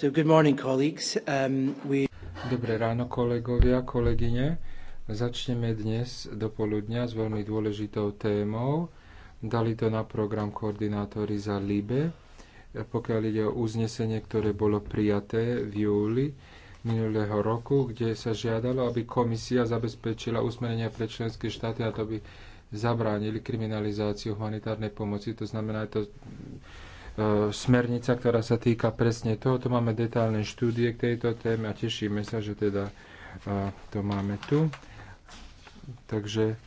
So good morning, colleagues. Um, we... Dobré ráno, kolegovia, kolegyne. Začneme dnes do poludnia s veľmi dôležitou témou. Dali to na program koordinátory za LIBE, pokiaľ ide o uznesenie, ktoré bolo prijaté v júli minulého roku, kde sa žiadalo, aby komisia zabezpečila usmerenia pre členské štáty a to by zabránili kriminalizáciu humanitárnej pomoci. To znamená, to E, smernica, ktorá sa týka presne toho. To máme detálne štúdie k tejto téme a tešíme sa, že teda e, to máme tu. Takže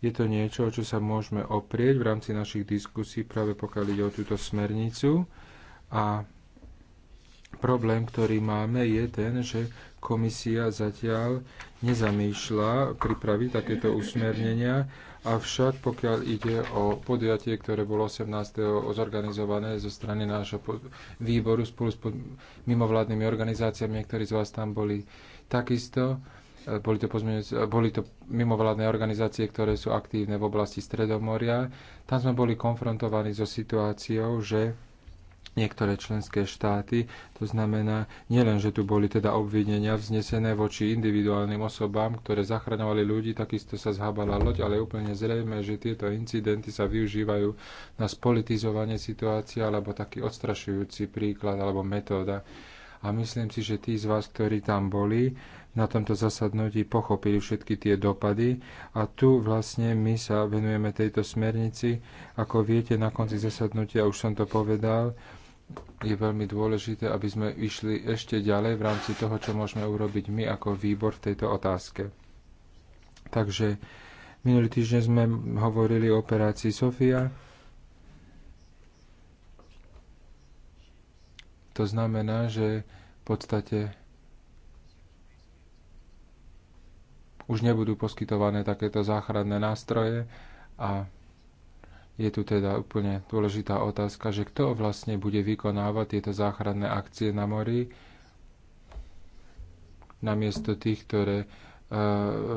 je to niečo, o čo sa môžeme oprieť v rámci našich diskusí, práve pokiaľ ide o túto smernicu. A problém, ktorý máme, je ten, že komisia zatiaľ nezamýšľa pripraviť takéto usmernenia Avšak pokiaľ ide o podujatie, ktoré bolo 18. zorganizované zo strany nášho výboru spolu s mimovládnymi organizáciami, niektorí z vás tam boli takisto, e, boli to, boli to mimovládne organizácie, ktoré sú aktívne v oblasti Stredomoria. Tam sme boli konfrontovaní so situáciou, že niektoré členské štáty. To znamená, nielen, že tu boli teda obvinenia vznesené voči individuálnym osobám, ktoré zachraňovali ľudí, takisto sa zhábala loď, ale je úplne zrejme, že tieto incidenty sa využívajú na spolitizovanie situácie alebo taký odstrašujúci príklad alebo metóda. A myslím si, že tí z vás, ktorí tam boli, na tomto zasadnutí pochopili všetky tie dopady a tu vlastne my sa venujeme tejto smernici. Ako viete, na konci zasadnutia, už som to povedal, je veľmi dôležité, aby sme išli ešte ďalej v rámci toho, čo môžeme urobiť my ako výbor v tejto otázke. Takže minulý týždeň sme hovorili o operácii Sofia. To znamená, že v podstate už nebudú poskytované takéto záchranné nástroje a je tu teda úplne dôležitá otázka, že kto vlastne bude vykonávať tieto záchranné akcie na mori namiesto tých, ktoré e,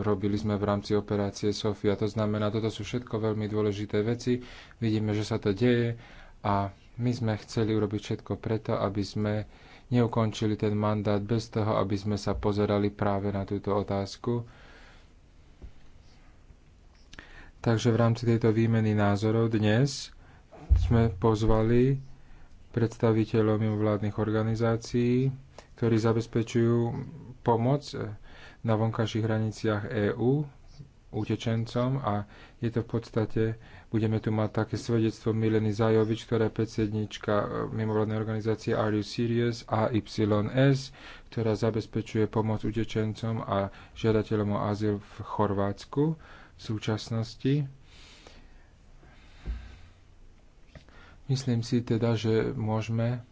robili sme v rámci operácie Sofia. To znamená, toto sú všetko veľmi dôležité veci. Vidíme, že sa to deje a my sme chceli urobiť všetko preto, aby sme neukončili ten mandát bez toho, aby sme sa pozerali práve na túto otázku Takže v rámci tejto výmeny názorov dnes sme pozvali predstaviteľov mimovládnych organizácií, ktorí zabezpečujú pomoc na vonkajších hraniciach EÚ utečencom a je to v podstate, budeme tu mať také svedectvo Mileny Zajovič, ktorá je predsednička e, mimovládnej organizácie Are You Serious AYS, ktorá zabezpečuje pomoc utečencom a žiadateľom o azyl v Chorvátsku súčasnosti. Myslím si teda, že môžeme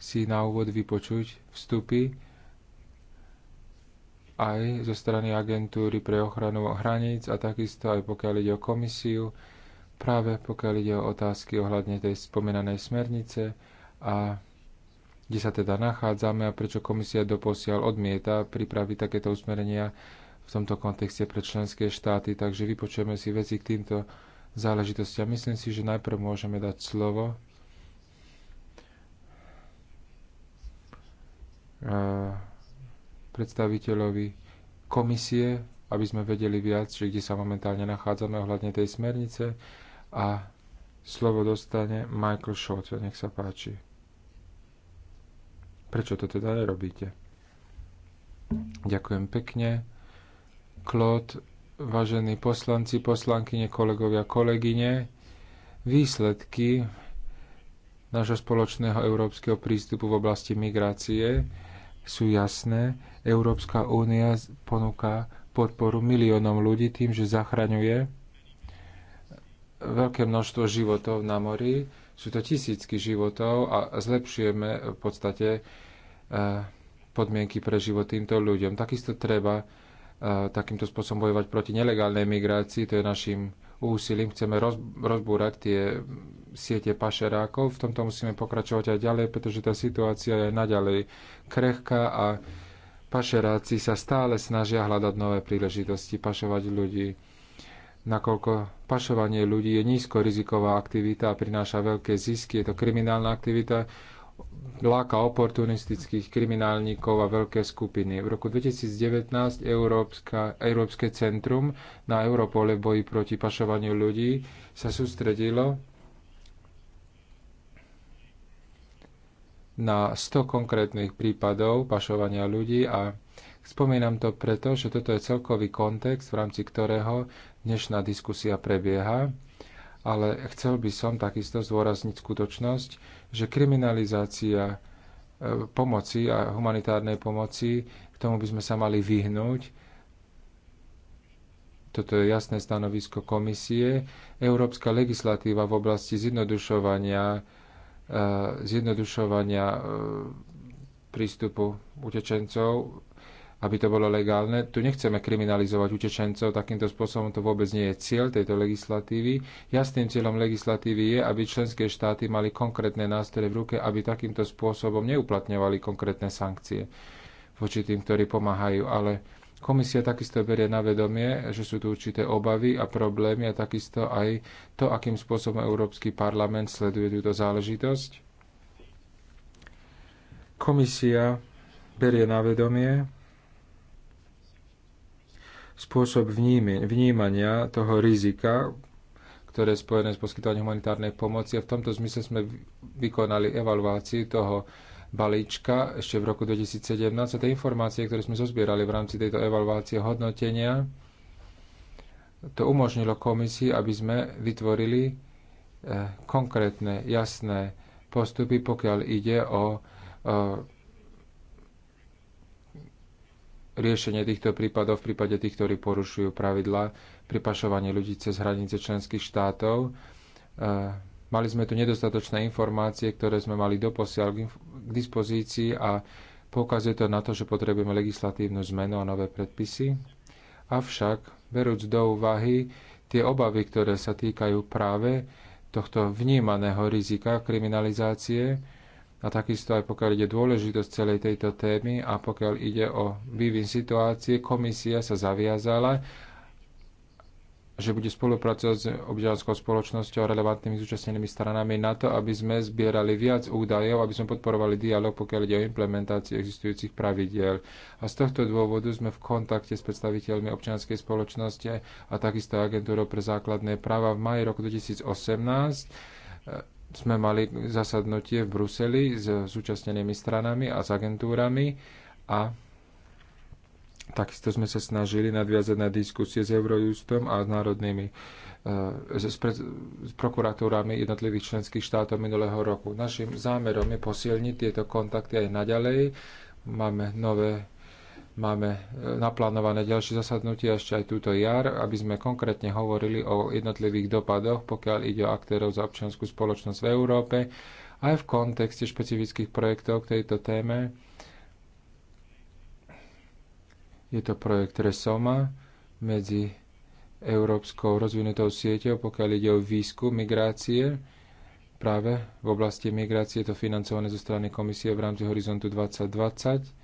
si na úvod vypočuť vstupy aj zo strany agentúry pre ochranu hraníc a takisto aj pokiaľ ide o komisiu, práve pokiaľ ide o otázky ohľadne tej spomenanej smernice a kde sa teda nachádzame a prečo komisia doposiaľ odmieta pripraviť takéto usmerenia v tomto kontexte pre členské štáty, takže vypočujeme si veci k týmto záležitostiam. Myslím si, že najprv môžeme dať slovo eh, predstaviteľovi komisie, aby sme vedeli viac, že kde sa momentálne nachádzame ohľadne tej smernice a slovo dostane Michael Schott. Nech sa páči. Prečo to teda nerobíte? Ďakujem pekne. Claude, vážení poslanci, poslankyne, kolegovia, kolegyne. Výsledky nášho spoločného európskeho prístupu v oblasti migrácie sú jasné. Európska únia ponúka podporu miliónom ľudí tým, že zachraňuje veľké množstvo životov na mori. Sú to tisícky životov a zlepšujeme v podstate eh, podmienky pre život týmto ľuďom. Takisto treba takýmto spôsobom bojovať proti nelegálnej migrácii. To je našim úsilím. Chceme roz, rozbúrať tie siete pašerákov. V tomto musíme pokračovať aj ďalej, pretože tá situácia je naďalej krehká a pašeráci sa stále snažia hľadať nové príležitosti, pašovať ľudí. Nakoľko pašovanie ľudí je nízko riziková aktivita a prináša veľké zisky, je to kriminálna aktivita, láka oportunistických kriminálnikov a veľké skupiny. V roku 2019 Európska, Európske centrum na Europole boji proti pašovaniu ľudí sa sústredilo na 100 konkrétnych prípadov pašovania ľudí a spomínam to preto, že toto je celkový kontext, v rámci ktorého dnešná diskusia prebieha, ale chcel by som takisto zdôrazniť skutočnosť, že kriminalizácia e, pomoci a humanitárnej pomoci, k tomu by sme sa mali vyhnúť. Toto je jasné stanovisko komisie. Európska legislatíva v oblasti zjednodušovania, e, zjednodušovania e, prístupu utečencov aby to bolo legálne. Tu nechceme kriminalizovať utečencov, takýmto spôsobom to vôbec nie je cieľ tejto legislatívy. Jasným cieľom legislatívy je, aby členské štáty mali konkrétne nástroje v ruke, aby takýmto spôsobom neuplatňovali konkrétne sankcie voči tým, ktorí pomáhajú. Ale komisia takisto berie na vedomie, že sú tu určité obavy a problémy a takisto aj to, akým spôsobom Európsky parlament sleduje túto záležitosť. Komisia berie na vedomie spôsob vnímania toho rizika, ktoré je spojené s poskytovaním humanitárnej pomoci. A v tomto zmysle sme vykonali evaluáciu toho balíčka ešte v roku 2017 a tie informácie, ktoré sme zozbierali v rámci tejto evaluácie hodnotenia, to umožnilo komisii, aby sme vytvorili eh, konkrétne, jasné postupy, pokiaľ ide o eh, riešenie týchto prípadov v prípade tých, ktorí porušujú pravidla pri pašovaní ľudí cez hranice členských štátov. E, mali sme tu nedostatočné informácie, ktoré sme mali doposiaľ k dispozícii a poukazuje to na to, že potrebujeme legislatívnu zmenu a nové predpisy. Avšak, berúc do úvahy tie obavy, ktoré sa týkajú práve tohto vnímaného rizika kriminalizácie, a takisto aj pokiaľ ide dôležitosť celej tejto témy a pokiaľ ide o vývin situácie, komisia sa zaviazala, že bude spolupracovať s občianskou spoločnosťou a relevantnými zúčastnenými stranami na to, aby sme zbierali viac údajov, aby sme podporovali dialog, pokiaľ ide o implementáciu existujúcich pravidiel. A z tohto dôvodu sme v kontakte s predstaviteľmi občianskej spoločnosti a takisto agentúrou pre základné práva v maji roku 2018 sme mali zasadnutie v Bruseli s zúčastnenými stranami a s agentúrami a takisto sme sa snažili nadviazať na diskusie s Eurojustom a s národnými e, s, pre, s prokuratúrami jednotlivých členských štátov minulého roku. Našim zámerom je posilniť tieto kontakty aj naďalej. Máme nové Máme e, naplánované ďalšie zasadnutie ešte aj túto jar, aby sme konkrétne hovorili o jednotlivých dopadoch, pokiaľ ide o aktérov za občianskú spoločnosť v Európe, aj v kontexte špecifických projektov k tejto téme. Je to projekt Resoma medzi Európskou rozvinutou sieťou, pokiaľ ide o výskum migrácie. Práve v oblasti migrácie je to financované zo strany komisie v rámci Horizontu 2020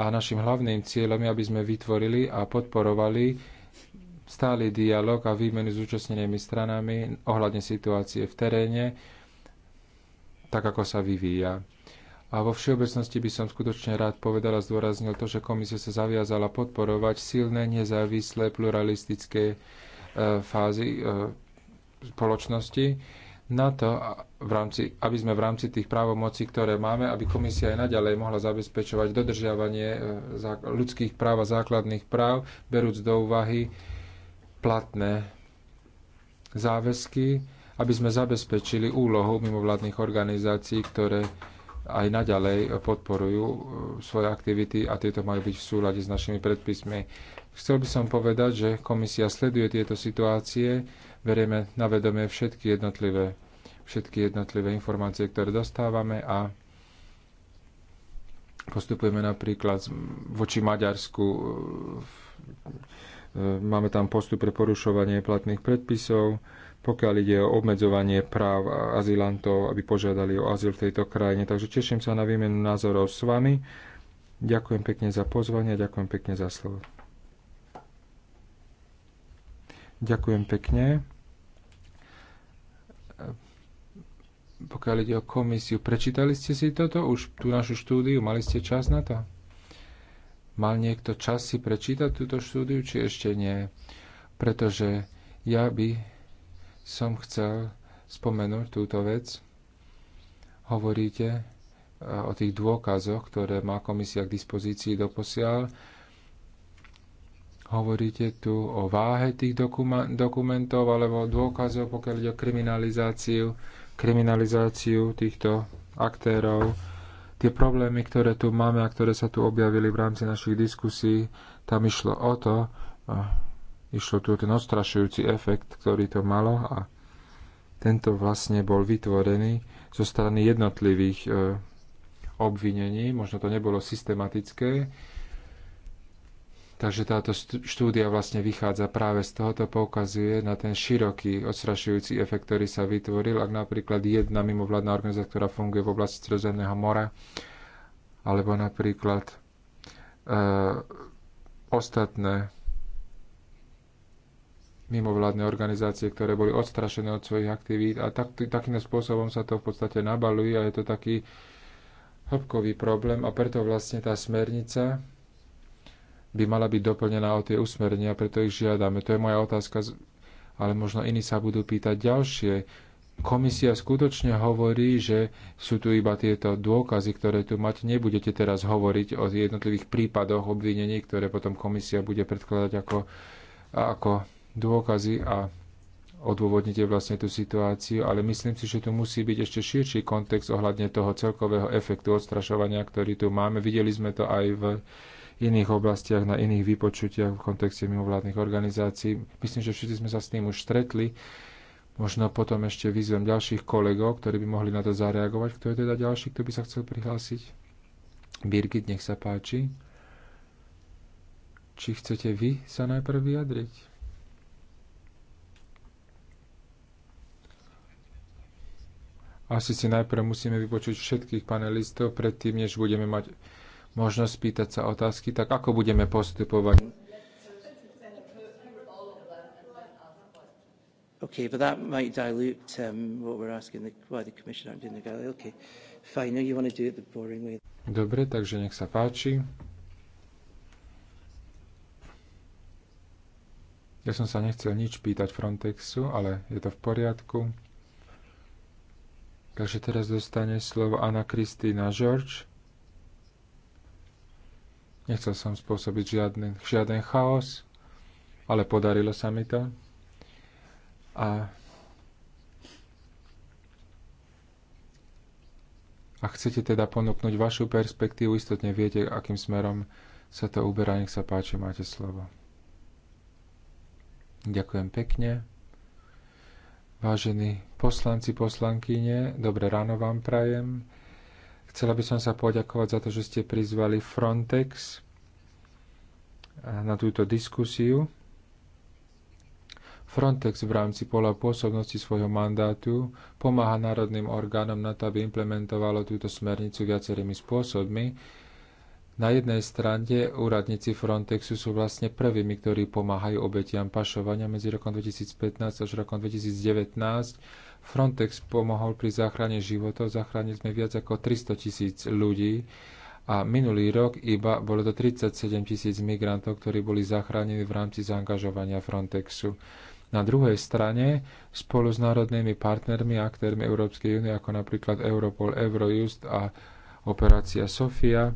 a našim hlavným cieľom je, aby sme vytvorili a podporovali stály dialog a výmenu s účastnenými stranami ohľadne situácie v teréne, tak ako sa vyvíja. A vo všeobecnosti by som skutočne rád povedal a zdôraznil to, že komisia sa zaviazala podporovať silné, nezávislé, pluralistické e, fázy e, spoločnosti, na to, v rámci, aby sme v rámci tých právomocí, ktoré máme, aby komisia aj naďalej mohla zabezpečovať dodržiavanie e, ľudských práv a základných práv, berúc do úvahy platné záväzky, aby sme zabezpečili úlohu mimovládnych organizácií, ktoré aj naďalej podporujú e, svoje aktivity a tieto majú byť v súlade s našimi predpismi. Chcel by som povedať, že komisia sleduje tieto situácie, Berieme na vedomie všetky jednotlivé, všetky jednotlivé informácie, ktoré dostávame a postupujeme napríklad voči Maďarsku. E, máme tam postup pre porušovanie platných predpisov, pokiaľ ide o obmedzovanie práv azylantov, aby požiadali o azyl v tejto krajine. Takže teším sa na výmenu názorov s vami. Ďakujem pekne za pozvanie, ďakujem pekne za slovo. Ďakujem pekne. pokiaľ ide o komisiu. Prečítali ste si toto už, tú našu štúdiu? Mali ste čas na to? Mal niekto čas si prečítať túto štúdiu, či ešte nie? Pretože ja by som chcel spomenúť túto vec. Hovoríte e, o tých dôkazoch, ktoré má komisia k dispozícii doposiaľ. Hovoríte tu o váhe tých dokumentov alebo dôkazov, pokiaľ ide o kriminalizáciu kriminalizáciu týchto aktérov. Tie problémy, ktoré tu máme a ktoré sa tu objavili v rámci našich diskusí, tam išlo o to, išlo tu ten odstrašujúci efekt, ktorý to malo a tento vlastne bol vytvorený zo strany jednotlivých e, obvinení, možno to nebolo systematické, Takže táto štúdia vlastne vychádza práve z tohoto, poukazuje na ten široký odstrašujúci efekt, ktorý sa vytvoril, ak napríklad jedna mimovládna organizácia, ktorá funguje v oblasti Stredozemného mora, alebo napríklad e, ostatné mimovládne organizácie, ktoré boli odstrašené od svojich aktivít a tak, takým spôsobom sa to v podstate nabaluje a je to taký hĺbkový problém a preto vlastne tá smernica by mala byť doplnená o tie usmerenia, preto ich žiadame. To je moja otázka, ale možno iní sa budú pýtať ďalšie. Komisia skutočne hovorí, že sú tu iba tieto dôkazy, ktoré tu máte. Nebudete teraz hovoriť o jednotlivých prípadoch obvinení, ktoré potom komisia bude predkladať ako, ako dôkazy a odôvodnite vlastne tú situáciu, ale myslím si, že tu musí byť ešte širší kontext ohľadne toho celkového efektu odstrašovania, ktorý tu máme. Videli sme to aj v iných oblastiach, na iných vypočutiach v kontexte mimovládnych organizácií. Myslím, že všetci sme sa s tým už stretli. Možno potom ešte vyzvem ďalších kolegov, ktorí by mohli na to zareagovať. Kto je teda ďalší, kto by sa chcel prihlásiť? Birgit, nech sa páči. Či chcete vy sa najprv vyjadriť? Asi si najprv musíme vypočuť všetkých panelistov, predtým, než budeme mať možnosť spýtať sa otázky, tak ako budeme postupovať? Okay, but that might dilute um, what we're asking, the, why the Commission aren't doing the gallery. Okay, fine, now you want to do it the boring way. Dobre, takže nech sa páči. Ja som sa nechcel nič pýtať Frontexu, ale je to v poriadku. Takže teraz dostane slovo Anna Kristýna George Nechcel som spôsobiť žiadny, žiaden chaos, ale podarilo sa mi to. A a chcete teda ponúknuť vašu perspektívu, istotne viete, akým smerom sa to uberá. Nech sa páči, máte slovo. Ďakujem pekne. Vážení poslanci, poslankyne, dobré ráno vám prajem. Chcela by som sa poďakovať za to, že ste prizvali Frontex na túto diskusiu. Frontex v rámci pola pôsobnosti svojho mandátu pomáha národným orgánom na to, aby implementovalo túto smernicu viacerými spôsobmi na jednej strane úradníci Frontexu sú vlastne prvými, ktorí pomáhajú obetiam pašovania medzi rokom 2015 až rokom 2019. Frontex pomohol pri záchrane životov, zachránili sme viac ako 300 tisíc ľudí a minulý rok iba bolo to 37 tisíc migrantov, ktorí boli zachránení v rámci zaangažovania Frontexu. Na druhej strane, spolu s národnými partnermi a aktérmi Európskej únie, ako napríklad Europol, Eurojust a operácia Sofia,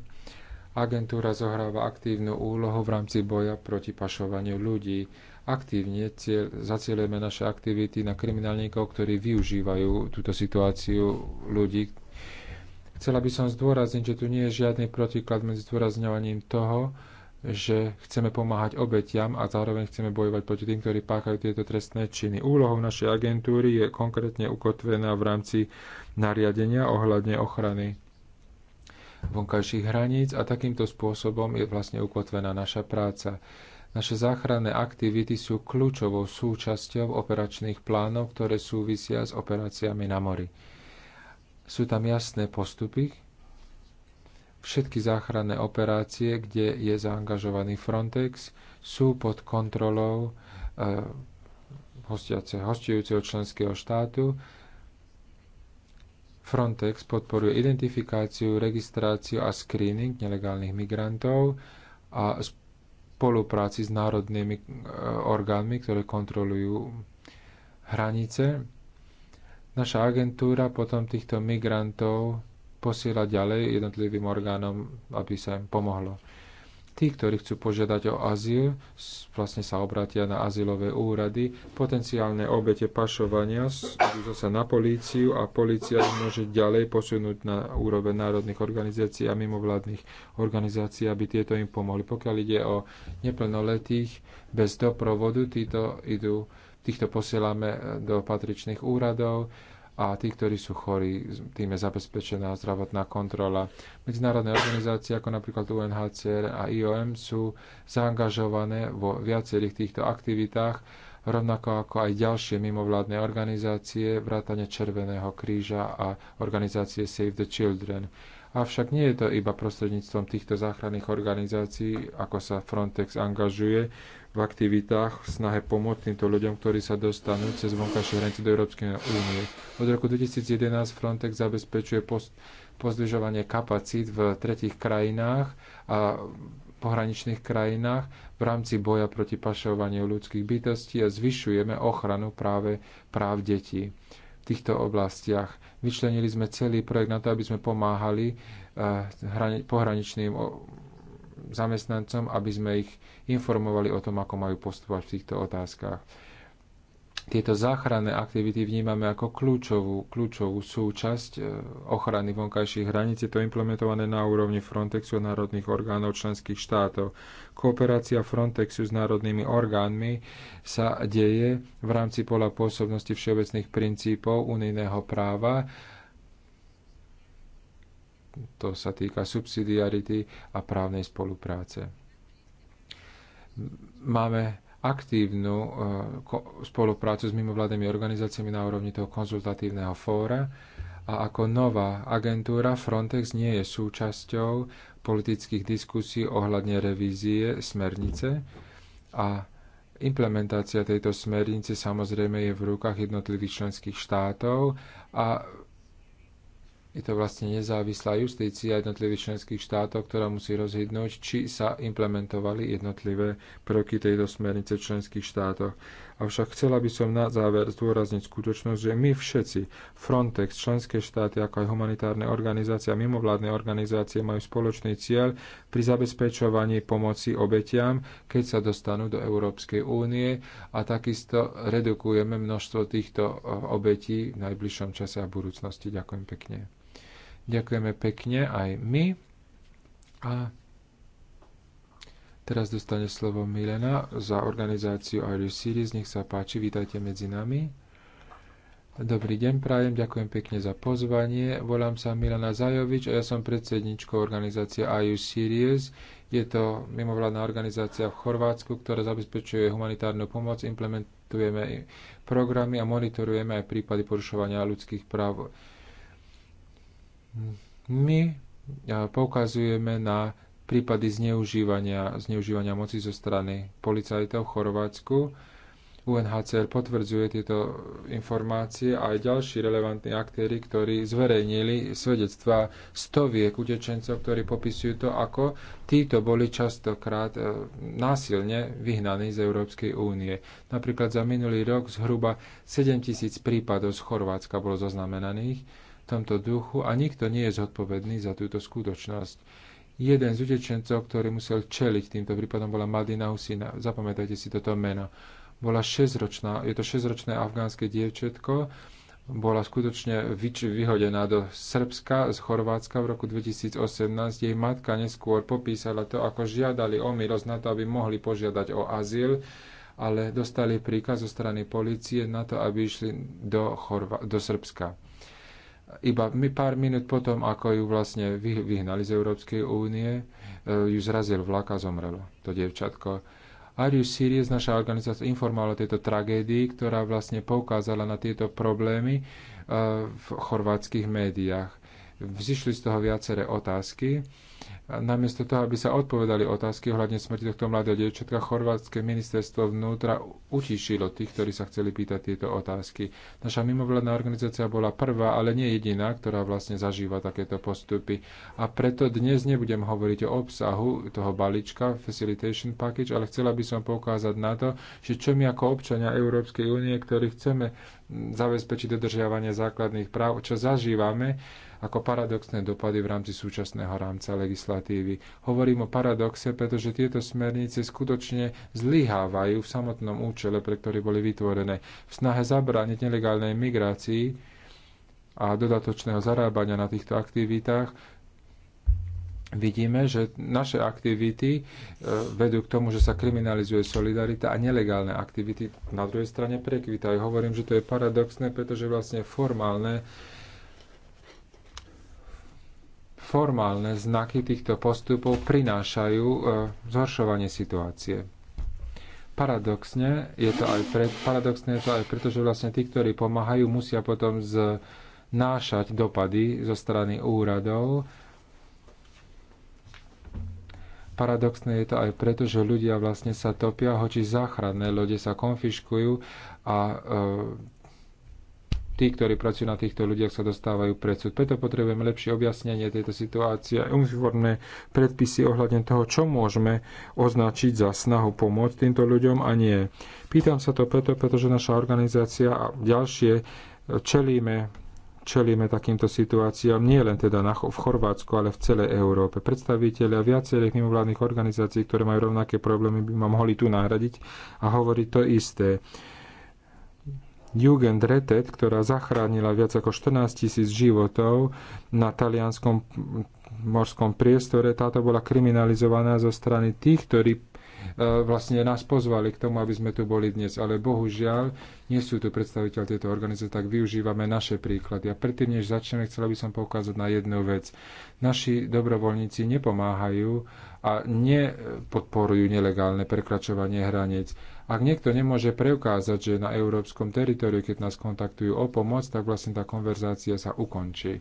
Agentúra zohráva aktívnu úlohu v rámci boja proti pašovaniu ľudí. Aktívne cieľ, zacielujeme naše aktivity na kriminálnikov, ktorí využívajú túto situáciu ľudí. Chcela by som zdôrazniť, že tu nie je žiadny protiklad medzi zdôrazňovaním toho, že chceme pomáhať obetiam a zároveň chceme bojovať proti tým, ktorí páchajú tieto trestné činy. Úlohou našej agentúry je konkrétne ukotvená v rámci nariadenia ohľadne ochrany vonkajších hraníc a takýmto spôsobom je vlastne ukotvená naša práca. Naše záchranné aktivity sú kľúčovou súčasťou operačných plánov, ktoré súvisia s operáciami na mori. Sú tam jasné postupy. Všetky záchranné operácie, kde je zaangažovaný Frontex, sú pod kontrolou eh, hostiaceho, hostujúceho členského štátu Frontex podporuje identifikáciu, registráciu a screening nelegálnych migrantov a spolupráci s národnými eh, orgánmi, ktoré kontrolujú hranice. Naša agentúra potom týchto migrantov posiela ďalej jednotlivým orgánom, aby sa im pomohlo. Tí, ktorí chcú požiadať o azyl, vlastne sa obratia na azylové úrady. Potenciálne obete pašovania idú zase na políciu a polícia ich môže ďalej posunúť na úroveň národných organizácií a mimovládnych organizácií, aby tieto im pomohli. Pokiaľ ide o neplnoletých bez doprovodu, títo idú, týchto posielame do patričných úradov a tí, ktorí sú chorí, tým je zabezpečená zdravotná kontrola. Medzinárodné organizácie ako napríklad UNHCR a IOM sú zaangažované vo viacerých týchto aktivitách, rovnako ako aj ďalšie mimovládne organizácie, vrátane Červeného kríža a organizácie Save the Children. Avšak nie je to iba prostredníctvom týchto záchranných organizácií, ako sa Frontex angažuje v aktivitách v snahe pomôcť týmto ľuďom, ktorí sa dostanú cez vonkajšie hranice do Európskej únie. Od roku 2011 Frontex zabezpečuje pozdvižovanie kapacít v tretich krajinách a pohraničných krajinách v rámci boja proti pašovaniu ľudských bytostí a zvyšujeme ochranu práve práv detí v týchto oblastiach. Vyčlenili sme celý projekt na to, aby sme pomáhali eh, pohraničným zamestnancom, aby sme ich informovali o tom, ako majú postupovať v týchto otázkach. Tieto záchranné aktivity vnímame ako kľúčovú, kľúčovú súčasť e, ochrany vonkajších hraníc. Je to implementované na úrovni Frontexu a národných orgánov členských štátov. Kooperácia Frontexu s národnými orgánmi sa deje v rámci pola pôsobnosti všeobecných princípov unijného práva to sa týka subsidiarity a právnej spolupráce. Máme aktívnu e, spoluprácu s mimovládnymi organizáciami na úrovni toho konzultatívneho fóra a ako nová agentúra Frontex nie je súčasťou politických diskusí ohľadne revízie smernice a implementácia tejto smernice samozrejme je v rukách jednotlivých členských štátov a je to vlastne nezávislá justícia jednotlivých členských štátov, ktorá musí rozhodnúť, či sa implementovali jednotlivé prvky tejto smernice v členských štátoch. Avšak chcela by som na záver zdôrazniť skutočnosť, že my všetci, Frontex, členské štáty, ako aj humanitárne organizácie a mimovládne organizácie majú spoločný cieľ pri zabezpečovaní pomoci obetiam, keď sa dostanú do Európskej únie a takisto redukujeme množstvo týchto obetí v najbližšom čase a budúcnosti. Ďakujem pekne. Ďakujeme pekne aj my. A teraz dostane slovo Milena za organizáciu Irish Series. Nech sa páči, vítajte medzi nami. Dobrý deň, prajem, ďakujem pekne za pozvanie. Volám sa Milana Zajovič a ja som predsedničkou organizácie IU Series. Je to mimovládna organizácia v Chorvátsku, ktorá zabezpečuje humanitárnu pomoc. Implementujeme programy a monitorujeme aj prípady porušovania ľudských práv my eh, poukazujeme na prípady zneužívania, zneužívania moci zo strany policajtov v Chorvátsku. UNHCR potvrdzuje tieto informácie a aj ďalší relevantní aktéry, ktorí zverejnili svedectvá stoviek utečencov, ktorí popisujú to, ako títo boli častokrát eh, násilne vyhnaní z Európskej únie. Napríklad za minulý rok zhruba 7000 prípadov z Chorvátska bolo zaznamenaných tomto duchu a nikto nie je zodpovedný za túto skutočnosť. Jeden z utečencov, ktorý musel čeliť týmto prípadom, bola Madina Husina. Zapamätajte si toto meno. Bola šesťročná, je to 6-ročné afgánske dievčetko, bola skutočne vyhodená do Srbska z Chorvátska v roku 2018. Jej matka neskôr popísala to, ako žiadali o milosť na to, aby mohli požiadať o azyl, ale dostali príkaz zo strany policie na to, aby išli do, Chorva- do Srbska iba my pár minút potom, ako ju vlastne vyhnali z Európskej únie, e, ju zrazil vlak a zomrelo to dievčatko. Are you serious, naša organizácia, informovala o tejto tragédii, ktorá vlastne poukázala na tieto problémy e, v chorvátskych médiách. Vzýšli z toho viaceré otázky namiesto toho, aby sa odpovedali otázky ohľadne smrti tohto mladého dievčatka, chorvátske ministerstvo vnútra utišilo tých, ktorí sa chceli pýtať tieto otázky. Naša mimovládna organizácia bola prvá, ale nie jediná, ktorá vlastne zažíva takéto postupy. A preto dnes nebudem hovoriť o obsahu toho balíčka Facilitation Package, ale chcela by som poukázať na to, že čo my ako občania Európskej únie, ktorí chceme zabezpečiť dodržiavanie základných práv, čo zažívame, ako paradoxné dopady v rámci súčasného rámca legislatívy. Hovorím o paradoxe, pretože tieto smernice skutočne zlyhávajú v samotnom účele, pre ktorý boli vytvorené. V snahe zabrániť nelegálnej migrácii a dodatočného zarábania na týchto aktivitách vidíme, že naše aktivity e, vedú k tomu, že sa kriminalizuje solidarita a nelegálne aktivity na druhej strane prekvitajú. Hovorím, že to je paradoxné, pretože vlastne formálne formálne znaky týchto postupov prinášajú e, zhoršovanie situácie. Paradoxne je to aj, pre, paradoxne je to aj preto, že vlastne tí, ktorí pomáhajú, musia potom znášať dopady zo strany úradov. Paradoxné je to aj preto, že ľudia vlastne sa topia, hoči záchranné lode sa konfiškujú a e, tí, ktorí pracujú na týchto ľuďoch, sa dostávajú pred súd. Preto potrebujeme lepšie objasnenie tejto situácie a uniformné predpisy ohľadne toho, čo môžeme označiť za snahu pomôcť týmto ľuďom a nie. Pýtam sa to preto, pretože naša organizácia a ďalšie čelíme čelíme takýmto situáciám nie len teda na, v Chorvátsku, ale v celej Európe. Predstaviteľia viacerých mimovládnych organizácií, ktoré majú rovnaké problémy, by ma mohli tu nahradiť a hovoriť to isté. Retet, ktorá zachránila viac ako 14 tisíc životov na talianskom morskom priestore, táto bola kriminalizovaná zo strany tých, ktorí e, vlastne nás pozvali k tomu, aby sme tu boli dnes. Ale bohužiaľ, nie sú tu predstaviteľ tejto organizácie, tak využívame naše príklady. A predtým, než začneme, chcela by som poukázať na jednu vec. Naši dobrovoľníci nepomáhajú a nepodporujú nelegálne prekračovanie hraníc ak niekto nemôže preukázať, že na európskom teritoriu, keď nás kontaktujú o pomoc, tak vlastne tá konverzácia sa ukončí.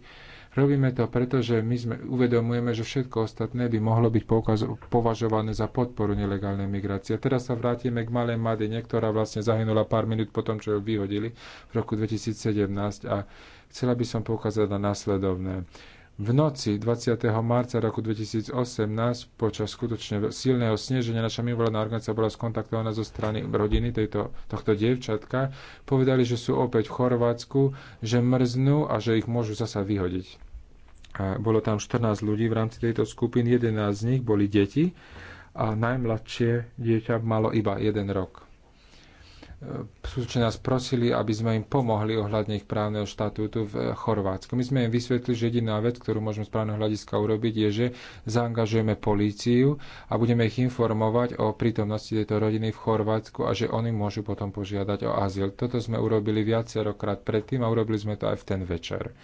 Robíme to pretože my sme, uvedomujeme, že všetko ostatné by mohlo byť považované za podporu nelegálnej migrácie. Teraz sa vrátime k malej Madine, ktorá vlastne zahynula pár minút po tom, čo ju vyhodili v roku 2017 a chcela by som poukázať na následovné. V noci 20. marca roku 2018 počas skutočne silného sneženia naša mimovládna organizácia bola skontaktovaná zo strany rodiny tejto, tohto dievčatka. Povedali, že sú opäť v Chorvátsku, že mrznú a že ich môžu zasa vyhodiť. bolo tam 14 ľudí v rámci tejto skupiny, 11 z nich boli deti a najmladšie dieťa malo iba jeden rok. E, skutočne nás prosili, aby sme im pomohli ohľadne ich právneho štatútu v e, Chorvátsku. My sme im vysvetli, že jediná vec, ktorú môžeme z právneho hľadiska urobiť, je, že zaangažujeme políciu a budeme ich informovať o prítomnosti tejto rodiny v Chorvátsku a že oni môžu potom požiadať o azyl. Toto sme urobili viacerokrát predtým a urobili sme to aj v ten večer.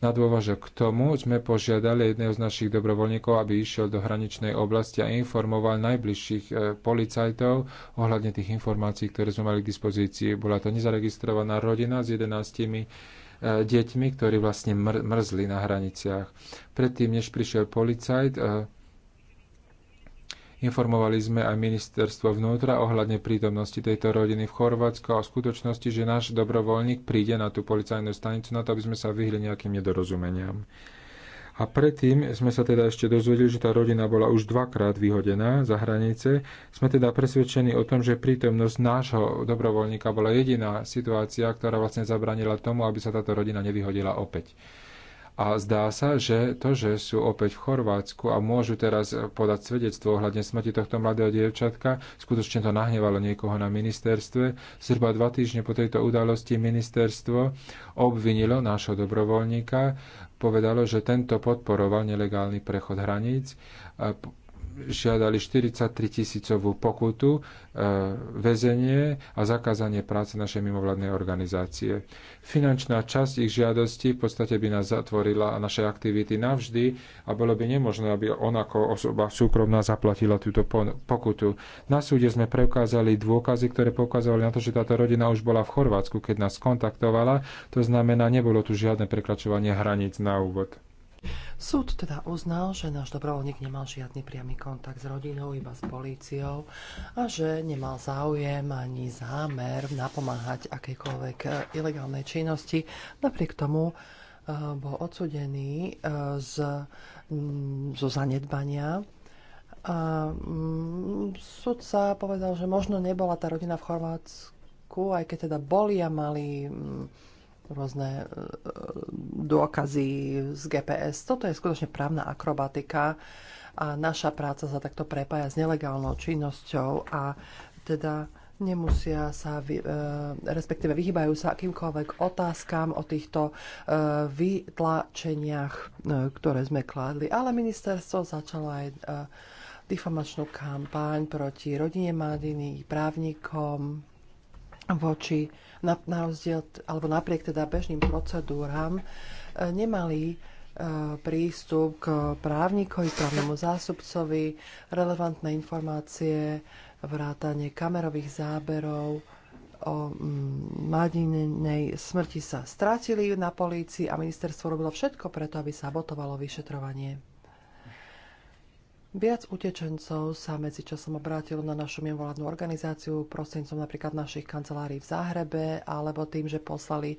Na dôvažok k tomu sme požiadali jedného z našich dobrovoľníkov, aby išiel do hraničnej oblasti a informoval najbližších e, policajtov ohľadne tých informácií, ktoré sme mali k dispozícii. Bola to nezaregistrovaná rodina s 11 e, deťmi, ktorí vlastne mrzli na hraniciach. Predtým, než prišiel policajt, e, Informovali sme aj ministerstvo vnútra ohľadne prítomnosti tejto rodiny v Chorvátsku a o skutočnosti, že náš dobrovoľník príde na tú policajnú stanicu na to, aby sme sa vyhli nejakým nedorozumeniam. A predtým sme sa teda ešte dozvedeli, že tá rodina bola už dvakrát vyhodená za hranice. Sme teda presvedčení o tom, že prítomnosť nášho dobrovoľníka bola jediná situácia, ktorá vlastne zabranila tomu, aby sa táto rodina nevyhodila opäť. A zdá sa, že to, že sú opäť v Chorvátsku a môžu teraz eh, podať svedectvo ohľadne smrti tohto mladého dievčatka, skutočne to nahnevalo niekoho na ministerstve. Zhruba dva týždne po tejto udalosti ministerstvo obvinilo nášho dobrovoľníka, povedalo, že tento podporoval nelegálny prechod hraníc, žiadali 43 tisícovú pokutu, e, väzenie a zakázanie práce našej mimovládnej organizácie. Finančná časť ich žiadosti v podstate by nás zatvorila a naše aktivity navždy a bolo by nemožné, aby on ako osoba súkromná zaplatila túto pokutu. Na súde sme preukázali dôkazy, ktoré poukazovali na to, že táto rodina už bola v Chorvátsku, keď nás kontaktovala. To znamená, nebolo tu žiadne prekračovanie hraníc na úvod. Súd teda uznal, že náš dobrovoľník nemal žiadny priamy kontakt s rodinou, iba s políciou a že nemal záujem ani zámer napomáhať akejkoľvek eh, ilegálnej činnosti. Napriek tomu eh, bol odsudený eh, z, mm, zo zanedbania a mm, sa povedal, že možno nebola tá rodina v Chorvátsku, aj keď teda boli a mali mm, rôzne e, dôkazy z GPS. Toto je skutočne právna akrobatika a naša práca sa takto prepája s nelegálnou činnosťou a teda nemusia sa, vy, e, respektíve vyhýbajú sa akýmkoľvek otázkam o týchto e, vytlačeniach, e, ktoré sme kládli. Ale ministerstvo začalo aj e, difamačnú kampaň proti rodine Madiny, právnikom, voči, na, na rozdiel, alebo napriek teda bežným procedúram, e, nemali e, prístup k právnikovi, právnemu zástupcovi, relevantné informácie, vrátanie kamerových záberov o mm, mladinej smrti sa stratili na polícii a ministerstvo robilo všetko preto, aby sabotovalo vyšetrovanie. Viac utečencov sa medzičasom obrátilo na našu mimovládnu organizáciu prostredníctvom napríklad našich kancelárií v Záhrebe alebo tým, že poslali e,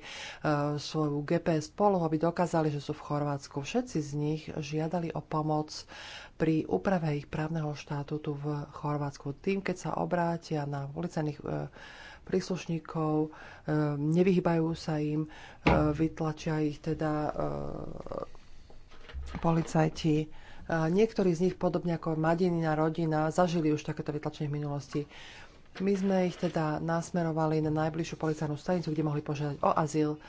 svoju GPS polohu, aby dokázali, že sú v Chorvátsku. Všetci z nich žiadali o pomoc pri úprave ich právneho štátu tu v Chorvátsku. Tým, keď sa obrátia na policajných e, príslušníkov, e, nevyhýbajú sa im, e, vytlačia ich teda e, policajti Niektorí z nich, podobne ako Madinina rodina, zažili už takéto vytlačenie v minulosti. My sme ich teda nasmerovali na najbližšiu policajnú stanicu, kde mohli požiadať o azyl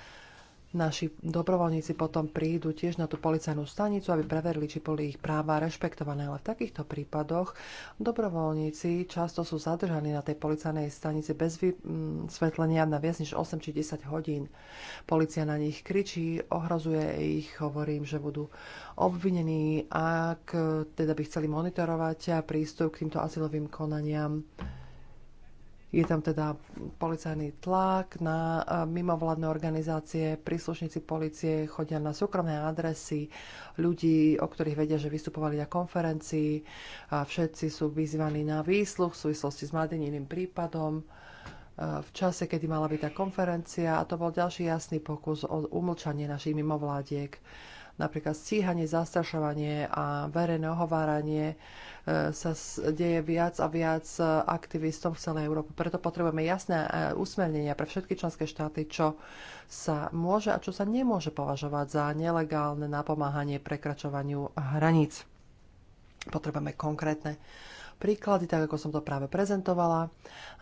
Naši dobrovoľníci potom prídu tiež na tú policajnú stanicu, aby preverili, či boli ich práva rešpektované. Ale v takýchto prípadoch dobrovoľníci často sú zadržaní na tej policajnej stanici bez vysvetlenia na viac než 8 či 10 hodín. Polícia na nich kričí, ohrozuje ich, hovorím, že budú obvinení, ak teda by chceli monitorovať prístup k týmto asilovým konaniam. Je tam teda policajný tlak na e, mimovládne organizácie, príslušníci policie chodia na súkromné adresy ľudí, o ktorých vedia, že vystupovali na konferencii a všetci sú vyzývaní na výsluch v súvislosti s mladeniným prípadom e, v čase, kedy mala byť tá konferencia a to bol ďalší jasný pokus o umlčanie našich mimovládiek. Napríklad stíhanie, zastrašovanie a verejné ohováranie e, sa deje viac a viac e, aktivistom v celej Európe. Preto potrebujeme jasné e, usmernenia pre všetky členské štáty, čo sa môže a čo sa nemôže považovať za nelegálne napomáhanie prekračovaniu hraníc. Potrebujeme konkrétne príklady, tak ako som to práve prezentovala.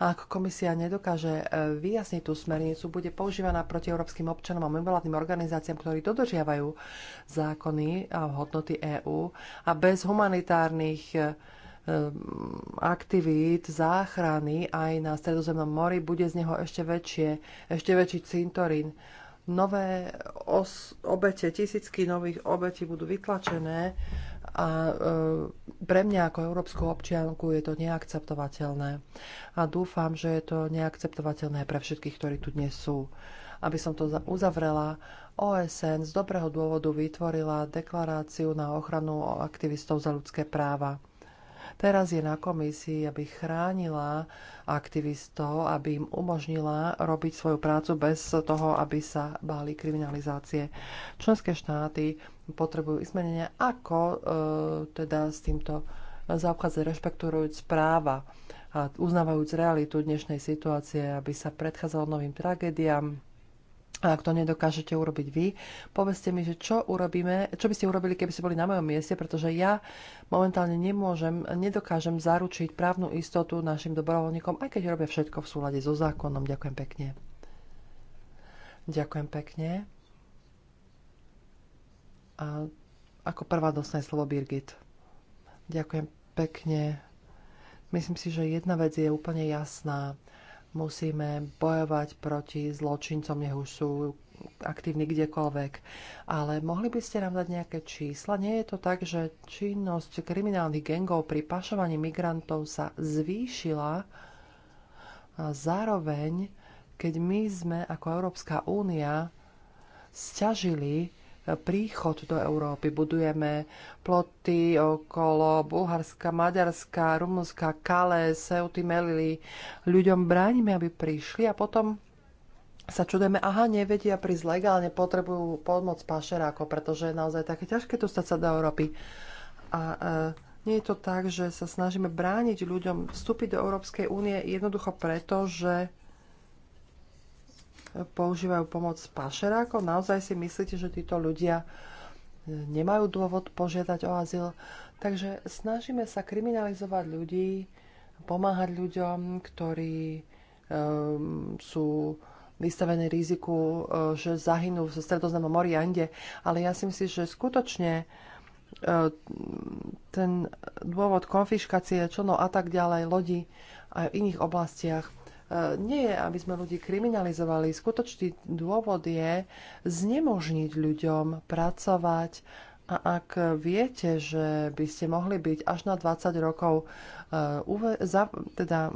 A ak komisia nedokáže e, vyjasniť tú smernicu, bude používaná proti európskym občanom a mimovládnym organizáciám, ktorí dodržiavajú zákony a hodnoty EÚ a bez humanitárnych e, aktivít záchrany aj na Stredozemnom mori bude z neho ešte, väčšie, ešte väčší cintorín nové os- obete, tisícky nových obetí budú vytlačené a e, pre mňa ako európsku občianku je to neakceptovateľné. A dúfam, že je to neakceptovateľné pre všetkých, ktorí tu dnes sú. Aby som to uzavrela, OSN z dobrého dôvodu vytvorila deklaráciu na ochranu aktivistov za ľudské práva. Teraz je na komisii, aby chránila aktivistov, aby im umožnila robiť svoju prácu bez toho, aby sa báli kriminalizácie. Členské štáty potrebujú ismenenia, ako e, teda s týmto zaobchádzať, rešpektujúc práva a uznávajúc realitu dnešnej situácie, aby sa predchádzalo novým tragédiám. A ak to nedokážete urobiť vy, povedzte mi, že čo urobíme, čo by ste urobili, keby ste boli na mojom mieste, pretože ja momentálne nemôžem, nedokážem zaručiť právnu istotu našim dobrovoľníkom, aj keď robia všetko v súlade so zákonom. Ďakujem pekne. Ďakujem pekne. A ako prvá dostane slovo Birgit. Ďakujem pekne. Myslím si, že jedna vec je úplne jasná. Musíme bojovať proti zločincom, nech už sú aktívni kdekoľvek. Ale mohli by ste nám dať nejaké čísla? Nie je to tak, že činnosť kriminálnych gengov pri pašovaní migrantov sa zvýšila a zároveň, keď my sme ako Európska únia stiažili príchod do Európy. Budujeme ploty okolo Bulharska, Maďarska, Rumunska, Kale, Seuty, melili Ľuďom bránime, aby prišli a potom sa čudujeme, aha, nevedia prísť legálne, potrebujú pomoc pašerákov, pretože je naozaj také ťažké dostať sa do Európy. A e, nie je to tak, že sa snažíme brániť ľuďom vstúpiť do Európskej únie jednoducho preto, že používajú pomoc pašerákov. Naozaj si myslíte, že títo ľudia e, nemajú dôvod požiadať o azyl. Takže snažíme sa kriminalizovať ľudí, pomáhať ľuďom, ktorí um, sú vystavení riziku, e, že zahynú v stredoznamom mori a inde. Ale ja si myslím, že skutočne e, ten dôvod konfiškácie člnov a tak ďalej, lodi aj v iných oblastiach nie je, aby sme ľudí kriminalizovali. Skutočný dôvod je znemožniť ľuďom pracovať a ak viete, že by ste mohli byť až na 20 rokov uh, za, teda,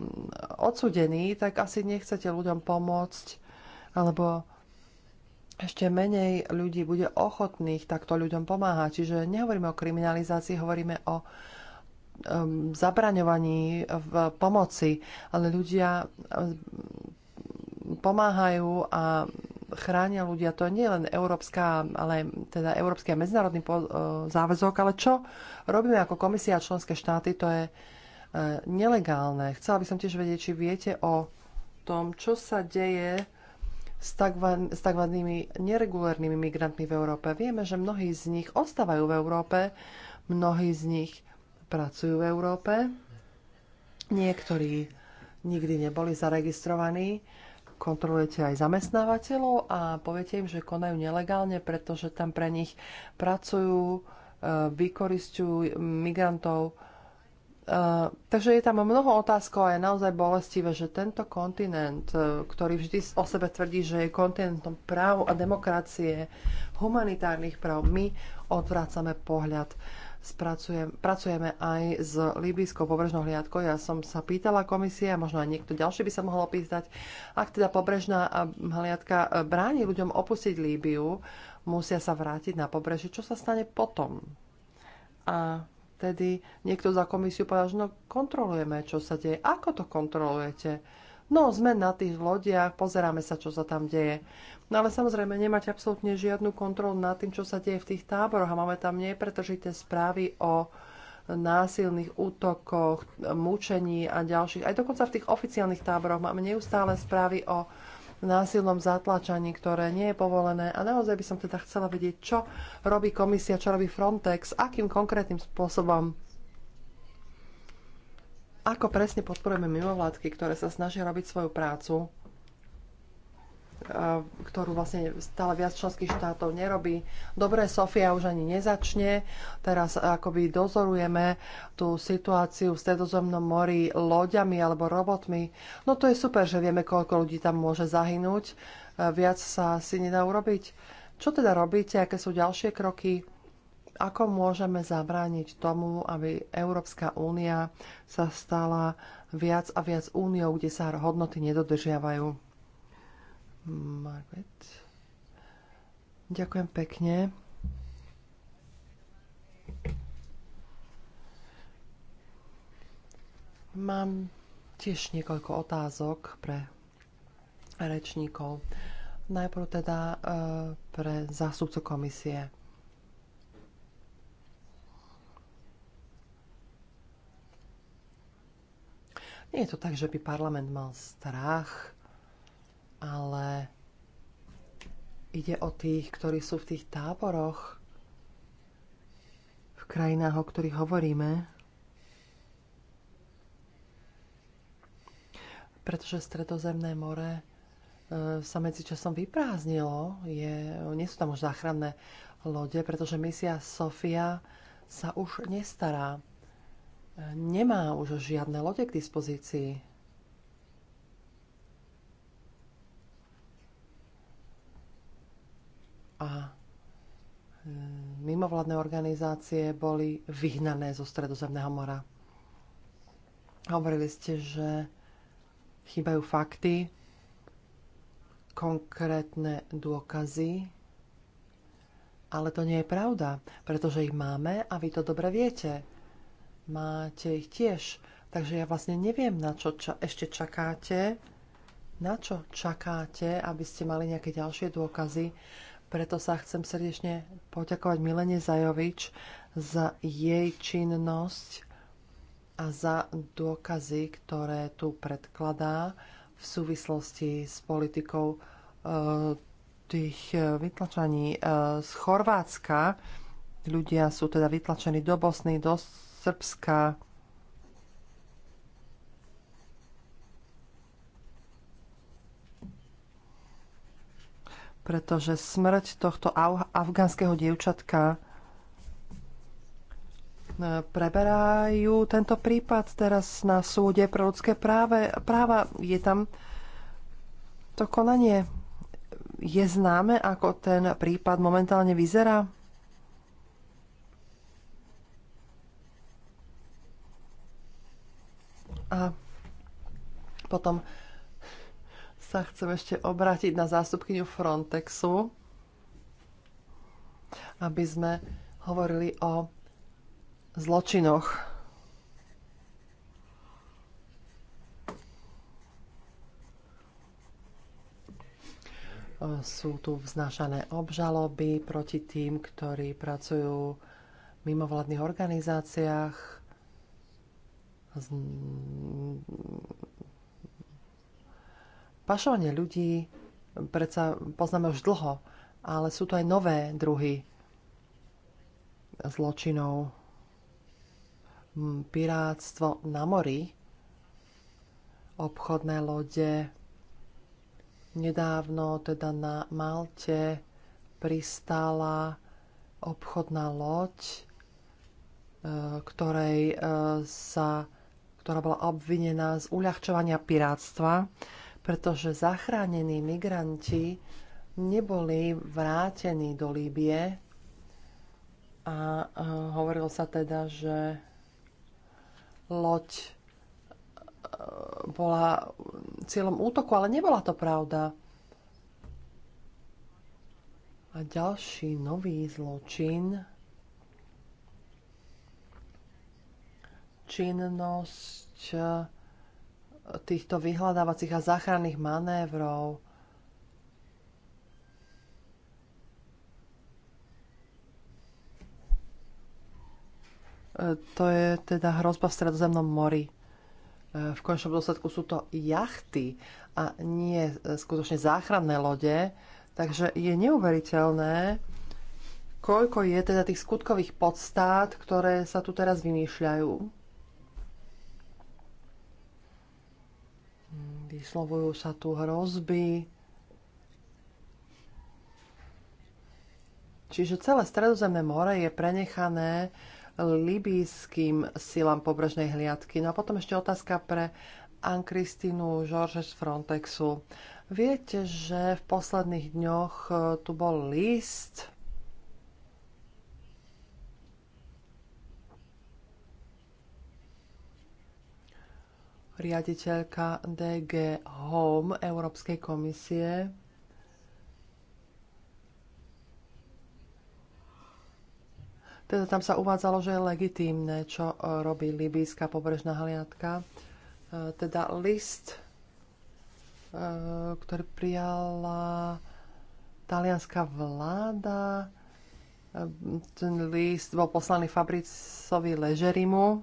odsudení, tak asi nechcete ľuďom pomôcť, alebo ešte menej ľudí bude ochotných takto ľuďom pomáhať. Čiže nehovoríme o kriminalizácii, hovoríme o uh, Um, zabraňovaní v pomoci, ale ľudia um, pomáhajú a chránia ľudia. To nie je len európska, ale teda európsky a medzinárodný uh, záväzok, ale čo robíme ako komisia a členské štáty, to je uh, nelegálne. Chcela by som tiež vedieť, či viete o tom, čo sa deje s tzv. neregulárnymi migrantmi v Európe. Vieme, že mnohí z nich ostávajú v Európe, mnohí z nich pracujú v Európe. Niektorí nikdy neboli zaregistrovaní. Kontrolujete aj zamestnávateľov a poviete im, že konajú nelegálne, pretože tam pre nich pracujú, e, vykoristujú migrantov. E, takže je tam mnoho otázkov a je naozaj bolestivé, že tento kontinent, e, ktorý vždy o sebe tvrdí, že je kontinentom práv a demokracie, humanitárnych práv, my odvrácame pohľad Spracujem, pracujeme aj s líbyskou pobrežnou hliadkou. Ja som sa pýtala komisie, a možno aj niekto ďalší by sa mohol opýtať, ak teda pobrežná hliadka e, bráni ľuďom opustiť Líbiu, musia sa vrátiť na pobrežie, čo sa stane potom? A tedy niekto za komisiu povedal, že no kontrolujeme, čo sa deje. Ako to kontrolujete? No, sme na tých lodiach, pozeráme sa, čo sa tam deje. No ale samozrejme, nemáte absolútne žiadnu kontrolu nad tým, čo sa deje v tých táboroch a máme tam nepretržité správy o násilných útokoch, mučení a ďalších. Aj dokonca v tých oficiálnych táboroch máme neustále správy o násilnom zatlačaní, ktoré nie je povolené. A naozaj by som teda chcela vedieť, čo robí komisia, čo robí Frontex, akým konkrétnym spôsobom ako presne podporujeme mimovládky, ktoré sa snažia robiť svoju prácu, ktorú vlastne stále viac členských štátov nerobí. Dobré Sofia už ani nezačne. Teraz akoby dozorujeme tú situáciu v Stredozemnom mori loďami alebo robotmi. No to je super, že vieme, koľko ľudí tam môže zahynúť. Viac sa si nedá urobiť. Čo teda robíte? Aké sú ďalšie kroky? ako môžeme zabrániť tomu, aby Európska únia sa stala viac a viac úniou, kde sa hodnoty nedodržiavajú. Margaret. Ďakujem pekne. Mám tiež niekoľko otázok pre rečníkov. Najprv teda e, pre zástupcu komisie. Nie je to tak, že by parlament mal strach, ale ide o tých, ktorí sú v tých táboroch, v krajinách, o ktorých hovoríme. Pretože Stredozemné more e, sa medzičasom vyprázdnilo, je, nie sú tam už záchranné lode, pretože misia Sofia sa už nestará nemá už žiadne lode k dispozícii. A e, mimovládne organizácie boli vyhnané zo Stredozemného mora. Hovorili ste, že chýbajú fakty, konkrétne dôkazy, ale to nie je pravda, pretože ich máme a vy to dobre viete Máte ich tiež. Takže ja vlastne neviem, na čo ča- ešte čakáte. Na čo čakáte, aby ste mali nejaké ďalšie dôkazy. Preto sa chcem srdečne poďakovať Milene Zajovič za jej činnosť a za dôkazy, ktoré tu predkladá v súvislosti s politikou eh, tých eh, vytlačaní eh, z Chorvátska. Ľudia sú teda vytlačení do Bosny, do Srbska. pretože smrť tohto afgánskeho dievčatka e, preberajú tento prípad teraz na súde pre ľudské práve, práva. Je tam to konanie. Je známe, ako ten prípad momentálne vyzerá? A potom sa chcem ešte obrátiť na zástupkyňu Frontexu, aby sme hovorili o zločinoch. Sú tu vznášané obžaloby proti tým, ktorí pracujú v mimovládnych organizáciách, Pašovanie ľudí predsa poznáme už dlho, ale sú tu aj nové druhy zločinov. Piráctvo na mori, obchodné lode, nedávno teda na Malte pristála obchodná loď, e, ktorej e, sa ktorá bola obvinená z uľahčovania pirátstva, pretože zachránení migranti neboli vrátení do Líbie a hovorilo sa teda, že loď e, bola cieľom útoku, ale nebola to pravda. A ďalší nový zločin činnosť e, týchto vyhľadávacích a záchranných manévrov. E, to je teda hrozba v Stredozemnom mori. E, v končnom dôsledku sú to jachty a nie skutočne záchranné lode, takže je neuveriteľné, koľko je teda tých skutkových podstát, ktoré sa tu teraz vymýšľajú. Vyslovujú sa tu hrozby. Čiže celé Stredozemné more je prenechané libijským silám pobrežnej hliadky. No a potom ešte otázka pre Ankristinu Kristínu Žorže z Frontexu. Viete, že v posledných dňoch tu bol list riaditeľka DG Home Európskej komisie. Teda tam sa uvádzalo, že je legitímne, čo e, robí libýska pobrežná hliadka. E, teda list, e, ktorý prijala talianská vláda, ten list bol poslaný Fabricovi Ležerimu,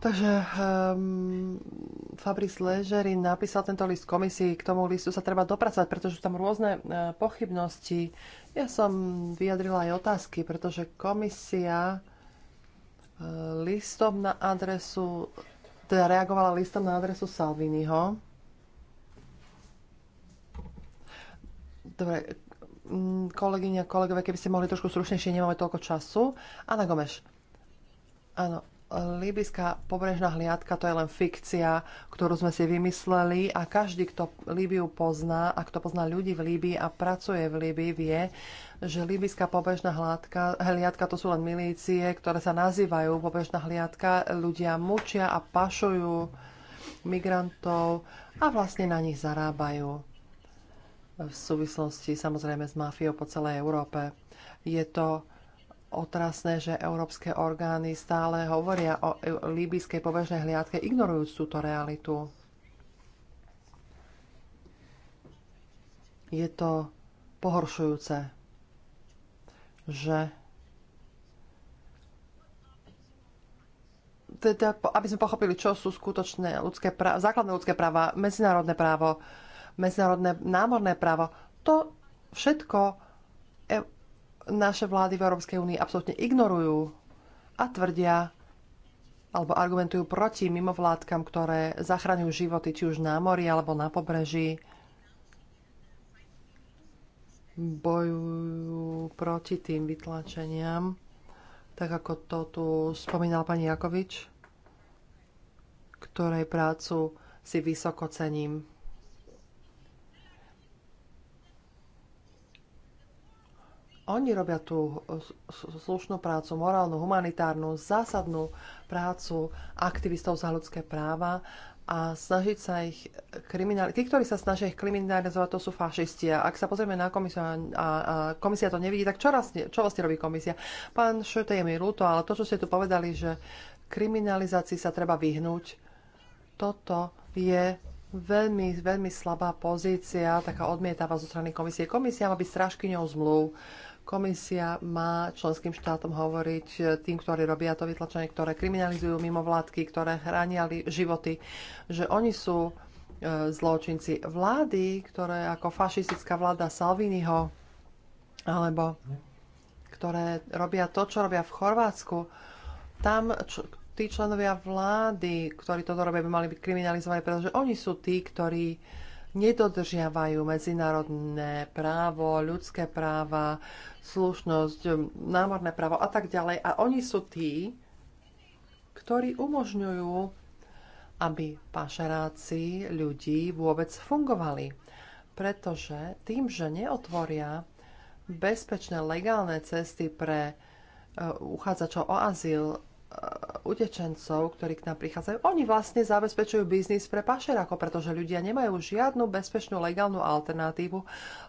Takže um, Fabrice Ležery napísal tento list komisii. K tomu listu sa treba dopracovať, pretože sú tam rôzne uh, pochybnosti. Ja som vyjadrila aj otázky, pretože komisia uh, listom na adresu, teda reagovala listom na adresu Salviniho. Dobre, kolegyňa, kolegové, keby ste mohli trošku stručnejšie, nemáme toľko času. Anna Gomeš. Áno, Líbyská pobrežná hliadka to je len fikcia, ktorú sme si vymysleli a každý, kto Líbiu pozná a kto pozná ľudí v Líbii a pracuje v Líbii, vie, že Líbyská pobrežná hliadka, hliadka to sú len milície, ktoré sa nazývajú pobrežná hliadka. Ľudia mučia a pašujú migrantov a vlastne na nich zarábajú v súvislosti samozrejme s mafiou po celej Európe. Je to otrasné, že európske orgány stále hovoria o e, líbyskej pobežnej hliadke, ignorujúc túto realitu. Je to pohoršujúce, že teda, aby sme pochopili, čo sú skutočné ľudské práva, základné ľudské práva, medzinárodné právo, medzinárodné námorné právo, to všetko naše vlády v Európskej únii absolútne ignorujú a tvrdia, alebo argumentujú proti mimovládkam, ktoré zachraňujú životy či už na mori alebo na pobreží, bojujú proti tým vytlačeniam, tak ako to tu spomínal pani Jakovič, ktorej prácu si vysoko cením. Oni robia tú eh, slušnú prácu, morálnu, humanitárnu, zásadnú prácu aktivistov za ľudské práva a snažiť sa ich kriminalizovať. Tí, ktorí sa snažia ich kriminalizovať, to sú fašisti. A ak sa pozrieme na komisiu a, a komisia to nevidí, tak čo, vlastne, čo vlastne robí komisia? Pán Šote, je mi ľúto, ale to, čo ste tu povedali, že kriminalizácii sa treba vyhnúť, toto je veľmi, veľmi slabá pozícia, taká odmietáva zo strany komisie. Komisia má byť strážkyňou zmluv Komisia má členským štátom hovoriť e, tým, ktorí robia to vytlačenie, ktoré kriminalizujú mimovládky, ktoré hraniali životy, že oni sú e, zločinci vlády, ktoré ako fašistická vláda Salviniho, alebo ktoré robia to, čo robia v Chorvátsku, tam čo, tí členovia vlády, ktorí toto robia, by mali byť kriminalizovaní, pretože oni sú tí, ktorí nedodržiavajú medzinárodné právo, ľudské práva, slušnosť, námorné právo a tak ďalej. A oni sú tí, ktorí umožňujú, aby pašeráci ľudí vôbec fungovali. Pretože tým, že neotvoria bezpečné legálne cesty pre e, uchádzačov o azyl Eh, utečencov, ktorí k nám prichádzajú, oni vlastne zabezpečujú biznis pre pašerákov, pretože ľudia nemajú žiadnu bezpečnú legálnu alternatívu,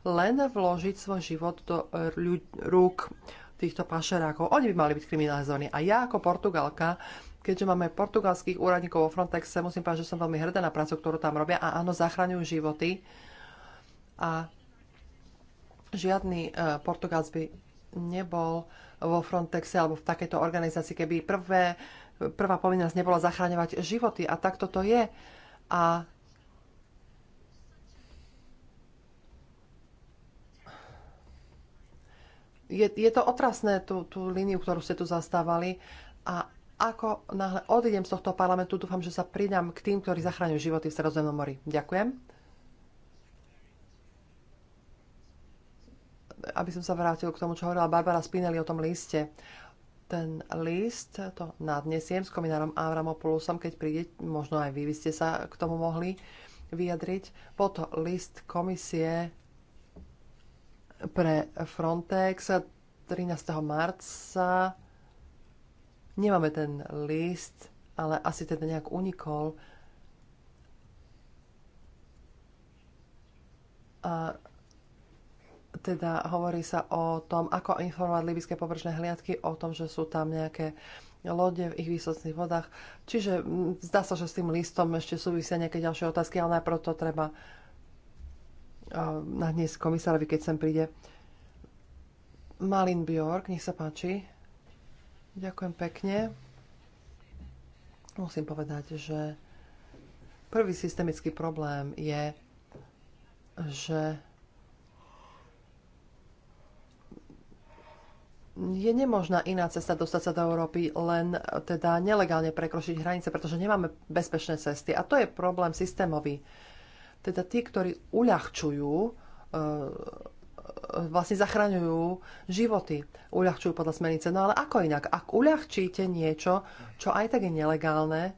len vložiť svoj život do ľud- rúk týchto pašerákov. Oni by mali byť kriminalizovaní. A ja ako Portugalka, keďže máme portugalských úradníkov vo Frontexe, musím povedať, že som veľmi hrdá na prácu, ktorú tam robia a áno, zachraňujú životy. A žiadny uh, by nebol uh, vo Frontexe alebo v takejto organizácii, keby prvé, prvá povinnosť nebola zachráňovať životy. A takto to je. A je, je to otrasné, tú, tú líniu, ktorú ste tu zastávali. A ako náhle odídem z tohto parlamentu, dúfam, že sa pridám k tým, ktorí zachráňujú životy v Sredozemnom mori. Ďakujem. aby som sa vrátil k tomu, čo hovorila Barbara Spinelli o tom liste. Ten list, to nadnesiem s kominárom Avramopoulosom, keď príde, možno aj vy by ste sa k tomu mohli vyjadriť. Bol to list komisie pre Frontex 13. marca. Nemáme ten list, ale asi teda nejak unikol. A teda hovorí sa o tom, ako informovať libyské pobrežné hliadky o tom, že sú tam nejaké lode v ich výsostných vodách. Čiže zdá sa, že s tým listom ešte súvisia nejaké ďalšie otázky, ale najprv to treba na dnes komisárovi, keď sem príde. Malin Bjork, nech sa páči. Ďakujem pekne. Musím povedať, že prvý systemický problém je, že je nemožná iná cesta dostať sa do Európy, len teda nelegálne prekročiť hranice, pretože nemáme bezpečné cesty. A to je problém systémový. Teda tí, ktorí uľahčujú, e, e, vlastne zachraňujú životy. Uľahčujú podľa smernice. No ale ako inak? Ak uľahčíte niečo, čo aj tak je nelegálne,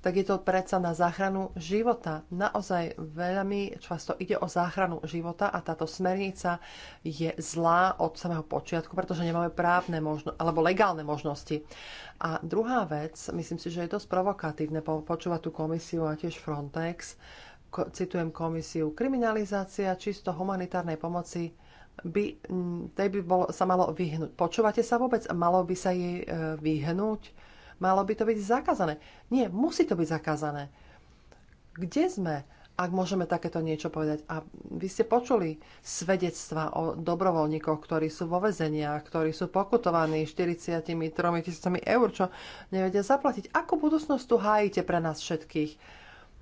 tak je to predsa na záchranu života. Naozaj veľmi často ide o záchranu života a táto smernica je zlá od samého počiatku, pretože nemáme právne možno, alebo legálne možnosti. A druhá vec, myslím si, že je dosť provokatívne počúvať tú komisiu a tiež Frontex, citujem komisiu, kriminalizácia čisto humanitárnej pomoci by, tej by bol, sa malo vyhnúť. Počúvate sa vôbec? Malo by sa jej e, vyhnúť? Malo by to byť zakázané. Nie, musí to byť zakázané. Kde sme, ak môžeme takéto niečo povedať? A vy ste počuli svedectva o dobrovoľníkoch, ktorí sú vo vezeniach, ktorí sú pokutovaní 43 tisícami eur, čo nevedia zaplatiť. Akú budúcnosť tu hájite pre nás všetkých?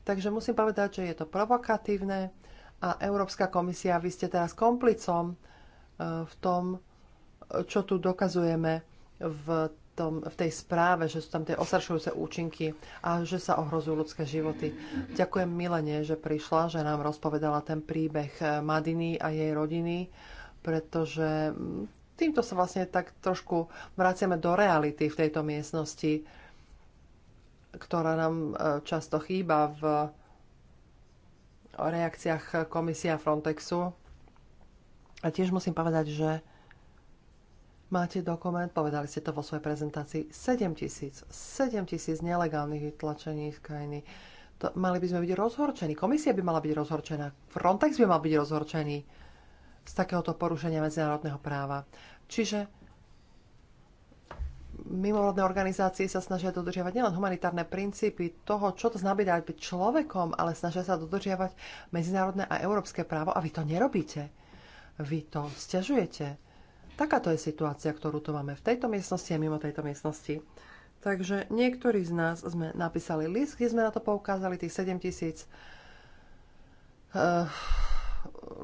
Takže musím povedať, že je to provokatívne a Európska komisia, vy ste teraz komplicom eh, v tom, eh, čo tu dokazujeme v tom, v tej správe, že sú tam tie osaršujúce účinky a že sa ohrozujú ľudské životy. Ďakujem Milene, že prišla, že nám rozpovedala ten príbeh eh, Madiny a jej rodiny, pretože mm, týmto sa vlastne tak trošku vraciame do reality v tejto miestnosti, ktorá nám eh, často chýba v reakciách komisia Frontexu. A tiež musím povedať, že Máte dokument, povedali ste to vo svojej prezentácii, 7 tisíc, 7 tisíc nelegálnych vytlačení z krajiny. To, mali by sme byť rozhorčení, komisia by mala byť rozhorčená, Frontex by mal byť rozhorčený z takéhoto porušenia medzinárodného práva. Čiže mimovládne organizácie sa snažia dodržiavať nielen humanitárne princípy toho, čo to znamená byť človekom, ale snažia sa dodržiavať medzinárodné a európske právo a vy to nerobíte. Vy to stiažujete Takáto je situácia, ktorú tu máme v tejto miestnosti a mimo tejto miestnosti. Takže niektorí z nás sme napísali list, kde sme na to poukázali, tých 7 tisíc uh,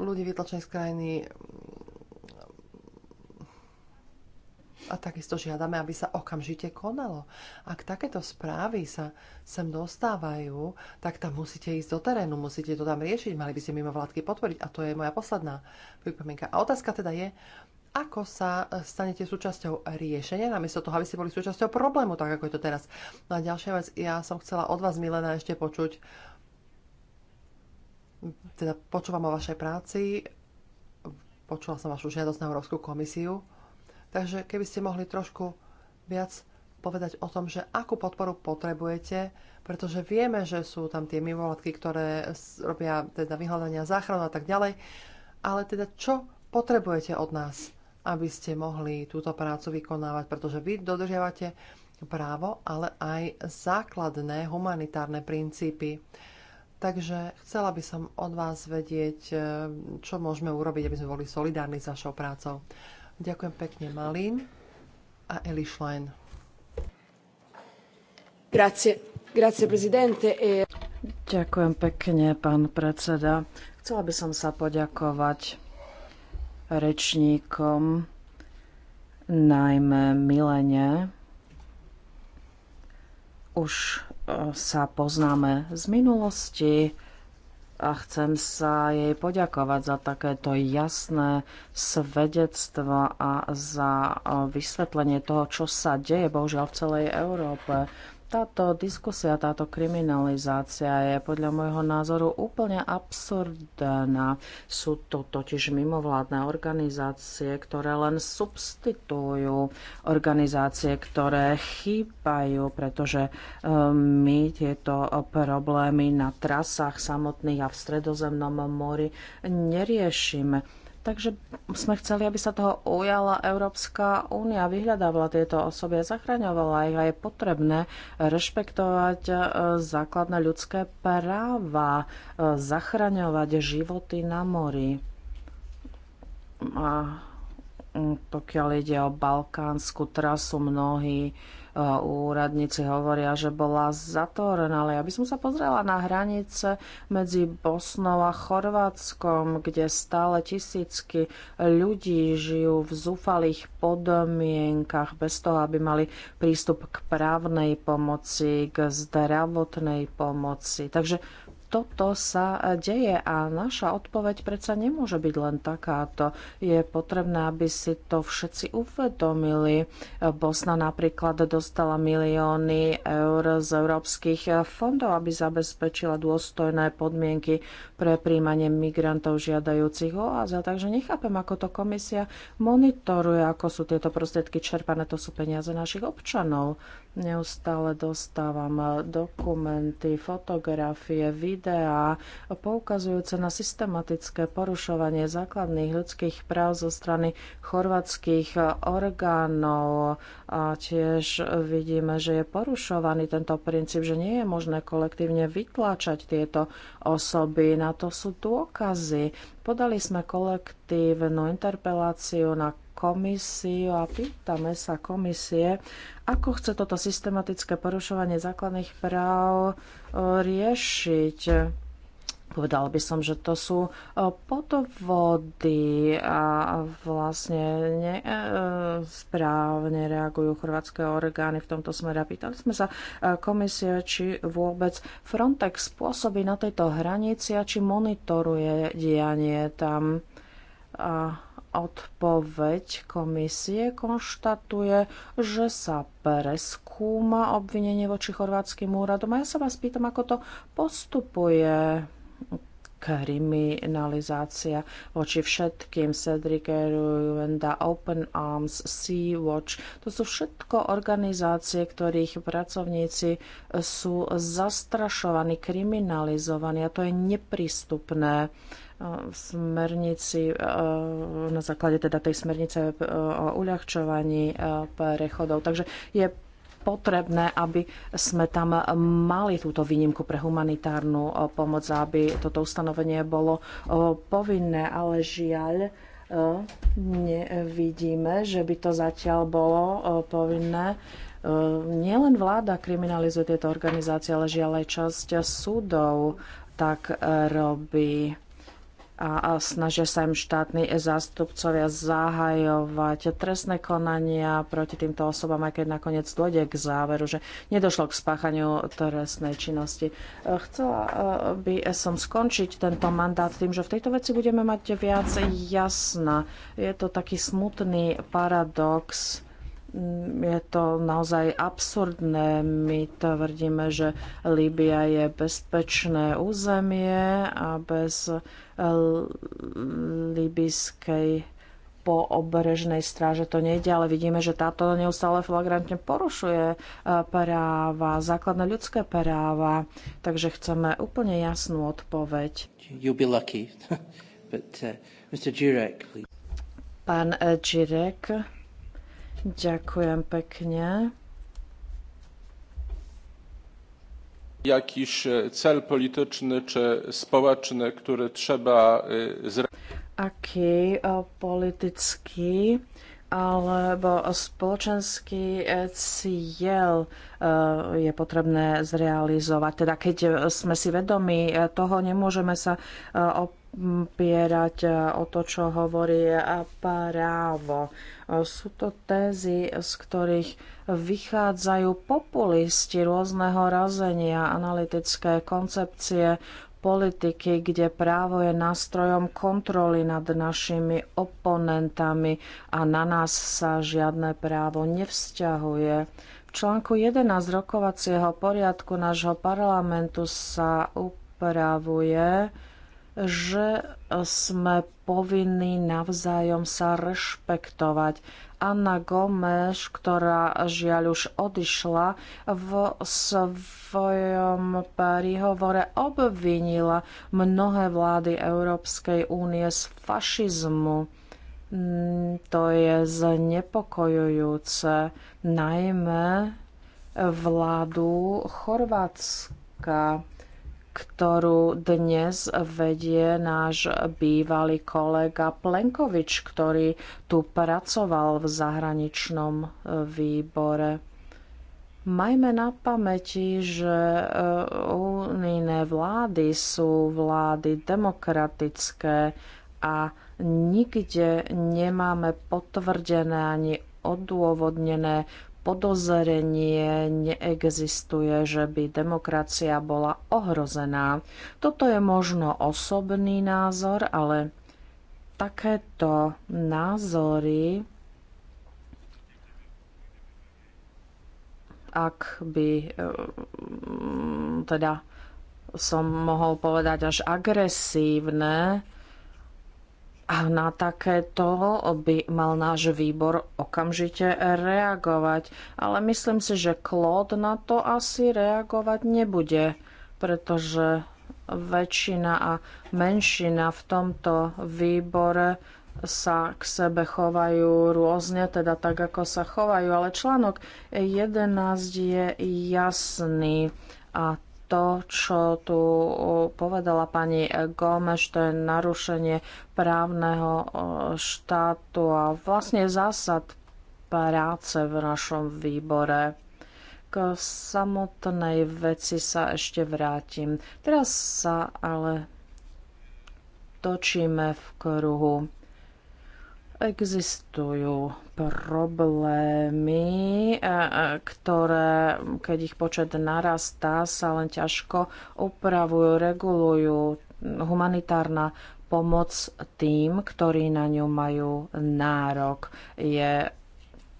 ľudí vytlačených z krajiny a takisto žiadame, aby sa okamžite konalo. Ak takéto správy sa sem dostávajú, tak tam musíte ísť do terénu, musíte to tam riešiť, mali by ste mimo vládky potvrdiť. A to je moja posledná pripomienka. A otázka teda je, ako sa e, stanete súčasťou riešenia, namiesto toho, aby ste boli súčasťou problému, tak ako je to teraz. No a ďalšia vec, ja som chcela od vás, Milena, ešte počuť, teda počúvam o vašej práci, počula som vašu žiadosť na Európsku komisiu, takže keby ste mohli trošku viac povedať o tom, že akú podporu potrebujete, pretože vieme, že sú tam tie mimovládky, ktoré robia teda vyhľadania záchranu a tak ďalej, ale teda čo potrebujete od nás? aby ste mohli túto prácu vykonávať, pretože vy dodržiavate právo, ale aj základné humanitárne princípy. Takže chcela by som od vás vedieť, e, čo môžeme urobiť, aby sme boli solidárni s vašou prácou. Ďakujem pekne Malín a Eli Schlein. Grazie. Grazie, prezidente. E- Ďakujem pekne, pán predseda. Chcela by som sa poďakovať rečníkom, najmä Milene. Už e, sa poznáme z minulosti a chcem sa jej poďakovať za takéto jasné svedectvo a za e, vysvetlenie toho, čo sa deje bohužiaľ v celej Európe. Táto diskusia, táto kriminalizácia je podľa môjho názoru úplne absurdná. Sú to totiž mimovládne organizácie, ktoré len substitujú organizácie, ktoré chýbajú, pretože e, my tieto problémy na trasách samotných a v stredozemnom mori neriešime Takže sme chceli, aby sa toho ujala Európska únia, vyhľadávala tieto osoby a zachraňovala ich a je potrebné rešpektovať e, základné ľudské práva, e, zachraňovať životy na mori. A mm, pokiaľ ide o balkánsku trasu, mnohí úradníci hovoria, že bola zatvorená, ale ja by som sa pozrela na hranice medzi Bosnou a Chorvátskom, kde stále tisícky ľudí žijú v zúfalých podmienkach bez toho, aby mali prístup k právnej pomoci, k zdravotnej pomoci. Takže toto sa deje a naša odpoveď predsa nemôže byť len takáto. Je potrebné, aby si to všetci uvedomili. Bosna napríklad dostala milióny eur z európskych fondov, aby zabezpečila dôstojné podmienky pre príjmanie migrantov žiadajúcich o azyl. Takže nechápem, ako to komisia monitoruje, ako sú tieto prostriedky čerpané. To sú peniaze našich občanov. Neustále dostávam dokumenty, fotografie, videá poukazujúce na systematické porušovanie základných ľudských práv zo strany chorvatských orgánov. A tiež vidíme, že je porušovaný tento princíp, že nie je možné kolektívne vytláčať tieto osoby. Na to sú dôkazy. Podali sme kolektívnu interpeláciu na komisiu a pýtame sa komisie, ako chce toto systematické porušovanie základných práv e, riešiť. Povedala by som, že to sú e, podvody a vlastne ne, e, správne reagujú chorvátske orgány v tomto smere. Pýtali sme sa komisie, či vôbec Frontex pôsobí na tejto hranici a či monitoruje dianie tam. A Odpoveď komisie konštatuje, že sa preskúma obvinenie voči chorvátskym úradom. A ja sa vás pýtam, ako to postupuje kriminalizácia voči všetkým Cedric Ruenda, Open Arms, Sea-Watch. To sú všetko organizácie, ktorých pracovníci sú zastrašovaní, kriminalizovaní a to je neprístupné v smernici, na základe teda tej smernice o uľahčovaní prechodov. Takže je potrebné, aby sme tam mali túto výnimku pre humanitárnu eh, pomoc, aby toto ustanovenie bolo eh, povinné, ale žiaľ, eh, nevidíme, že by to zatiaľ bolo povinné. Nielen vláda kriminalizuje tieto organizácie, ale žiaľ aj časť súdov tak robí a snažia sa im štátni zástupcovia zahajovať trestné konania proti týmto osobám, aj keď nakoniec dôjde k záveru, že nedošlo k spáchaniu trestnej činnosti. E, chcela e, by som skončiť tento mandát tým, že v tejto veci budeme mať viac jasna. Je to taký smutný paradox, mm, je to naozaj absurdné. My tvrdíme, že Líbia je bezpečné územie a bez libyskej po obrežnej stráže to nejde, ale vidíme, že táto neustále flagrantne porušuje e, práva, základné ľudské práva, takže chceme úplne jasnú odpoveď. You'll be lucky. But, uh, Mr. Pán Čirek, e, ďakujem pekne. jakiś e, cel polityczny czy społeczny, który trzeba e, Aký e, politický alebo spoločenský cieľ je potrebné zrealizovať. Teda keď sme si vedomi toho, nemôžeme sa opierať o to, čo hovorí právo. E, sú to tézy, z ktorých vychádzajú populisti rôzneho razenia, analytické koncepcie, politiky, kde právo je nástrojom kontroly nad našimi oponentami a na nás sa žiadne právo nevzťahuje. V článku 11 rokovacieho poriadku nášho parlamentu sa upravuje že sme povinní navzájom sa rešpektovať. Anna Gomeš, ktorá žiaľ už odišla, v svojom príhovore obvinila mnohé vlády Európskej únie z fašizmu. To je znepokojujúce, najmä vládu Chorvátska ktorú dnes vedie náš bývalý kolega Plenkovič, ktorý tu pracoval v zahraničnom e, výbore. Majme na pamäti, že e, unijné vlády sú vlády demokratické a nikde nemáme potvrdené ani odôvodnené podozrenie neexistuje, že by demokracia bola ohrozená. Toto je možno osobný názor, ale takéto názory, ak by mm, teda som mohol povedať až agresívne, a na takéto by mal náš výbor okamžite reagovať. Ale myslím si, že Klód na to asi reagovať nebude, pretože väčšina a menšina v tomto výbore sa k sebe chovajú rôzne, teda tak, ako sa chovajú. Ale článok 11 je jasný a to, čo tu povedala pani Gomeš, to je narušenie právneho štátu a vlastne zásad práce v našom výbore. K samotnej veci sa ešte vrátim. Teraz sa ale točíme v kruhu. Existujú problémy, ktoré, keď ich počet narastá, sa len ťažko upravujú, regulujú. Humanitárna pomoc tým, ktorí na ňu majú nárok. Je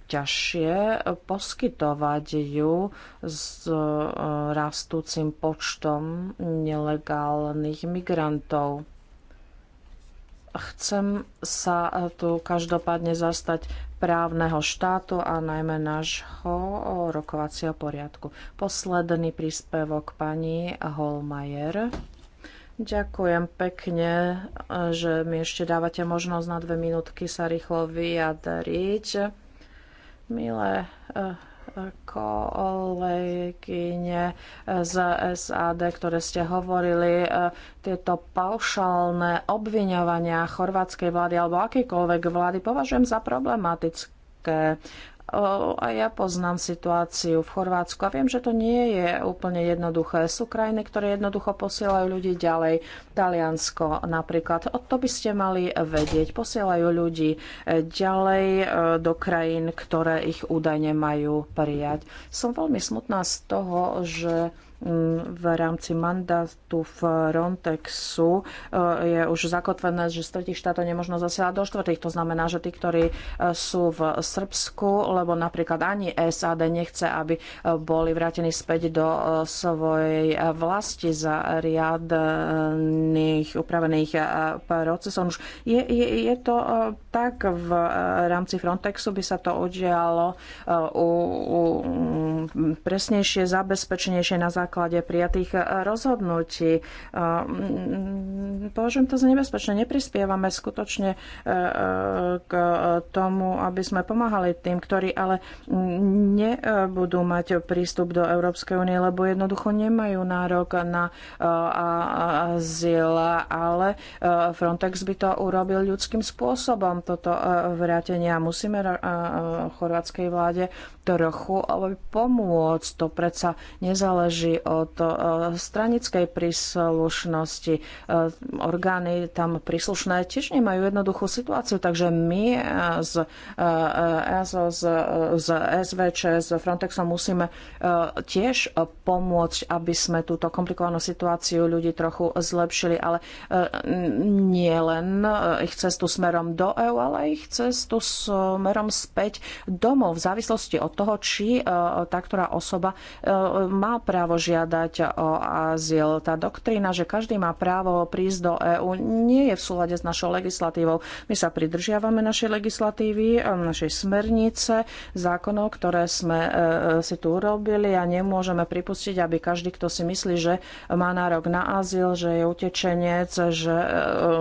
ťažšie poskytovať ju s e, rastúcim počtom nelegálnych migrantov. Chcem sa e, tu každopádne zastať právneho štátu a najmä nášho rokovacieho poriadku. Posledný príspevok pani Holmajer. Ďakujem pekne, e, že mi ešte dávate možnosť na dve minútky sa rýchlo vyjadriť. Milé e, kolegyne z SAD, ktoré ste hovorili, e, tieto paušálne obviňovania chorvátskej vlády alebo akýkoľvek vlády považujem za problematické. A ja poznám situáciu v Chorvátsku a viem, že to nie je úplne jednoduché. Sú krajiny, ktoré jednoducho posielajú ľudí ďalej. Taliansko napríklad. O to by ste mali vedieť. Posielajú ľudí e, ďalej e, do krajín, ktoré ich údajne majú prijať. Som veľmi smutná z toho, že v rámci mandátu Frontexu e, je už zakotvené, že z tretich štátov nemôžno zasielať do štvrtých. To znamená, že tí, ktorí e, sú v Srbsku, lebo napríklad ani SAD nechce, aby e, boli vrátení späť do svojej vlasti za riadných upravených procesov. Už je, je, je to tak v rámci Frontexu by sa to udialo u, u, presnejšie, zabezpečnejšie na základe základe prijatých eh, rozhodnutí. Eh, považujem to za nebezpečné. Neprispievame skutočne eh, k tomu, aby sme pomáhali tým, ktorí ale nebudú mať prístup do Európskej únie, lebo jednoducho nemajú nárok na azyl, ale Frontex by to urobil ľudským spôsobom, toto vrátenie. A musíme chorvátskej vláde trochu pomôcť. To predsa nezáleží od eh, stranickej príslušnosti. Eh, orgány tam príslušné tiež nemajú jednoduchú situáciu, takže my eh, z ESO, z, z SVČ, z Frontexom musíme tiež pomôcť, aby sme túto komplikovanú situáciu ľudí trochu zlepšili, ale nie len ich cestu smerom do EU, ale ich cestu smerom späť domov v závislosti od toho, či e, tá, ktorá osoba e, má právo žiadať o azyl. Tá doktrína, že každý má právo prísť do EÚ, nie je v súlade s našou legislatívou. My sa pridržiavame našej legislatívy, e, našej smernice, zákonov, ktoré sme si tu urobili a nemôžeme pripustiť, aby každý, kto si myslí, že má nárok na azyl, že je utečenec, že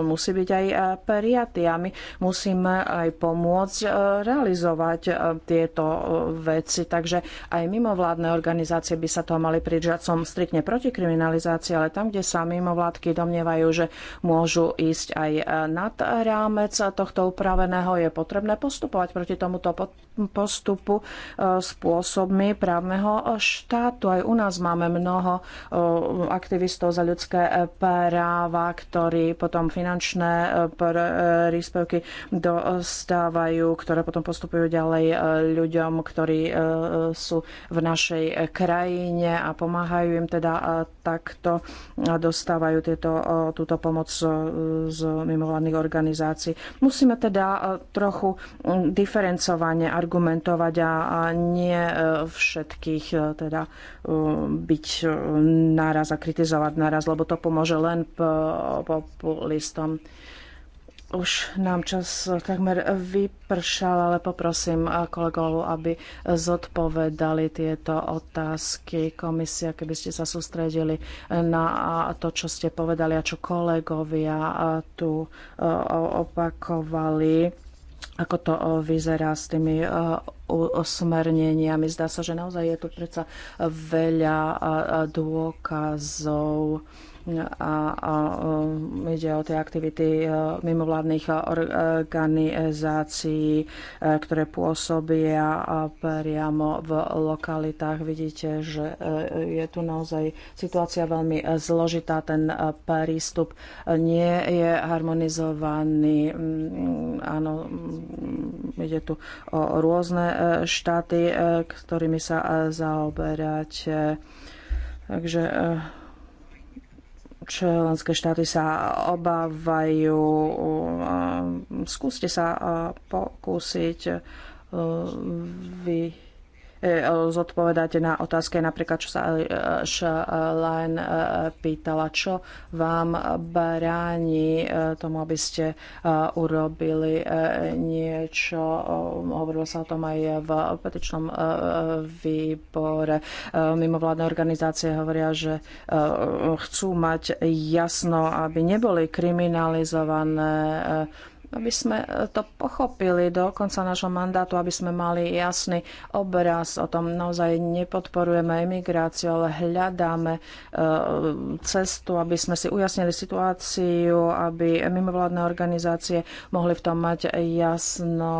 musí byť aj prijatý a my musíme aj pomôcť realizovať tieto veci. Takže aj mimovládne organizácie by sa toho mali pridržať. Som striktne proti kriminalizácii, ale tam, kde sa mimovládky domnievajú, že môžu ísť aj e, nad rámec tohto upraveného, je potrebné postupovať proti tomuto postupu e, spôsobmi právneho štátu. Aj u nás máme mnoho e, aktivistov za ľudské práva, ktorí potom finančné príspevky dostávajú, ktoré potom postupujú ďalej ľuďom, ktorí ktorí e, e, sú v našej e, krajine a pomáhajú im teda takto a dostávajú tieto, túto pomoc z mimovládnych organizácií. Musíme teda trochu diferencovane argumentovať a nie všetkých teda byť naraz a kritizovať naraz, lebo to pomôže len populistom. Po už nám čas takmer vypršal, ale poprosím kolegov, aby zodpovedali tieto otázky. Komisia, keby ste sa sústredili na to, čo ste povedali a čo kolegovia tu e, opakovali. Ako to vyzerá s tými osmerneniami. E, Zdá sa, že naozaj je tu predsa veľa e, dôkazov a, a um, ide o tie aktivity uh, mimovládnych organizácií, uh, ktoré pôsobia uh, priamo v lokalitách. Vidíte, že je tu naozaj situácia veľmi zložitá. Ten prístup nie je harmonizovaný. Mm, áno, mm, ide tu o rôzne štáty, ktorými sa zaoberať. Takže členské štáty sa obávajú. Um, skúste sa uh, pokúsiť uh, vy E, zodpovedáte na otázke, napríklad čo sa e, e, Len pýtala, čo vám bráni tomu, aby ste urobili niečo. Hovorilo sa o tom aj v petičnom výbore. Mimovládne organizácie hovoria, že chcú mať jasno, aby neboli kriminalizované aby sme e, to pochopili do konca nášho mandátu, aby sme mali jasný obraz o tom. Naozaj nepodporujeme emigráciu, ale hľadáme e, cestu, aby sme si ujasnili situáciu, aby mimovládne organizácie mohli v tom mať jasno,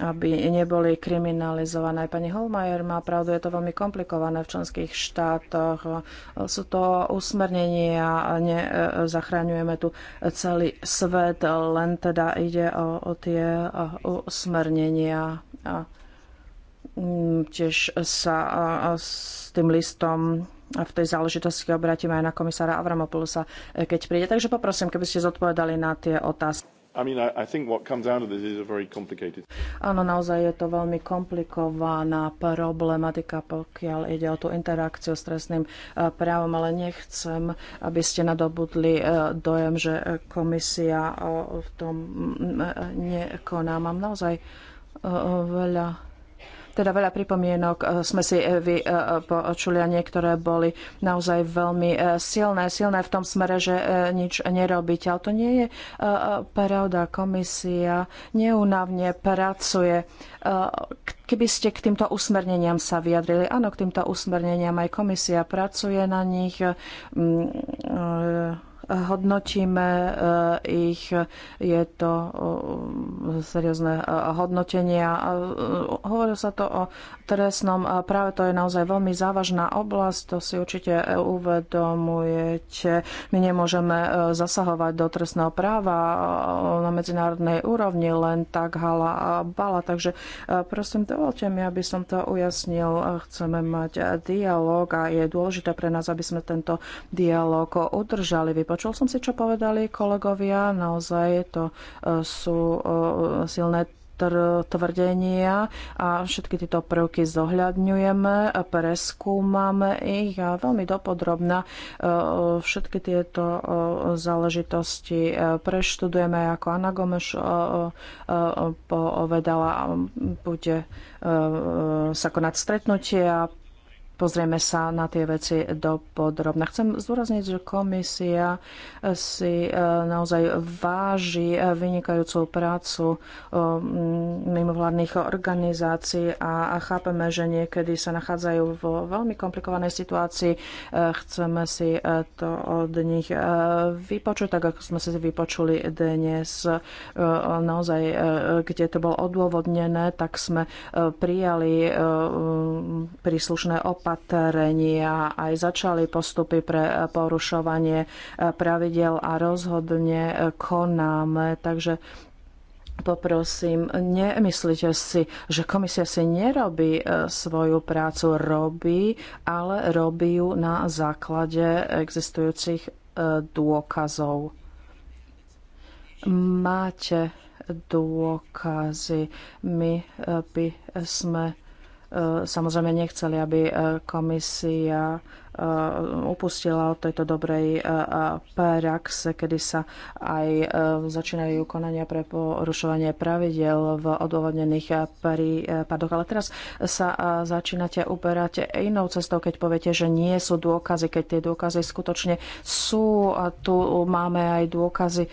e, aby neboli kriminalizované. Pani Holmajer má pravdu, je to veľmi komplikované v členských štátoch. Sú to usmernenia, nezachraňujeme tu celý svet rozpočet, len teda ide o, o tie usmernenia. A mm, tiež sa s tým listom a v tej záležitosti obratíme aj na komisára Avramopoulosa, keď príde. Takže poprosím, keby ste zodpovedali na tie otázky. Áno, naozaj je to veľmi komplikovaná problematika, pokiaľ ide o tú interakciu s trestným e, právom, ale nechcem, aby ste nadobudli e, dojem, že komisia e, v tom nekoná. Mám naozaj veľa teda veľa pripomienok e, sme si e, vypočuli a niektoré boli naozaj veľmi e, silné. Silné v tom smere, že nič nerobíte. Ale to nie je pravda. Komisia neúnavne pracuje keby ste k týmto usmerneniam sa vyjadrili. Áno, k týmto usmerneniam aj komisia pracuje na nich. Mm, hodnotíme eh, ich, je to eh, seriózne eh, hodnotenia. Hovorilo sa to o trestnom práve, to je naozaj veľmi závažná oblasť, to si určite uvedomujete. My nemôžeme zasahovať do trestného práva na medzinárodnej úrovni len tak hala a bala, takže prosím, dovolte mi, aby som to ujasnil. Chceme mať dialog a je dôležité pre nás, aby sme tento dialog udržali. Vypo- Vypočul som si, čo povedali kolegovia. Naozaj to e, sú e, silné tvrdenia a všetky tieto prvky zohľadňujeme, preskúmame ich a veľmi dopodrobná e, všetky tieto záležitosti preštudujeme, ako Anna Gomeš povedala, bude sa konať stretnutie a pozrieme sa na tie veci do podrobna. Chcem zdôrazniť, že komisia si e, naozaj váži e, vynikajúcu prácu e, mimovládnych organizácií a chápeme, že niekedy sa nachádzajú vo veľmi komplikovanej situácii. Chceme si to od nich vypočuť, tak ako sme si vypočuli dnes naozaj, kde to bolo odôvodnené, tak sme prijali príslušné opatrenia opatrenia, aj začali postupy pre porušovanie eh, pravidel a rozhodne eh, konáme. Takže poprosím, nemyslite si, že komisia si nerobí eh, svoju prácu, robí, ale robí ju na základe existujúcich dôkazov. Máte dôkazy. My by sme Samozrejme nechceli, aby eh, komisia Eh, upustila od tejto dobrej eh, eh, praxe, kedy sa aj začínajú konania pre porušovanie pravidel v odôvodnených prípadoch. Ale teraz sa začínate uberať inou cestou, keď poviete, že nie sú dôkazy, keď tie dôkazy skutočne sú. A tu máme aj dôkazy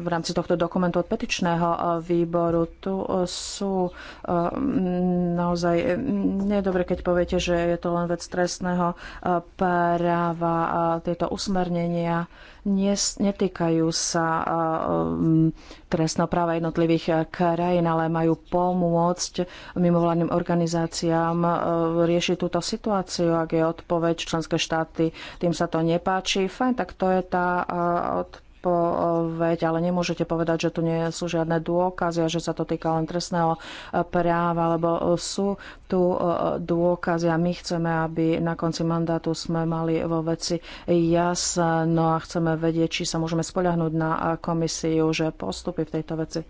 v rámci tohto dokumentu od petičného výboru. Tu sú naozaj nedobre, keď poviete, že je to len vec trestného eh, práva. Eh, tieto usmernenia netýkajú sa eh, mm, trestného práva jednotlivých krajín, ale majú pomôcť mimovládnym organizáciám riešiť túto situáciu, ak je odpoveď členské štáty, tým sa to nepáči. Fajn, tak to je tá odpoveď odpoveď, ale nemôžete povedať, že tu nie sú žiadne dôkazy a že sa to týka len trestného práva, lebo sú tu e, dôkazy a my chceme, aby na konci mandátu sme mali vo veci jasno a chceme vedieť, či sa môžeme spoľahnúť na komisiu, že postupy v tejto veci.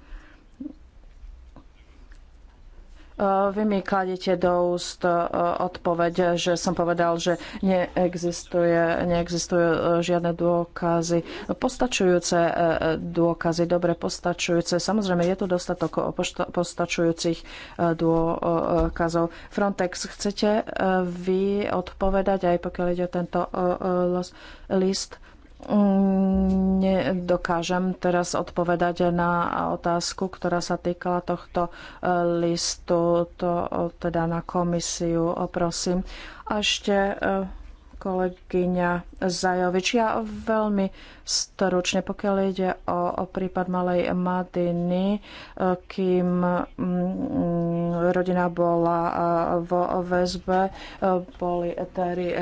Vy mi kladete do úst e, odpoveď, že som povedal, že neexistuje, neexistujú e, žiadne dôkazy. Postačujúce e, dôkazy, dobre postačujúce. Samozrejme, je tu dostatok postačujúcich dôkazov. Frontex, chcete vy odpovedať, aj pokiaľ ide o tento list? Nedokážem teraz odpovedať na otázku, ktorá sa týkala tohto e, listu, to teda na komisiu, prosím. A ešte e, kolegyňa Zajovič. Ja veľmi stručne, pokiaľ ide o, o prípad malej Madiny, e, kým mm, rodina bola e, vo väzbe, e, boli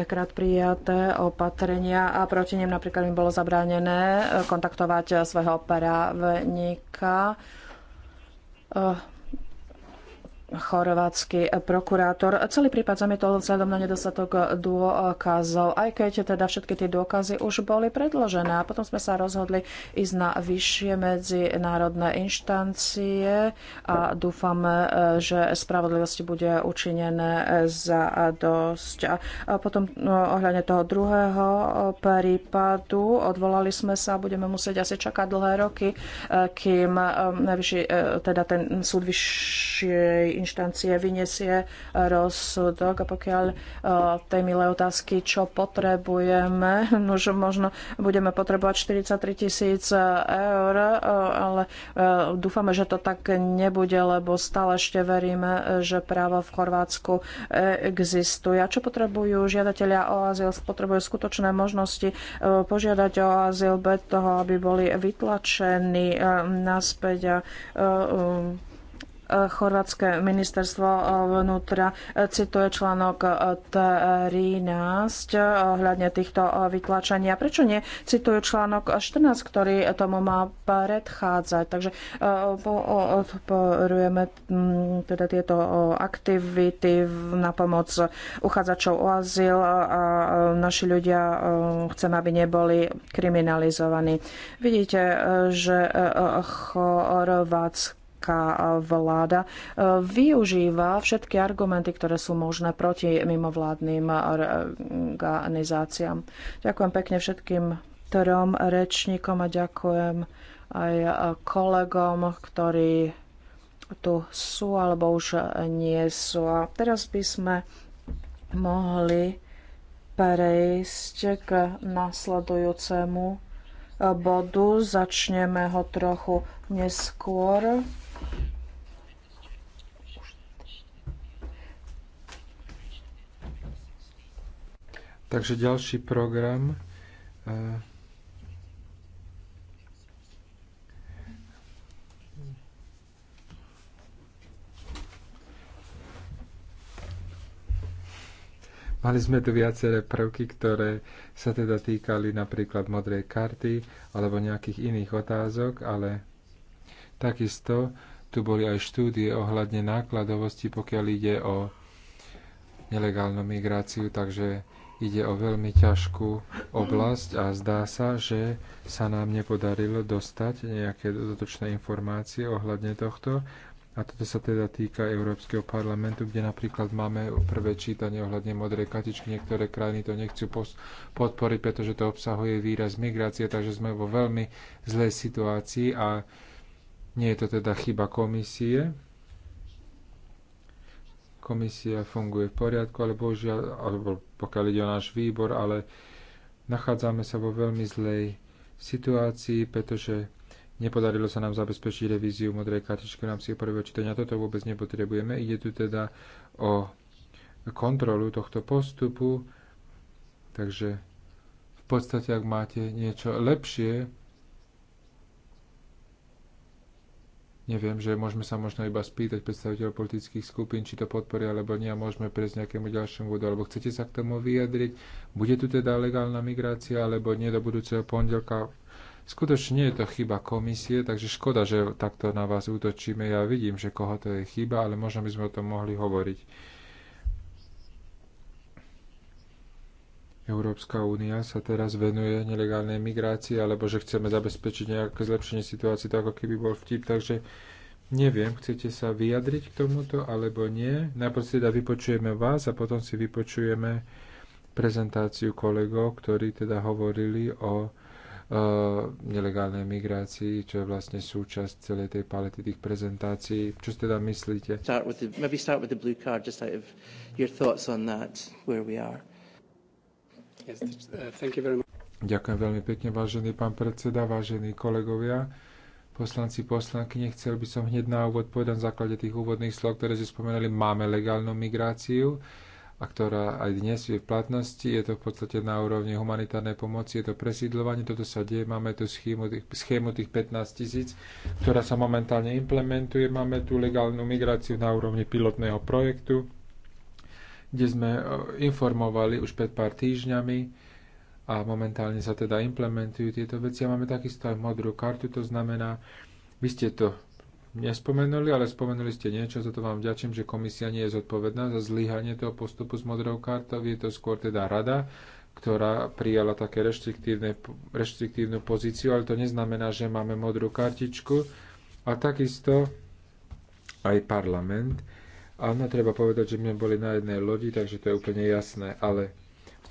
krát prijaté opatrenia a proti nim napríklad im bolo zabránené kontaktovať svojho operávnika chorvátsky prokurátor. Celý prípad zamietol vzhľadom na nedostatok dôkazov, aj keď teda všetky tie dôkazy už boli predložené. A potom sme sa rozhodli ísť na vyššie medzinárodné inštancie a dúfame, že spravodlivosti bude učinené za dosť. A potom no, ohľadne toho druhého prípadu odvolali sme sa a budeme musieť asi čakať dlhé roky, kým eh, najvyšší, eh, teda ten súd vyššej inštancie vyniesie rozsudok. A pokiaľ e, tej milé otázky, čo potrebujeme, už no, možno budeme potrebovať 43 tisíc eur, e, ale e, dúfame, že to tak nebude, lebo stále ešte veríme, že právo v Chorvátsku existuje. A čo potrebujú žiadatelia o azyl? Potrebujú skutočné možnosti požiadať o azyl bez toho, aby boli vytlačení naspäť a chorvátske ministerstvo vnútra cituje článok 13 ohľadne týchto vytlačení. A prečo nie citujú článok 14, ktorý tomu má predchádzať? Takže eh, odporujeme hm, teda tieto aktivity na pomoc uchádzačov o azyl a naši ľudia eh, chceme, aby neboli kriminalizovaní. Vidíte, eh, že Chorvátsko irácká vláda e, využíva všetky argumenty, ktoré sú možné proti mimovládnym organizáciám. Ďakujem pekne všetkým trom rečníkom a ďakujem aj e, kolegom, ktorí tu sú alebo už nie sú. A teraz by sme mohli prejsť k nasledujúcemu e, bodu. Začneme ho trochu neskôr. Takže ďalší program e, Mali sme tu viaceré prvky, ktoré sa teda týkali napríklad modrej karty alebo nejakých iných otázok, ale takisto tu boli aj štúdie ohľadne nákladovosti, pokiaľ ide o nelegálnu migráciu, takže Ide o veľmi ťažkú oblasť a zdá sa, že sa nám nepodarilo dostať nejaké dodatočné informácie ohľadne tohto. A toto sa teda týka Európskeho parlamentu, kde napríklad máme prvé čítanie ohľadne modrej katičky. Niektoré krajiny to nechcú podporiť, pretože to obsahuje výraz migrácie, takže sme vo veľmi zlej situácii a nie je to teda chyba komisie, komisia funguje v poriadku, ale bohužiaľ, alebo pokiaľ ide o náš výbor, ale nachádzame sa vo veľmi zlej situácii, pretože nepodarilo sa nám zabezpečiť revíziu modrej kartičky v rámci prvého čítania. Toto vôbec nepotrebujeme. Ide tu teda o kontrolu tohto postupu, takže v podstate, ak máte niečo lepšie, neviem, že môžeme sa možno iba spýtať predstaviteľov politických skupín, či to podporia alebo nie a môžeme prejsť nejakému ďalšiemu vodu. Alebo chcete sa k tomu vyjadriť? Bude tu teda legálna migrácia alebo nie do budúceho pondelka? Skutočne nie je to chyba komisie, takže škoda, že takto na vás útočíme. Ja vidím, že koho to je chyba, ale možno by sme o tom mohli hovoriť. Európska únia sa teraz venuje nelegálnej migrácii, alebo že chceme zabezpečiť nejaké zlepšenie situácie, tak ako keby bol vtip. Takže neviem, chcete sa vyjadriť k tomuto, alebo nie. Najprv teda vypočujeme vás a potom si vypočujeme prezentáciu kolegov, ktorí teda hovorili o e, nelegálnej migrácii, čo je vlastne súčasť celej tej palety tých prezentácií. Čo si teda myslíte? Start with the, maybe start with the blue card, just out of your thoughts on that, where we are. Ďakujem veľmi pekne, vážený pán predseda, vážení kolegovia, poslanci, poslanky. Nechcel by som hneď na úvod povedať na základe tých úvodných slov, ktoré ste spomenuli, máme legálnu migráciu a ktorá aj dnes je v platnosti. Je to v podstate na úrovni humanitárnej pomoci, je to presídľovanie, toto sa deje. Máme tu schému tých, schému tých 15 tisíc, ktorá sa momentálne implementuje. Máme tu legálnu migráciu na úrovni pilotného projektu kde sme e, informovali už pred pár týždňami a momentálne sa teda implementujú tieto veci a máme takisto aj modrú kartu, to znamená, vy ste to nespomenuli, ale spomenuli ste niečo, za to vám vďačím, že komisia nie je zodpovedná za zlyhanie toho postupu s modrou kartou, je to skôr teda rada, ktorá prijala také reštriktívnu pozíciu, ale to neznamená, že máme modrú kartičku. A takisto aj parlament Áno, treba povedať, že sme boli na jednej lodi, takže to je úplne jasné, ale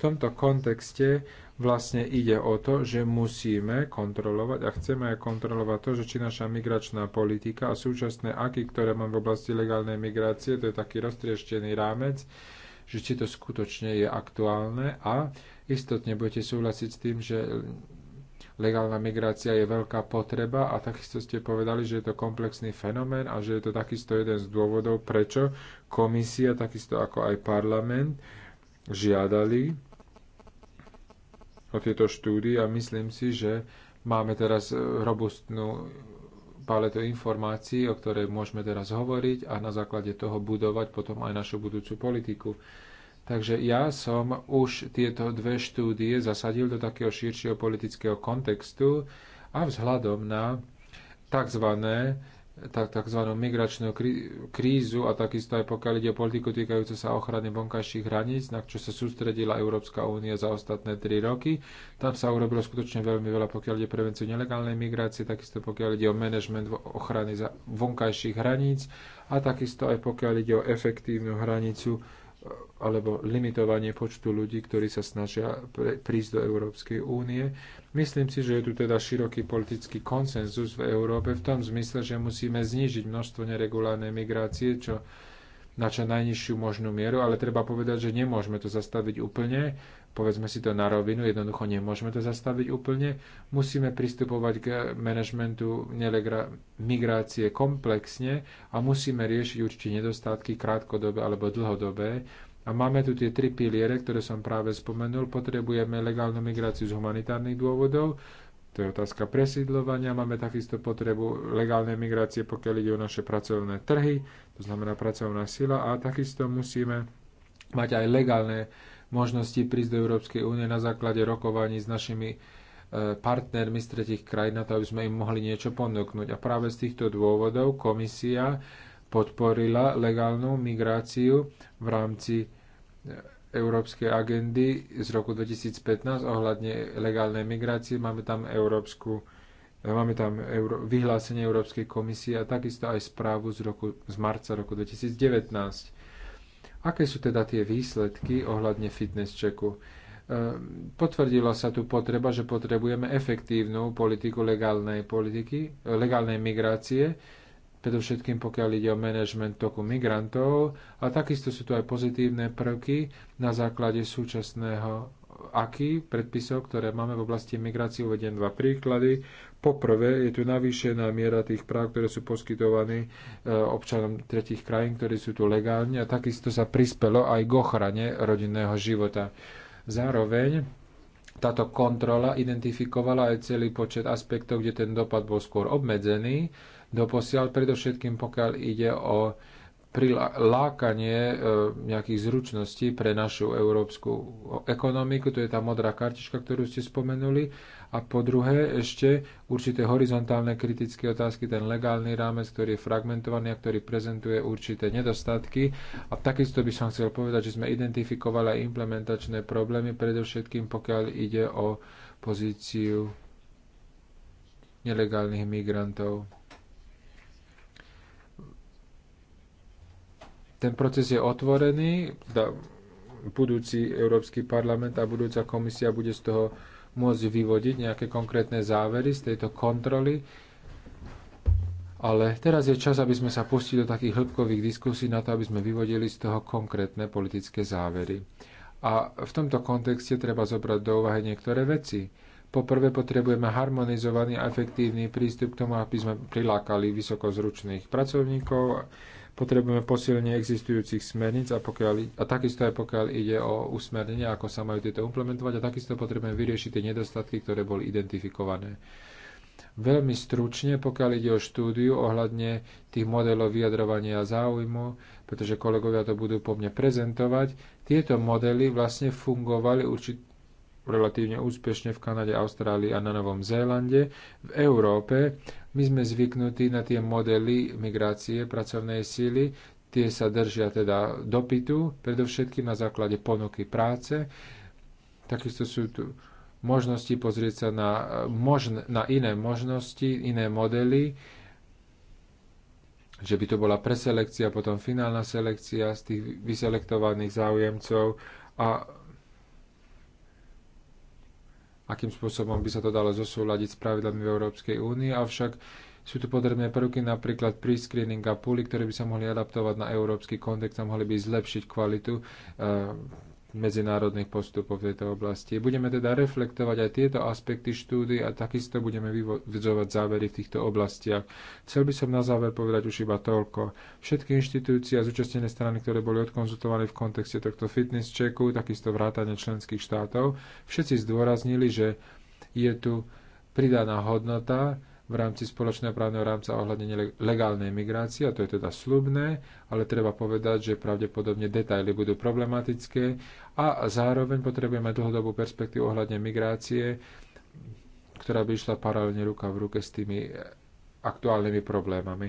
v tomto kontexte vlastne ide o to, že musíme kontrolovať a chceme aj kontrolovať to, že či naša migračná politika a súčasné aky, ktoré máme v oblasti legálnej migrácie, to je taký roztrieštený rámec, že či to skutočne je aktuálne a istotne budete súhlasiť s tým, že Legálna migrácia je veľká potreba a takisto ste povedali, že je to komplexný fenomén a že je to takisto jeden z dôvodov, prečo komisia, takisto ako aj parlament, žiadali o tieto štúdie a myslím si, že máme teraz e, robustnú paletu informácií, o ktorej môžeme teraz hovoriť a na základe toho budovať potom aj našu budúcu politiku. Takže ja som už tieto dve štúdie zasadil do takého širšieho politického kontextu a vzhľadom na tzv. Tak, tzv. migračnú krízu a takisto aj pokiaľ ide o politiku týkajúcu sa ochrany vonkajších hraníc, na čo sa sústredila Európska únia za ostatné 3 roky. Tam sa urobilo skutočne veľmi veľa, pokiaľ ide prevenciu nelegálnej migrácie, takisto pokiaľ ide o manažment ochrany vonkajších hraníc a takisto aj pokiaľ ide o efektívnu hranicu alebo limitovanie počtu ľudí, ktorí sa snažia prísť do Európskej únie. Myslím si, že je tu teda široký politický konsenzus v Európe v tom zmysle, že musíme znížiť množstvo neregulárnej migrácie, čo na čo najnižšiu možnú mieru, ale treba povedať, že nemôžeme to zastaviť úplne, Povedzme si to na rovinu, jednoducho nemôžeme to zastaviť úplne. Musíme pristupovať k manažmentu migrácie komplexne a musíme riešiť určite nedostatky krátkodobé alebo dlhodobé. A máme tu tie tri piliere, ktoré som práve spomenul. Potrebujeme legálnu migráciu z humanitárnych dôvodov, to je otázka presídľovania. Máme takisto potrebu legálnej migrácie, pokiaľ ide o naše pracovné trhy, to znamená pracovná sila. A takisto musíme mať aj legálne možnosti prísť do Európskej únie na základe rokovaní s našimi e, partnermi z tretich krajín na to, aby sme im mohli niečo ponúknuť. A práve z týchto dôvodov komisia podporila legálnu migráciu v rámci e, Európskej agendy z roku 2015 ohľadne legálnej migrácie. Máme tam Európsku e, Máme tam Euró- vyhlásenie Európskej komisie a takisto aj správu z, roku, z marca roku 2019. Aké sú teda tie výsledky ohľadne fitness checku? Ehm, potvrdila sa tu potreba, že potrebujeme efektívnu politiku legálnej politiky, legálnej migrácie, predovšetkým pokiaľ ide o manažment toku migrantov a takisto sú tu aj pozitívne prvky na základe súčasného aký predpisov, ktoré máme v oblasti migrácie, uvediem dva príklady. Poprvé je tu navýšená miera tých práv, ktoré sú poskytované e, občanom tretich krajín, ktorí sú tu legálne a takisto sa prispelo aj k ochrane rodinného života. Zároveň táto kontrola identifikovala aj celý počet aspektov, kde ten dopad bol skôr obmedzený. Doposiaľ predovšetkým, pokiaľ ide o prilákanie e, nejakých zručností pre našu európsku ekonomiku, to je tá modrá kartička, ktorú ste spomenuli, a po druhé ešte určité horizontálne kritické otázky, ten legálny rámec, ktorý je fragmentovaný a ktorý prezentuje určité nedostatky. A takisto by som chcel povedať, že sme identifikovali aj implementačné problémy, predovšetkým pokiaľ ide o pozíciu nelegálnych migrantov. Ten proces je otvorený, da, budúci Európsky parlament a budúca komisia bude z toho môcť vyvodiť nejaké konkrétne závery z tejto kontroly. Ale teraz je čas, aby sme sa pustili do takých hĺbkových diskusí na to, aby sme vyvodili z toho konkrétne politické závery. A v tomto kontexte treba zobrať do úvahy niektoré veci. Poprvé potrebujeme harmonizovaný a efektívny prístup k tomu, aby sme prilákali vysokozručných pracovníkov, Potrebujeme posilnenie existujúcich smerníc a, pokiaľ, a takisto aj pokiaľ ide o usmernenie, ako sa majú tieto implementovať a takisto potrebujeme vyriešiť tie nedostatky, ktoré boli identifikované. Veľmi stručne, pokiaľ ide o štúdiu ohľadne tých modelov vyjadrovania a záujmu, pretože kolegovia to budú po mne prezentovať, tieto modely vlastne fungovali určite relatívne úspešne v Kanade, Austrálii a na Novom Zélande. V Európe my sme zvyknutí na tie modely migrácie pracovnej síly, tie sa držia teda dopytu, predovšetkým na základe ponuky práce. Takisto sú tu možnosti pozrieť sa na, možn, na iné možnosti, iné modely, že by to bola preselekcia, potom finálna selekcia z tých vyselektovaných záujemcov a akým spôsobom by sa to dalo zosúľadiť s pravidlami v Európskej únii. avšak sú tu potrebné prvky, napríklad pre-screening a puly, ktoré by sa mohli adaptovať na európsky kontext a mohli by zlepšiť kvalitu eh, medzinárodných postupov v tejto oblasti. Budeme teda reflektovať aj tieto aspekty štúdy a takisto budeme vyvodzovať závery v týchto oblastiach. Chcel by som na záver povedať už iba toľko. Všetky inštitúcie a zúčastnené strany, ktoré boli odkonzultované v kontexte tohto fitness checku, takisto vrátane členských štátov, všetci zdôraznili, že je tu pridaná hodnota v rámci spoločného právneho rámca ohľadne legálnej migrácie, a to je teda slubné, ale treba povedať, že pravdepodobne detaily budú problematické a zároveň potrebujeme dlhodobú perspektívu ohľadne migrácie, ktorá by išla paralelne ruka v ruke s tými aktuálnymi problémami.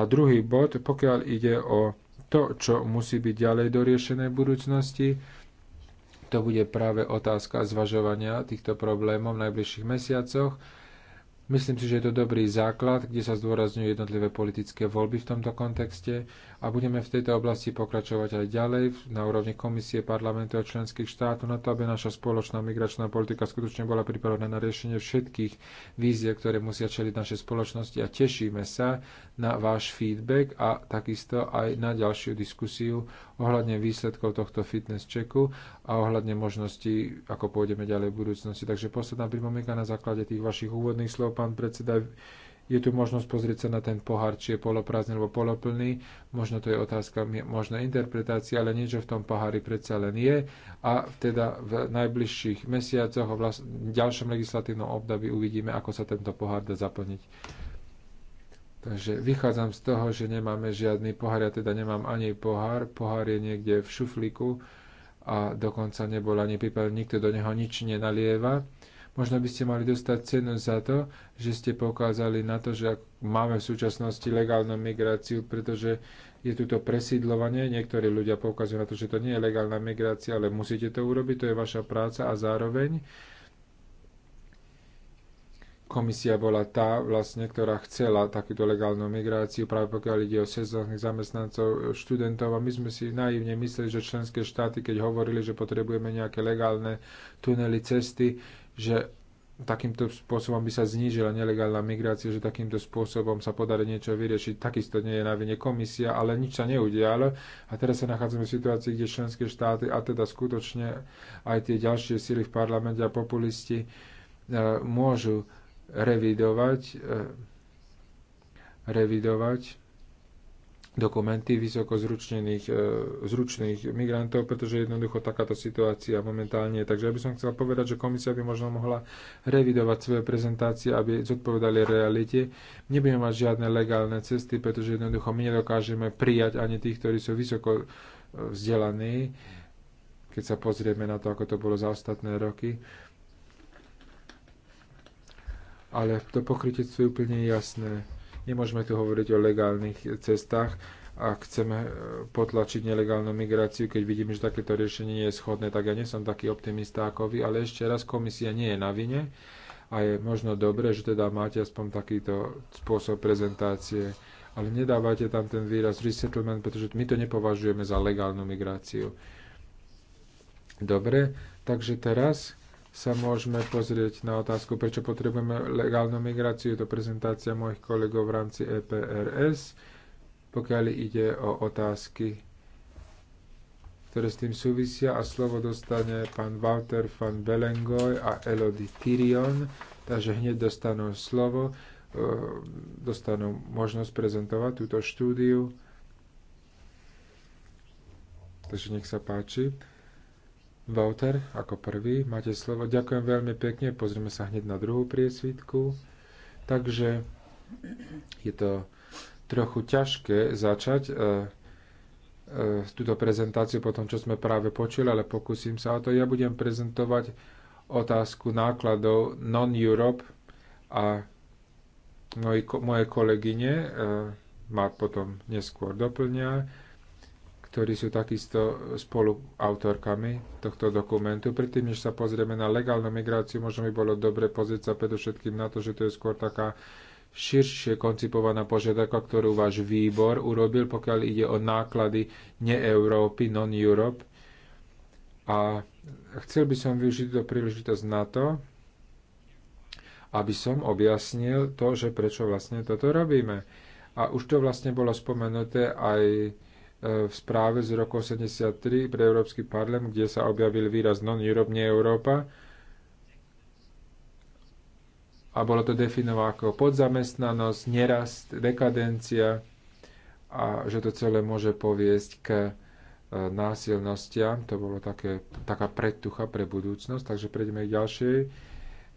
A druhý bod, pokiaľ ide o to, čo musí byť ďalej doriešené v budúcnosti, to bude práve otázka zvažovania týchto problémov v najbližších mesiacoch Myslím si, že je to dobrý základ, kde sa zdôrazňujú jednotlivé politické voľby v tomto kontexte a budeme v tejto oblasti pokračovať aj ďalej na úrovni komisie, parlamentu a členských štátov na to, aby naša spoločná migračná politika skutočne bola pripravená na riešenie všetkých vízie, ktoré musia čeliť naše spoločnosti a tešíme sa na váš feedback a takisto aj na ďalšiu diskusiu ohľadne výsledkov tohto fitness checku a ohľadne možností, ako pôjdeme ďalej v budúcnosti. Takže posledná pripomienka na základe tých vašich úvodných slov, pán predseda, je tu možnosť pozrieť sa na ten pohár, či je poloprázdny alebo poloplný. Možno to je otázka možná interpretácie, ale niečo v tom pohári predsa len je. A teda v najbližších mesiacoch v ďalšom legislatívnom období uvidíme, ako sa tento pohár dá zaplniť. Takže vychádzam z toho, že nemáme žiadny pohár, ja teda nemám ani pohár. Pohár je niekde v šuflíku a dokonca nebol ani pipeľ, nikto do neho nič nenalieva. Možno by ste mali dostať cenu za to, že ste poukázali na to, že máme v súčasnosti legálnu migráciu, pretože je tu to presídlovanie. Niektorí ľudia poukazujú na to, že to nie je legálna migrácia, ale musíte to urobiť, to je vaša práca a zároveň komisia bola tá, vlastne, ktorá chcela takúto legálnu migráciu, práve pokiaľ ide o sezónnych zamestnancov, študentov. A my sme si naivne mysleli, že členské štáty, keď hovorili, že potrebujeme nejaké legálne tunely, cesty, že takýmto spôsobom by sa znížila nelegálna migrácia, že takýmto spôsobom sa podarí niečo vyriešiť. Takisto nie je na vine komisia, ale nič sa neudialo. A teraz sa nachádzame v situácii, kde členské štáty a teda skutočne aj tie ďalšie síly v parlamente a populisti e, môžu revidovať, e, revidovať dokumenty vysoko zručnených, e, zručných migrantov, pretože jednoducho takáto situácia momentálne je. Takže ja by som chcel povedať, že komisia by možno mohla revidovať svoje prezentácie, aby zodpovedali realite. Nebudeme mať žiadne legálne cesty, pretože jednoducho my nedokážeme prijať ani tých, ktorí sú vysoko e, vzdelaní, keď sa pozrieme na to, ako to bolo za ostatné roky. Ale to pokrytie je úplne jasné Nemôžeme tu hovoriť o legálnych cestách, ak chceme e, potlačiť nelegálnu migráciu, keď vidíme, že takéto riešenie nie je schodné, tak ja nie som taký optimista ako vy, ale ešte raz komisia nie je na vine a je možno dobré, že teda máte aspoň takýto spôsob prezentácie, ale nedávate tam ten výraz resettlement, pretože my to nepovažujeme za legálnu migráciu. Dobre, takže teraz sa môžeme pozrieť na otázku, prečo potrebujeme legálnu migráciu. Je to prezentácia mojich kolegov v rámci EPRS, pokiaľ ide o otázky, ktoré s tým súvisia. A slovo dostane pán Walter van Belengoj a Elodie Tyrion, takže hneď dostanú slovo, e, dostanú možnosť prezentovať túto štúdiu. Takže nech sa páči. Wouter, ako prvý, máte slovo. Ďakujem veľmi pekne, pozrieme sa hneď na druhú priesvitku. Takže je to trochu ťažké začať e, e, túto prezentáciu po tom, čo sme práve počuli, ale pokúsim sa o to. Ja budem prezentovať otázku nákladov Non-Europe a moje kolegyne e, ma potom neskôr doplňa ktorí sú takisto spoluautorkami tohto dokumentu. Predtým, než sa pozrieme na legálnu migráciu, možno by bolo dobre pozrieť sa predovšetkým na to, že to je skôr taká širšie koncipovaná požiadavka, ktorú váš výbor urobil, pokiaľ ide o náklady ne Európy, non-Europe. A chcel by som využiť to príležitosť na to, aby som objasnil to, že prečo vlastne toto robíme. A už to vlastne bolo spomenuté aj E, v správe z roku 1983 pre Európsky parlament, kde sa objavil výraz non-Europe, nie Európa. A bolo to definované ako podzamestnanosť, nerast, dekadencia a že to celé môže poviesť k e, násilnostiam. To bolo také, taká predtucha pre budúcnosť, takže prejdeme k ďalšej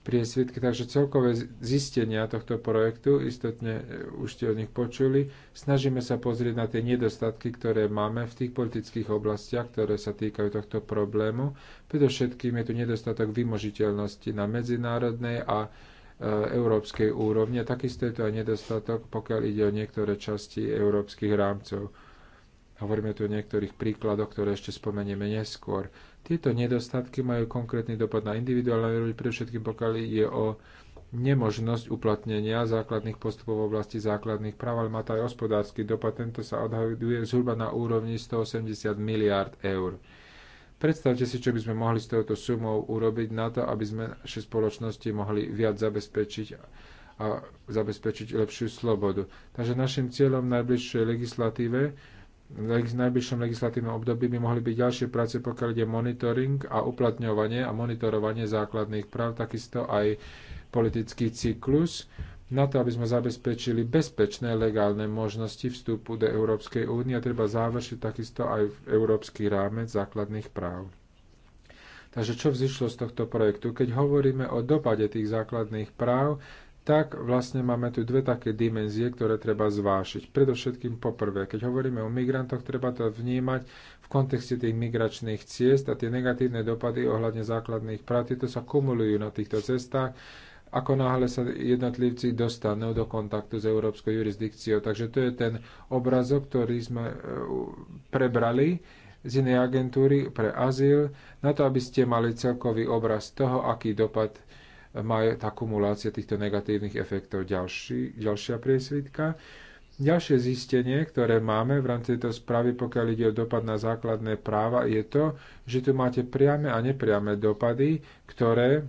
priesvitky, takže celkové zistenia tohto projektu, istotne e, už ste o nich počuli, snažíme sa pozrieť na tie nedostatky, ktoré máme v tých politických oblastiach, ktoré sa týkajú tohto problému. Predovšetkým je tu nedostatok vymožiteľnosti na medzinárodnej a e, európskej úrovni a takisto je tu aj nedostatok, pokiaľ ide o niektoré časti európskych rámcov. Hovoríme tu o niektorých príkladoch, ktoré ešte spomenieme neskôr. Tieto nedostatky majú konkrétny dopad na individuálne výroby, pre všetkým pokiaľ je o nemožnosť uplatnenia základných postupov v oblasti základných práv, ale má to aj hospodársky dopad. Tento sa odhaduje zhruba na úrovni 180 miliárd eur. Predstavte si, čo by sme mohli s touto sumou urobiť na to, aby sme naše spoločnosti mohli viac zabezpečiť a zabezpečiť lepšiu slobodu. Takže našim cieľom v najbližšej legislatíve v najbližšom legislatívnom období by mohli byť ďalšie práce, pokiaľ ide monitoring a uplatňovanie a monitorovanie základných práv, takisto aj politický cyklus, na to, aby sme zabezpečili bezpečné legálne možnosti vstupu do Európskej únie a treba završiť takisto aj v európsky rámec základných práv. Takže čo vzýšlo z tohto projektu? Keď hovoríme o dopade tých základných práv, tak vlastne máme tu dve také dimenzie, ktoré treba zvášiť. Predovšetkým poprvé, keď hovoríme o migrantoch, treba to vnímať v kontexte tých migračných ciest a tie negatívne dopady ohľadne základných práv, tieto sa kumulujú na týchto cestách, ako náhle sa jednotlivci dostanú do kontaktu s európskou jurisdikciou. Takže to je ten obrazok, ktorý sme e, prebrali z inej agentúry pre azyl, na to, aby ste mali celkový obraz toho, aký dopad tá akumulácia týchto negatívnych efektov. Ďalší, ďalšia priesvitka. Ďalšie zistenie, ktoré máme v rámci tejto správy, pokiaľ ide o dopad na základné práva, je to, že tu máte priame a nepriame dopady, ktoré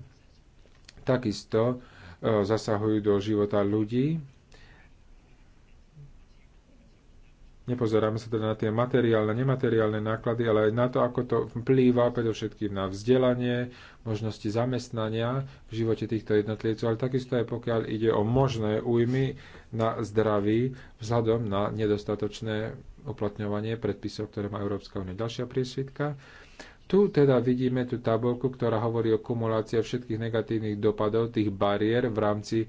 takisto e, zasahujú do života ľudí Nepozeráme sa teda na tie materiálne, nemateriálne náklady, ale aj na to, ako to vplýva predovšetkým na vzdelanie, možnosti zamestnania v živote týchto jednotlivcov, ale takisto aj pokiaľ ide o možné újmy na zdraví vzhľadom na nedostatočné uplatňovanie predpisov, ktoré má Európska únia. Ďalšia priesvitka. Tu teda vidíme tú tabulku, ktorá hovorí o kumulácii všetkých negatívnych dopadov, tých bariér v rámci e,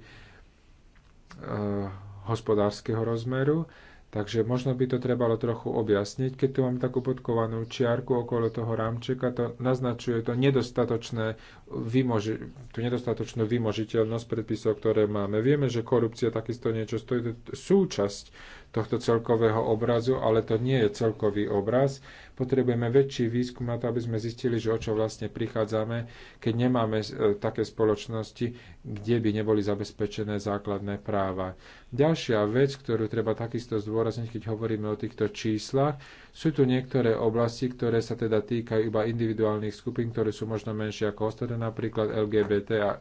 hospodárskeho rozmeru. Takže možno by to trebalo trochu objasniť. Keď tu mám takú podkovanú čiarku okolo toho rámčeka, to naznačuje to nedostatočné vymoži- tú nedostatočnú vymožiteľnosť predpisov, ktoré máme. Vieme, že korupcia takisto niečo stojí, to súčasť tohto celkového obrazu, ale to nie je celkový obraz. Potrebujeme väčší výskum na to, aby sme zistili, že o čo vlastne prichádzame, keď nemáme e, také spoločnosti, kde by neboli zabezpečené základné práva. Ďalšia vec, ktorú treba takisto zdôrazniť, keď hovoríme o týchto číslach, sú tu niektoré oblasti, ktoré sa teda týkajú iba individuálnych skupín, ktoré sú možno menšie ako ostatné, napríklad LGBT a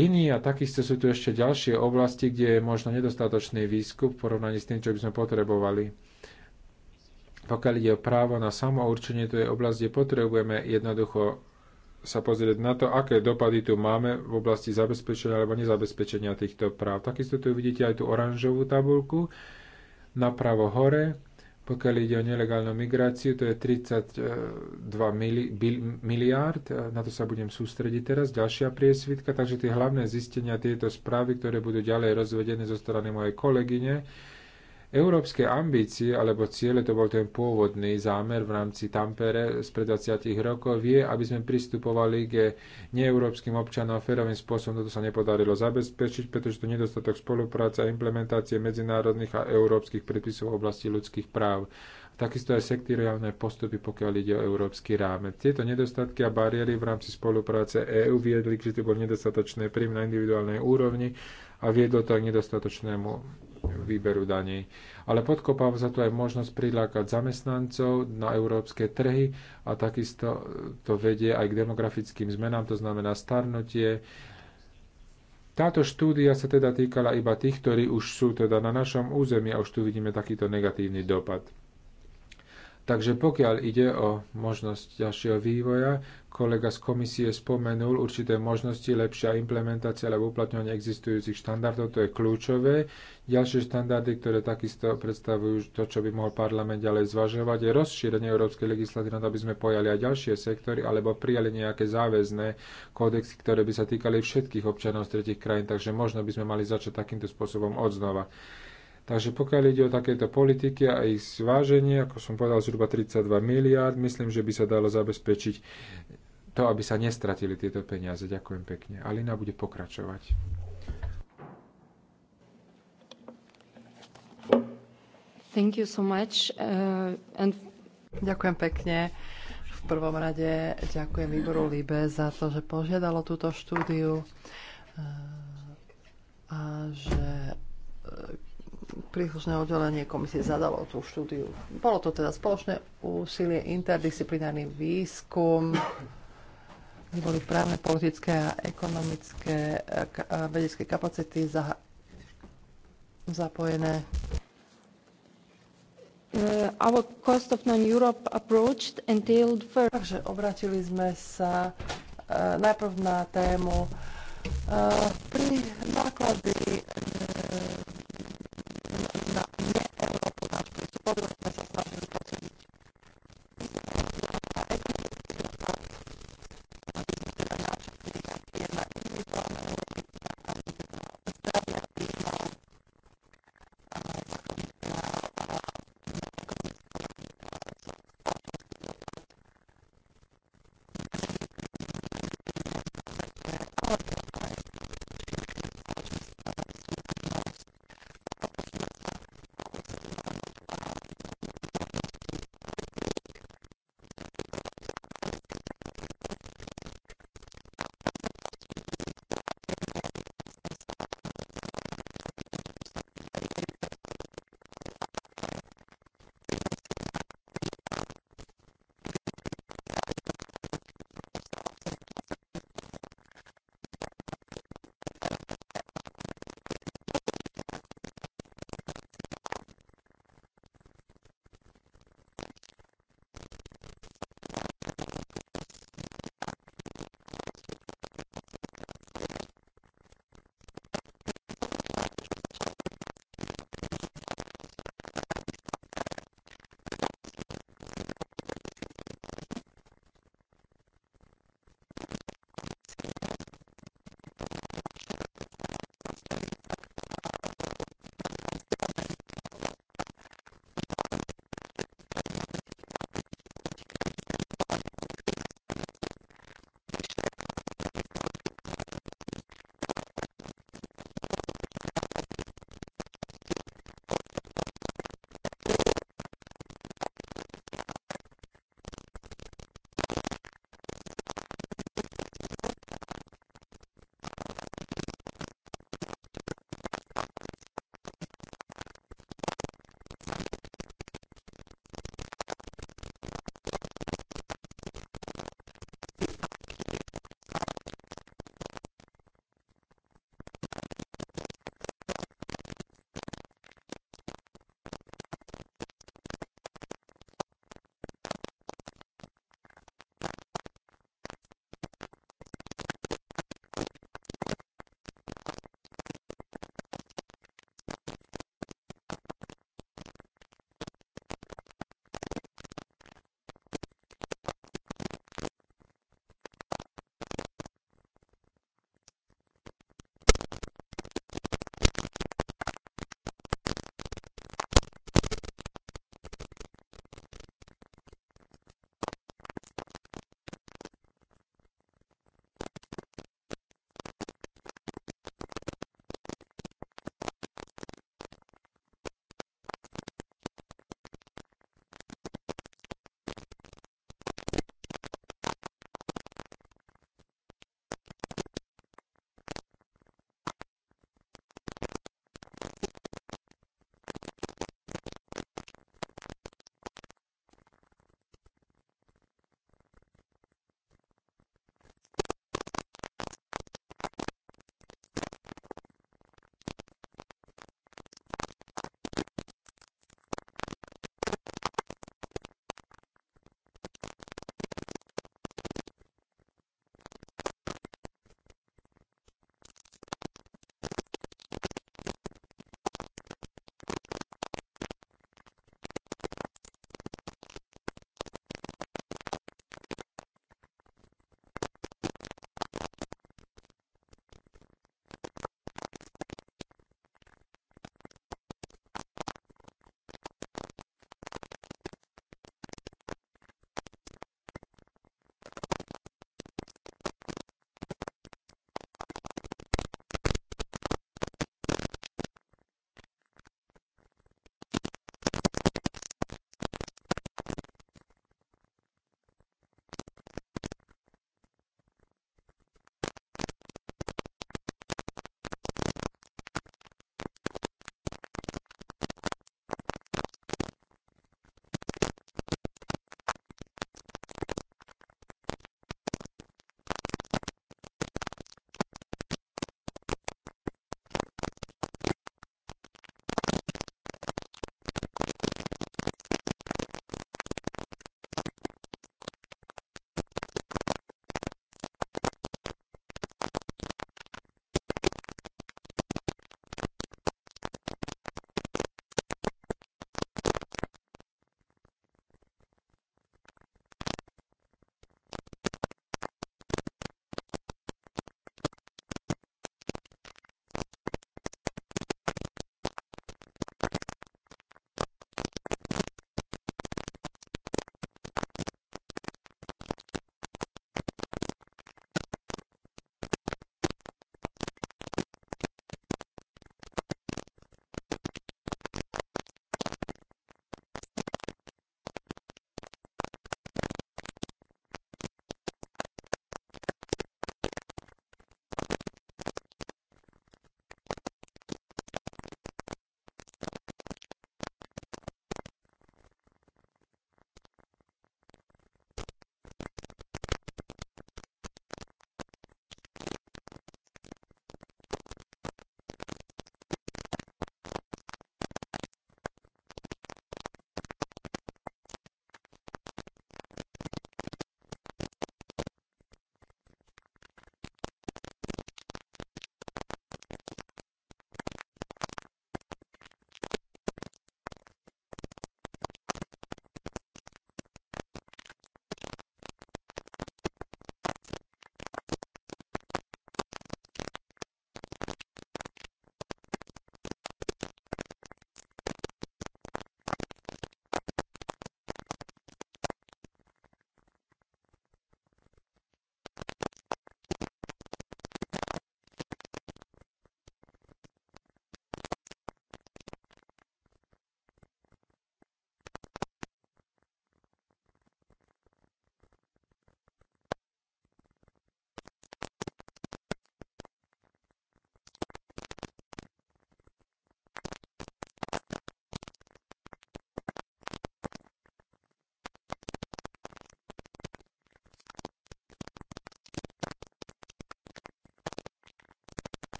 iní a takisto sú tu ešte ďalšie oblasti, kde je možno nedostatočný výskup v porovnaní s tým, čo by sme potrebovali. Pokiaľ ide o právo na samourčenie, to tej oblasti, potrebujeme jednoducho sa pozrieť na to, aké dopady tu máme v oblasti zabezpečenia alebo nezabezpečenia týchto práv. Takisto tu vidíte aj tú oranžovú tabulku napravo hore. Pokiaľ ide o nelegálnu migráciu, to je 32 miliárd. Na to sa budem sústrediť teraz. Ďalšia priesvitka, takže tie hlavné zistenia tieto správy, ktoré budú ďalej rozvedené zo strany mojej kolegyne, Európske ambície alebo ciele, to bol ten pôvodný zámer v rámci Tampere z 20 rokov, je, aby sme pristupovali k neeurópskym občanom férovým spôsobom. Toto sa nepodarilo zabezpečiť, pretože to nedostatok spolupráce a implementácie medzinárodných a európskych predpisov v oblasti ľudských práv takisto aj sektoriálne postupy, pokiaľ ide o európsky rámec. Tieto nedostatky a bariéry v rámci spolupráce EÚ viedli, že to bol nedostatočné príjm na individuálnej úrovni a viedlo to k nedostatočnému výberu daní. Ale podkopáva sa tu aj možnosť prilákať zamestnancov na európske trhy a takisto to vedie aj k demografickým zmenám, to znamená starnutie. Táto štúdia sa teda týkala iba tých, ktorí už sú teda na našom území a už tu vidíme takýto negatívny dopad. Takže pokiaľ ide o možnosť ďalšieho vývoja, kolega z komisie spomenul určité možnosti lepšia implementácia alebo uplatňovanie existujúcich štandardov, to je kľúčové. Ďalšie štandardy, ktoré takisto predstavujú to, čo by mohol parlament ďalej zvažovať, je rozšírenie európskej legislatívy na to, aby sme pojali aj ďalšie sektory alebo prijali nejaké záväzné kódexy, ktoré by sa týkali všetkých občanov z tretich krajín, takže možno by sme mali začať takýmto spôsobom odznova. Takže pokiaľ ide o takéto politiky a ich zváženie, ako som povedal, zhruba 32 miliárd, myslím, že by sa dalo zabezpečiť to, aby sa nestratili tieto peniaze. Ďakujem pekne. Alina bude pokračovať. Thank you so much. Uh, and... Ďakujem pekne. V prvom rade ďakujem výboru Libe za to, že požiadalo túto štúdiu uh, a že uh, príslušné oddelenie komisie zadalo tú štúdiu. Bolo to teda spoločné úsilie, interdisciplinárny výskum, kde boli právne, politické a ekonomické eh, a vedecké kapacity za, zapojené. Uh, our cost of non-Europe approach entailed first... Takže obratili sme sa uh, najprv na tému uh, pri náklady spolu sme sa snažili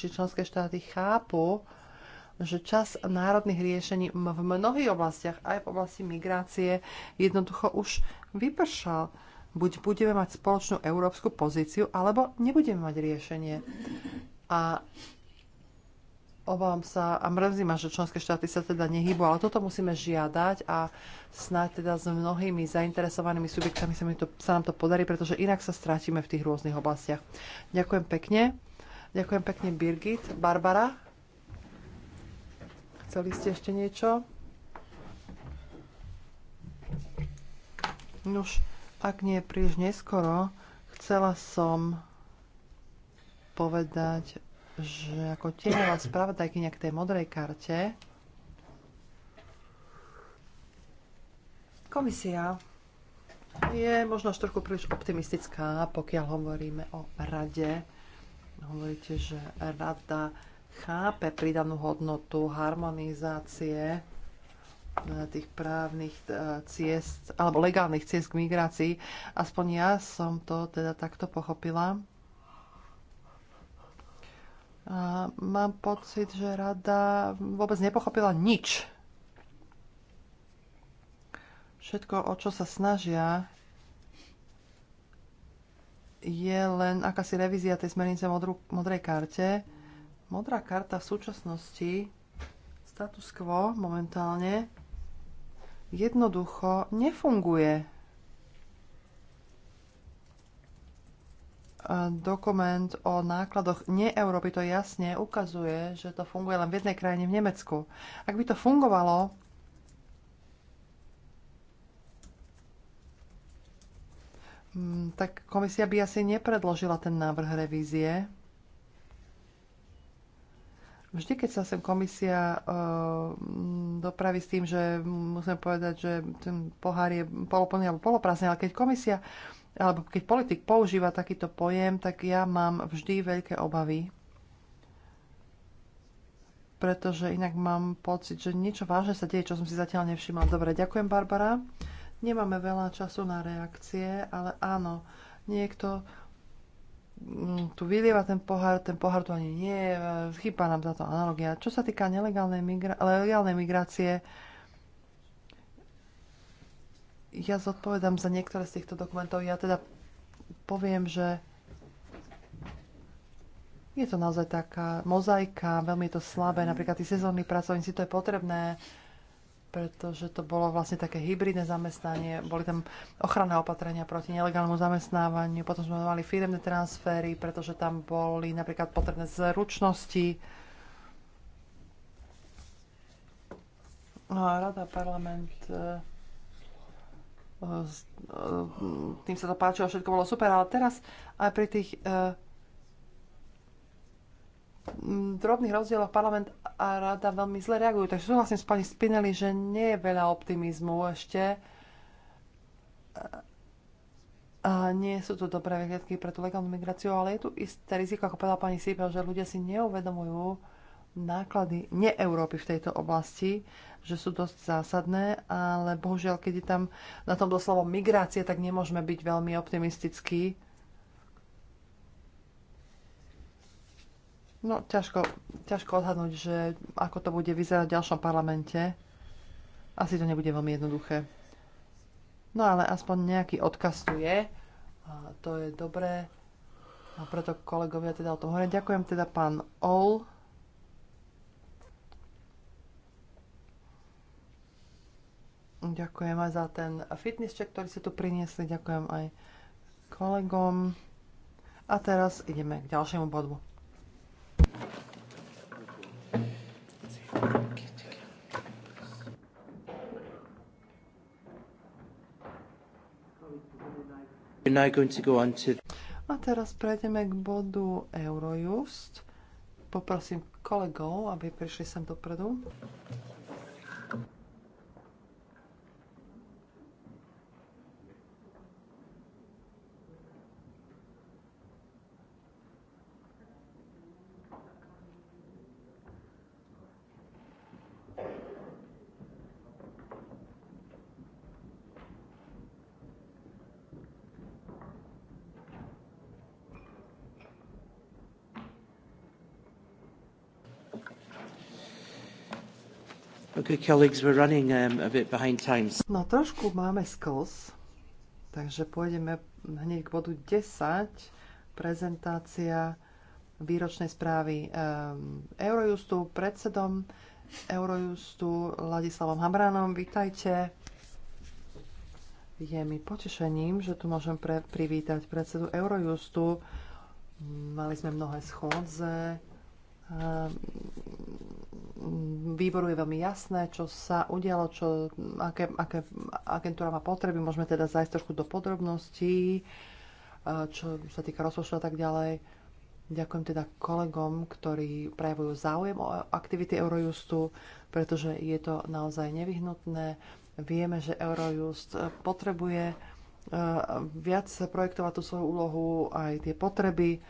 či členské štáty chápu, že čas národných riešení v mnohých oblastiach, aj v oblasti migrácie, jednoducho už vypršal. Buď budeme mať spoločnú európsku pozíciu, alebo nebudeme mať riešenie. A obávam sa a mrzí ma, že členské štáty sa teda nehybu, ale toto musíme žiadať a snáď teda s mnohými zainteresovanými subjektami sa, mi to, sa nám to podarí, pretože inak sa strátime v tých rôznych oblastiach. Ďakujem pekne. Ďakujem pekne, Birgit. Barbara? Chceli ste ešte niečo? Nož, ak nie príliš neskoro, chcela som povedať, že ako tieňová spravodajkyňa k tej modrej karte, komisia je možno až trochu príliš optimistická, pokiaľ hovoríme o rade Hovoríte, že rada chápe pridanú hodnotu harmonizácie eh, tých právnych eh, ciest alebo legálnych ciest k migrácii. Aspoň ja som to teda takto pochopila. A mám pocit, že rada vôbec nepochopila nič. Všetko, o čo sa snažia, je len akási revízia tej smernice modru, modrej karte. Modrá karta v súčasnosti, status quo momentálne, jednoducho nefunguje. Dokument o nákladoch nie Európy to jasne ukazuje, že to funguje len v jednej krajine v Nemecku. Ak by to fungovalo, Mm, tak komisia by asi nepredložila ten návrh revízie. Vždy, keď sa sem komisia e, mm, dopraví s tým, že musíme povedať, že ten pohár je poloplný alebo poloprázdny, ale keď komisia alebo keď politik používa takýto pojem, tak ja mám vždy veľké obavy, pretože inak mám pocit, že niečo vážne sa deje, čo som si zatiaľ nevšimla. Dobre, ďakujem Barbara. Nemáme veľa času na reakcie, ale áno, niekto mm, tu vylieva ten pohár, ten pohár tu ani nie je, chýba nám táto analogia. Čo sa týka nelegálnej migra- legálnej migrácie, ja zodpovedám za niektoré z týchto dokumentov. Ja teda poviem, že je to naozaj taká mozaika, veľmi je to slabé. Napríklad tí sezónni pracovníci, to je potrebné pretože to bolo vlastne také hybridné zamestnanie, boli tam ochranné opatrenia proti nelegálnemu zamestnávaniu, potom sme mali firemné transfery, pretože tam boli napríklad potrebné zručnosti. No a Rada parlament e, e, e, tým sa to páčilo, všetko bolo super, ale teraz aj pri tých drobných rozdieloch parlament a rada veľmi zle reagujú. Takže vlastne s pani Spinelli, že nie je veľa optimizmu ešte. A nie sú tu dobré vyhľadky pre tú legálnu migráciu, ale je tu isté riziko, ako povedala pani Sipel, že ľudia si neuvedomujú náklady ne Európy v tejto oblasti, že sú dosť zásadné, ale bohužiaľ, keď je tam na tom doslovo migrácie, tak nemôžeme byť veľmi optimistickí No, ťažko, ťažko odhadnúť, že ako to bude vyzerať v ďalšom parlamente. Asi to nebude veľmi jednoduché. No ale aspoň nejaký odkaz tu je. A to je dobré. A preto kolegovia teda o tom hovoria. Ďakujem teda pán Ol. Ďakujem aj za ten fitness check, ktorý ste tu priniesli. Ďakujem aj kolegom. A teraz ideme k ďalšiemu bodu. We're now going to go on to... A teraz prejdeme k bodu Eurojust. Poprosím kolegov, aby prišli sem dopredu. Okay, colleagues, we're running um, a bit behind time. No trošku máme skos, takže pôjdeme hneď k bodu 10, prezentácia výročnej správy um, Eurojustu predsedom Eurojustu Ladislavom Hamránom. Vítajte. Je mi potešením, že tu môžem pre- privítať predsedu Eurojustu. Mali sme mnohé schôdze. Um, výboru je veľmi jasné, čo sa udialo, čo, aké, aké agentúra má potreby. Môžeme teda zajsť trošku do podrobností, e, čo sa týka rozpočtu a tak ďalej. Ďakujem teda kolegom, ktorí prejavujú záujem o aktivity Eurojustu, pretože je to naozaj nevyhnutné. Vieme, že Eurojust potrebuje e, viac projektovať tú svoju úlohu, aj tie potreby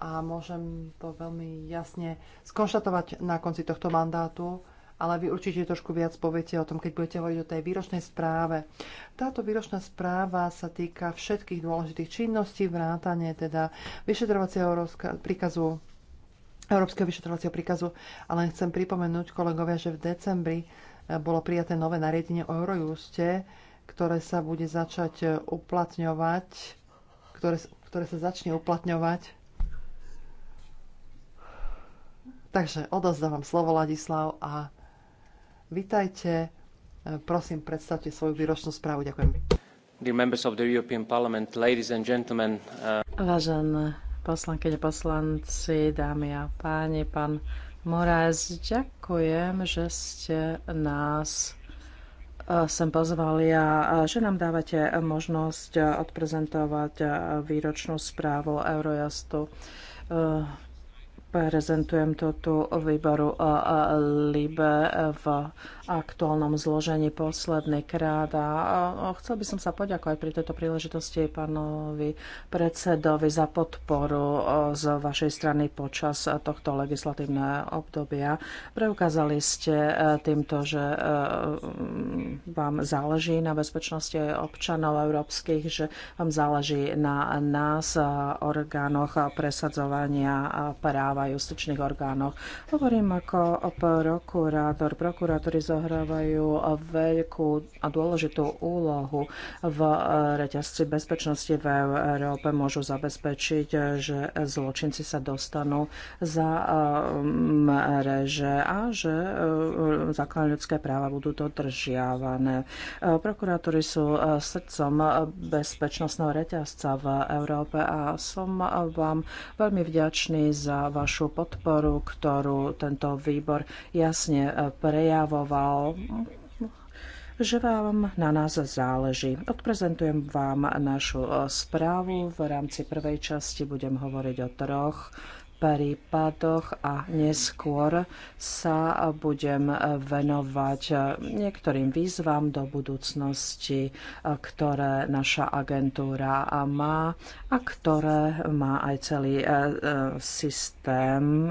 a môžem to veľmi jasne skonštatovať na konci tohto mandátu, ale vy určite trošku viac poviete o tom, keď budete hovoriť o tej výročnej správe. Táto výročná správa sa týka všetkých dôležitých činností, vrátane teda vyšetrovacieho príkazu Európskeho vyšetrovacieho príkazu, ale chcem pripomenúť kolegovia, že v decembri eh, bolo prijaté nové nariadenie o Eurojuste, ktoré sa bude začať uplatňovať, ktoré, ktoré sa začne uplatňovať Takže odozdávam slovo Ladislav a vitajte. E, prosím, predstavte svoju výročnú správu. Ďakujem. Dear members of the European Parliament, ladies and gentlemen. Uh... Vážené poslankyne, poslanci, dámy a páni, pán Moraes, ďakujem, že ste nás e, sem pozvali a že nám dávate možnosť odprezentovať e, výročnú správu Eurojastu. Prezentujem to tu výboru LIBE v aktuálnom zložení posledný krát a chcel by som sa poďakovať pri tejto príležitosti pánovi predsedovi za podporu e, z vašej strany počas tohto legislatívneho obdobia. Preukázali ste e, týmto, že e, vám záleží na bezpečnosti občanov európskych, že vám záleží na nás, orgánoch presadzovania práva práva a justičných orgánoch. Hovorím ako prokurátor. Prokurátori zohrávajú veľkú a dôležitú úlohu v reťazci bezpečnosti v Európe. Môžu zabezpečiť, že zločinci sa dostanú za mreže um, a že um, základné ľudské práva budú dodržiavané. Prokurátori sú uh, srdcom bezpečnostného reťazca v Európe a som vám veľmi vďačný za vaš vašu podporu, ktorú tento výbor jasne e, prejavoval že vám na nás záleží. Odprezentujem vám našu e, správu. V rámci prvej časti budem hovoriť o troch prípadoch a neskôr sa budem venovať niektorým výzvam do budúcnosti, ktoré naša agentúra má a ktoré má aj celý e, e, systém e,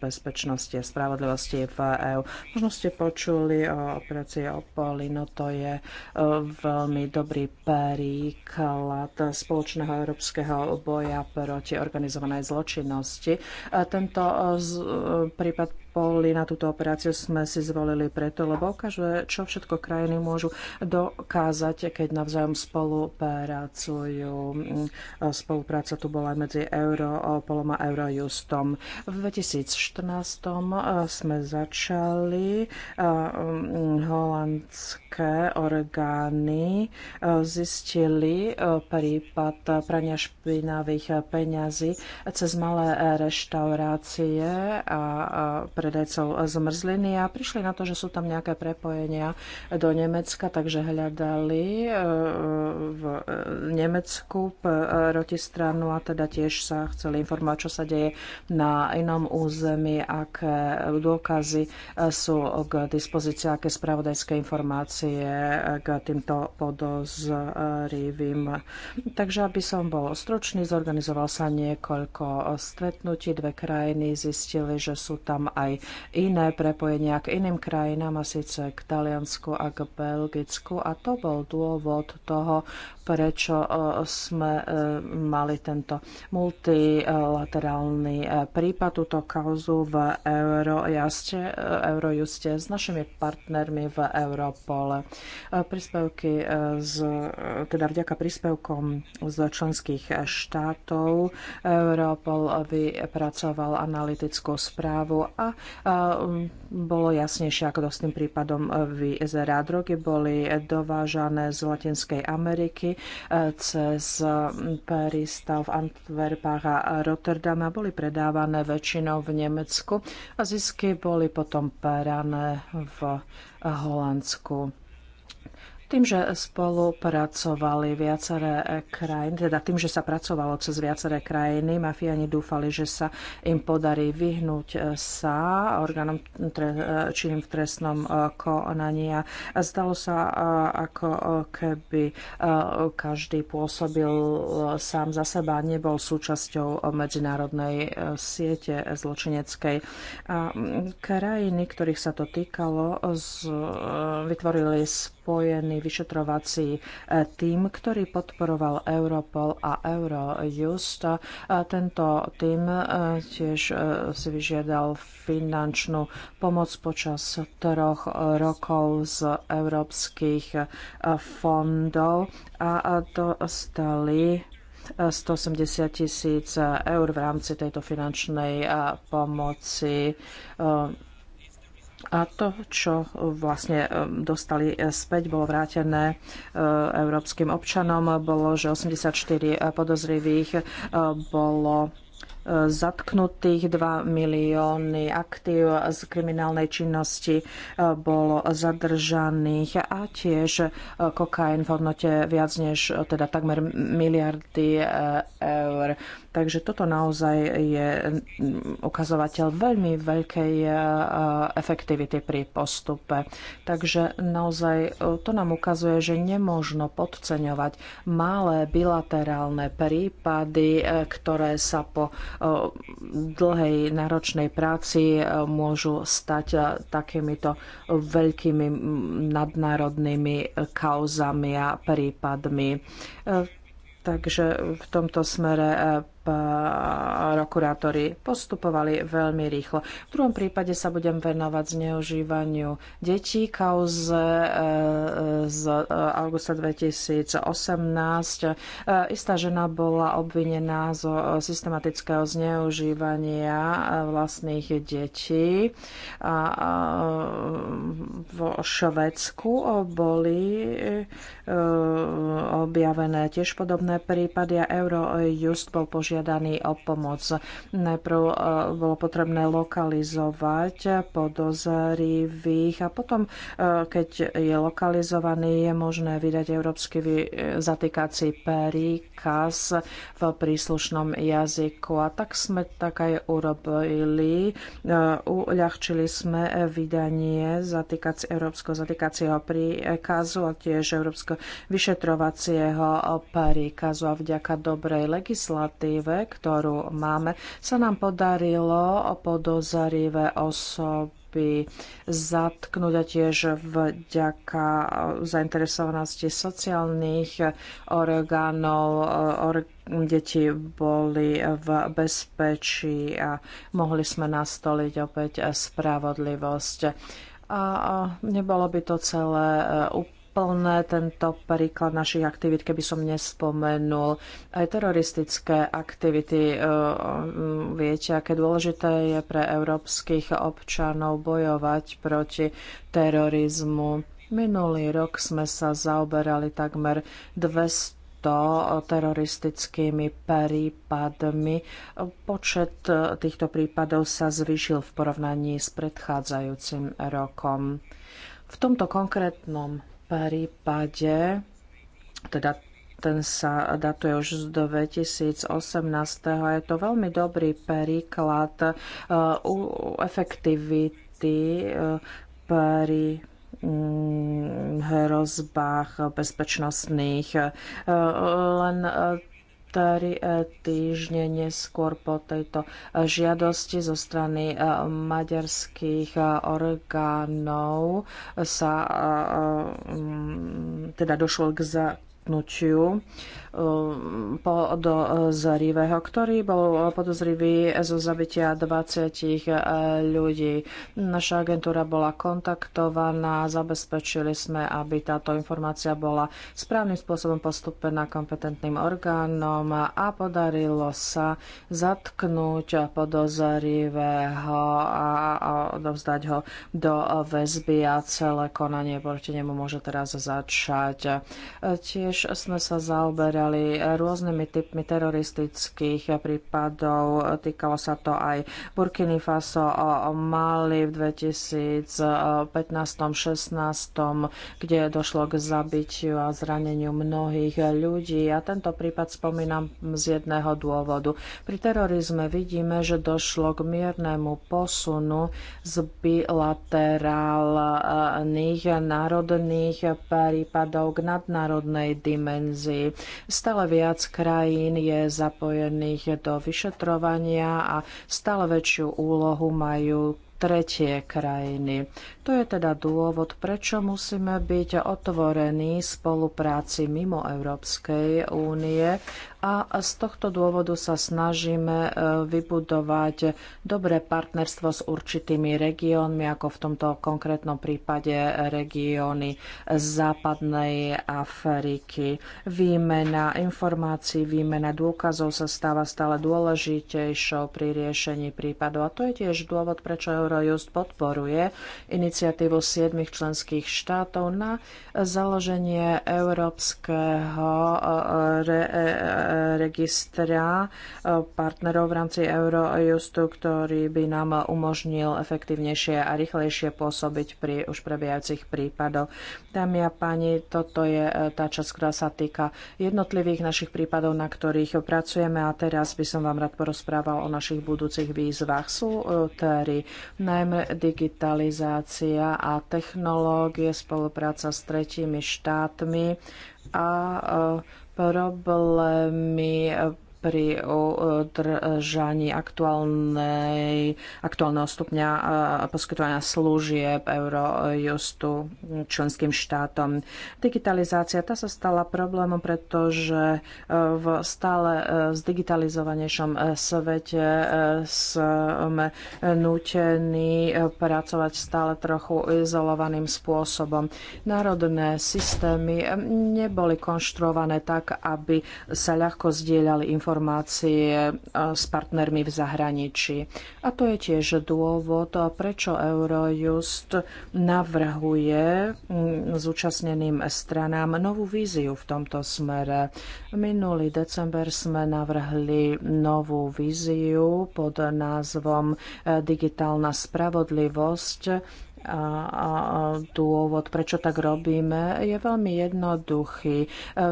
bezpečnosti a spravodlivosti v EU. Možno ste počuli o operácii Opolino, to je veľmi dobrý príklad spoločného európskeho boja proti organizovanej zločine zodpovednosti. Tento e, e, prípad boli na túto operáciu sme si zvolili preto, lebo ukáže, čo všetko krajiny môžu dokázať, keď navzájom spolupracujú. E, spolupráca tu bola medzi Europolom a Eurojustom. V 2014 sme začali holandské americké orgány e, zistili e, prípad prania špinavých peňazí cez malé reštaurácie a predajcov zmrzliny a prišli na to, že sú tam nejaké prepojenia do Nemecka, takže hľadali e, v Nemecku stranu a teda tiež sa chceli informovať, čo sa deje na inom území, aké dôkazy sú k dispozícii, aké spravodajské informácie informácie k týmto podozrivým. Takže aby som bol stručný, zorganizoval sa niekoľko stretnutí. Dve krajiny zistili, že sú tam aj iné prepojenia k iným krajinám, a síce k Taliansku a k Belgicku. A to bol dôvod toho, prečo e, sme e, mali tento multilaterálny e, prípad, túto kauzu v Eurojaste, Eurojuste s našimi partnermi v Europole. Príspevky z, teda vďaka príspevkom z členských štátov Europol vypracoval analytickú správu a bolo jasnejšie, ako to s tým prípadom vyzerá. Drogy boli dovážané z Latinskej Ameriky cez mm, Peristal v Antwerpách a a boli predávané väčšinou v Nemecku a zisky boli potom perané v Holandsku tým, že spolupracovali viaceré krajiny, teda tým, že sa pracovalo cez viaceré krajiny, mafiani dúfali, že sa im podarí vyhnúť sa orgánom činným v trestnom konaní a zdalo sa ako keby e, každý pôsobil sám za seba, nebol súčasťou medzinárodnej siete zločineckej. A krajiny, ktorých sa to týkalo, e, vytvorili spojený vyšetrovací e, tým, ktorý podporoval Europol a Eurojust. E, tento tým e, tiež si vyžiadal finančnú pomoc počas troch rokov z európskych fondov a dostali 180 tisíc eur v rámci tejto finančnej pomoci a to, čo e, vlastne e, dostali e, späť, bolo vrátené európskym občanom, bolo, že 84 podozrivých bolo zatknutých, 2 milióny aktív z kriminálnej činnosti e, bolo zadržaných a tiež e, kokain v hodnote viac než e, teda takmer miliardy eur. Takže toto naozaj je ukazovateľ veľmi veľkej efektivity pri postupe. Takže naozaj to nám ukazuje, že nemôžno podceňovať malé bilaterálne prípady, ktoré sa po Eh, dlhej náročnej práci eh, môžu stať eh, takýmito veľkými nadnárodnými kauzami a prípadmi. Takže v tomto smere E, prokurátori postupovali veľmi rýchlo. V druhom prípade sa budem venovať zneužívaniu detí kauze e, z e, augusta 2018. Istá žena bola obvinená zo systematického zneužívania vlastných detí. V Švedsku boli objavené tiež podobné prípady a Eurojust bol požiadaný požiadaní o pomoc. Najprv e, bolo potrebné lokalizovať podozrivých a potom, e, keď je lokalizovaný, je možné vydať európsky zatýkací príkaz v príslušnom jazyku. A tak sme tak aj urobili. E, uľahčili sme vydanie zatýkací, európskeho zatýkacieho príkazu a tiež európskeho vyšetrovacieho príkazu a vďaka dobrej legislatíve podozrive, ktorú máme, sa nám podarilo podozrive osoby by zatknúť a tiež vďaka zainteresovanosti sociálnych orgánov eh, or- deti boli v bezpečí a mohli sme nastoliť opäť spravodlivosť. A nebolo by to celé úplne eh, plné tento príklad našich aktivít, keby som nespomenul aj teroristické aktivity. E, viete, aké dôležité je pre európskych občanov bojovať proti terorizmu. Minulý rok sme sa zaoberali takmer 200 to teroristickými prípadmi. Počet týchto prípadov sa zvýšil v porovnaní s predchádzajúcim rokom. V tomto konkrétnom prípade, teda ten sa datuje už z 2018. A je to veľmi dobrý príklad uh, efektivity uh, pri mm, hrozbách bezpečnostných. Uh, len tri e, týždne neskôr po tejto e, žiadosti zo strany e, maďarských orgánov sa teda došlo k zatknutiu Um, podozrivého, ktorý bol podozrivý zo zabitia 20 eh, ľudí. Naša agentúra bola kontaktovaná, zabezpečili sme, aby táto informácia bola správnym spôsobom postupená kompetentným orgánom a podarilo sa zatknúť podozrivého a odovzdať ho do väzby a celé konanie proti nemu môže teraz začať. Tiež sme sa zaoberali zaoberali rôznymi typmi teroristických prípadov. Týkalo sa to aj Burkiny Faso, Mali v 2015-16, kde došlo k zabitiu a zraneniu mnohých ľudí. A tento prípad spomínam z jedného dôvodu. Pri terorizme vidíme, že došlo k miernemu posunu z bilaterálnych národných prípadov k nadnárodnej dimenzii. Stále viac krajín je zapojených do vyšetrovania a stále väčšiu úlohu majú tretie krajiny. To je teda dôvod, prečo musíme byť otvorení spolupráci mimo Európskej únie a z tohto dôvodu sa snažíme e, vybudovať dobré partnerstvo s určitými regiónmi, ako v tomto konkrétnom prípade regióny západnej Afriky. Výmena informácií, výmena dôkazov sa stáva stále dôležitejšou pri riešení prípadov. A to je tiež dôvod, prečo Eurojust podporuje iniciatívu siedmých členských štátov na založenie európskeho re- e, registra e, partnerov v rámci Eurojustu, ktorý by nám umožnil efektívnejšie a rýchlejšie pôsobiť pri už prebiehajúcich prípadoch. Dámy a páni, toto je e, tá časť, ktorá sa týka jednotlivých našich prípadov, na ktorých pracujeme a teraz by som vám rád porozprával o našich budúcich výzvach. Sú e, tri, najmä digitalizácia a technológie, spolupráca s tretími štátmi a problémy pri udržaní aktuálneho stupňa poskytovania služieb Eurojustu členským štátom. Digitalizácia tá sa stala problémom, pretože e, v stále e, zdigitalizovanejšom e, svete sme nutení pracovať stále trochu izolovaným spôsobom. Národné systémy neboli konštruované tak, aby sa ľahko zdieľali informácie informácie e, s partnermi v zahraničí. A to je tiež dôvod, prečo Eurojust navrhuje mm, zúčastneným stranám novú víziu v tomto smere. Minulý december sme navrhli novú víziu pod názvom e, Digitálna spravodlivosť a dôvod, prečo tak robíme, je veľmi jednoduchý.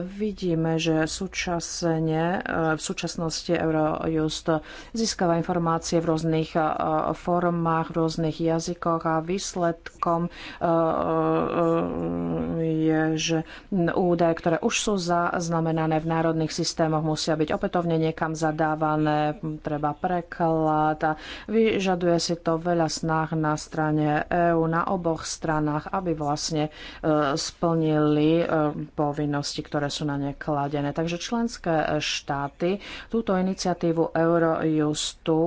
Vidíme, že súčasne, v súčasnosti Eurojust získava informácie v rôznych formách, v rôznych jazykoch a výsledkom je, že údaje, ktoré už sú zaznamenané v národných systémoch, musia byť opätovne niekam zadávané, treba preklad a vyžaduje si to veľa snah na strane EU EÚ na oboch stranách, aby vlastne e, splnili e, povinnosti, ktoré sú na ne kladené. Takže členské štáty túto iniciatívu Eurojustu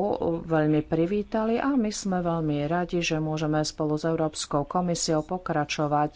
veľmi privítali a my sme veľmi radi, že môžeme spolu s Európskou komisiou pokračovať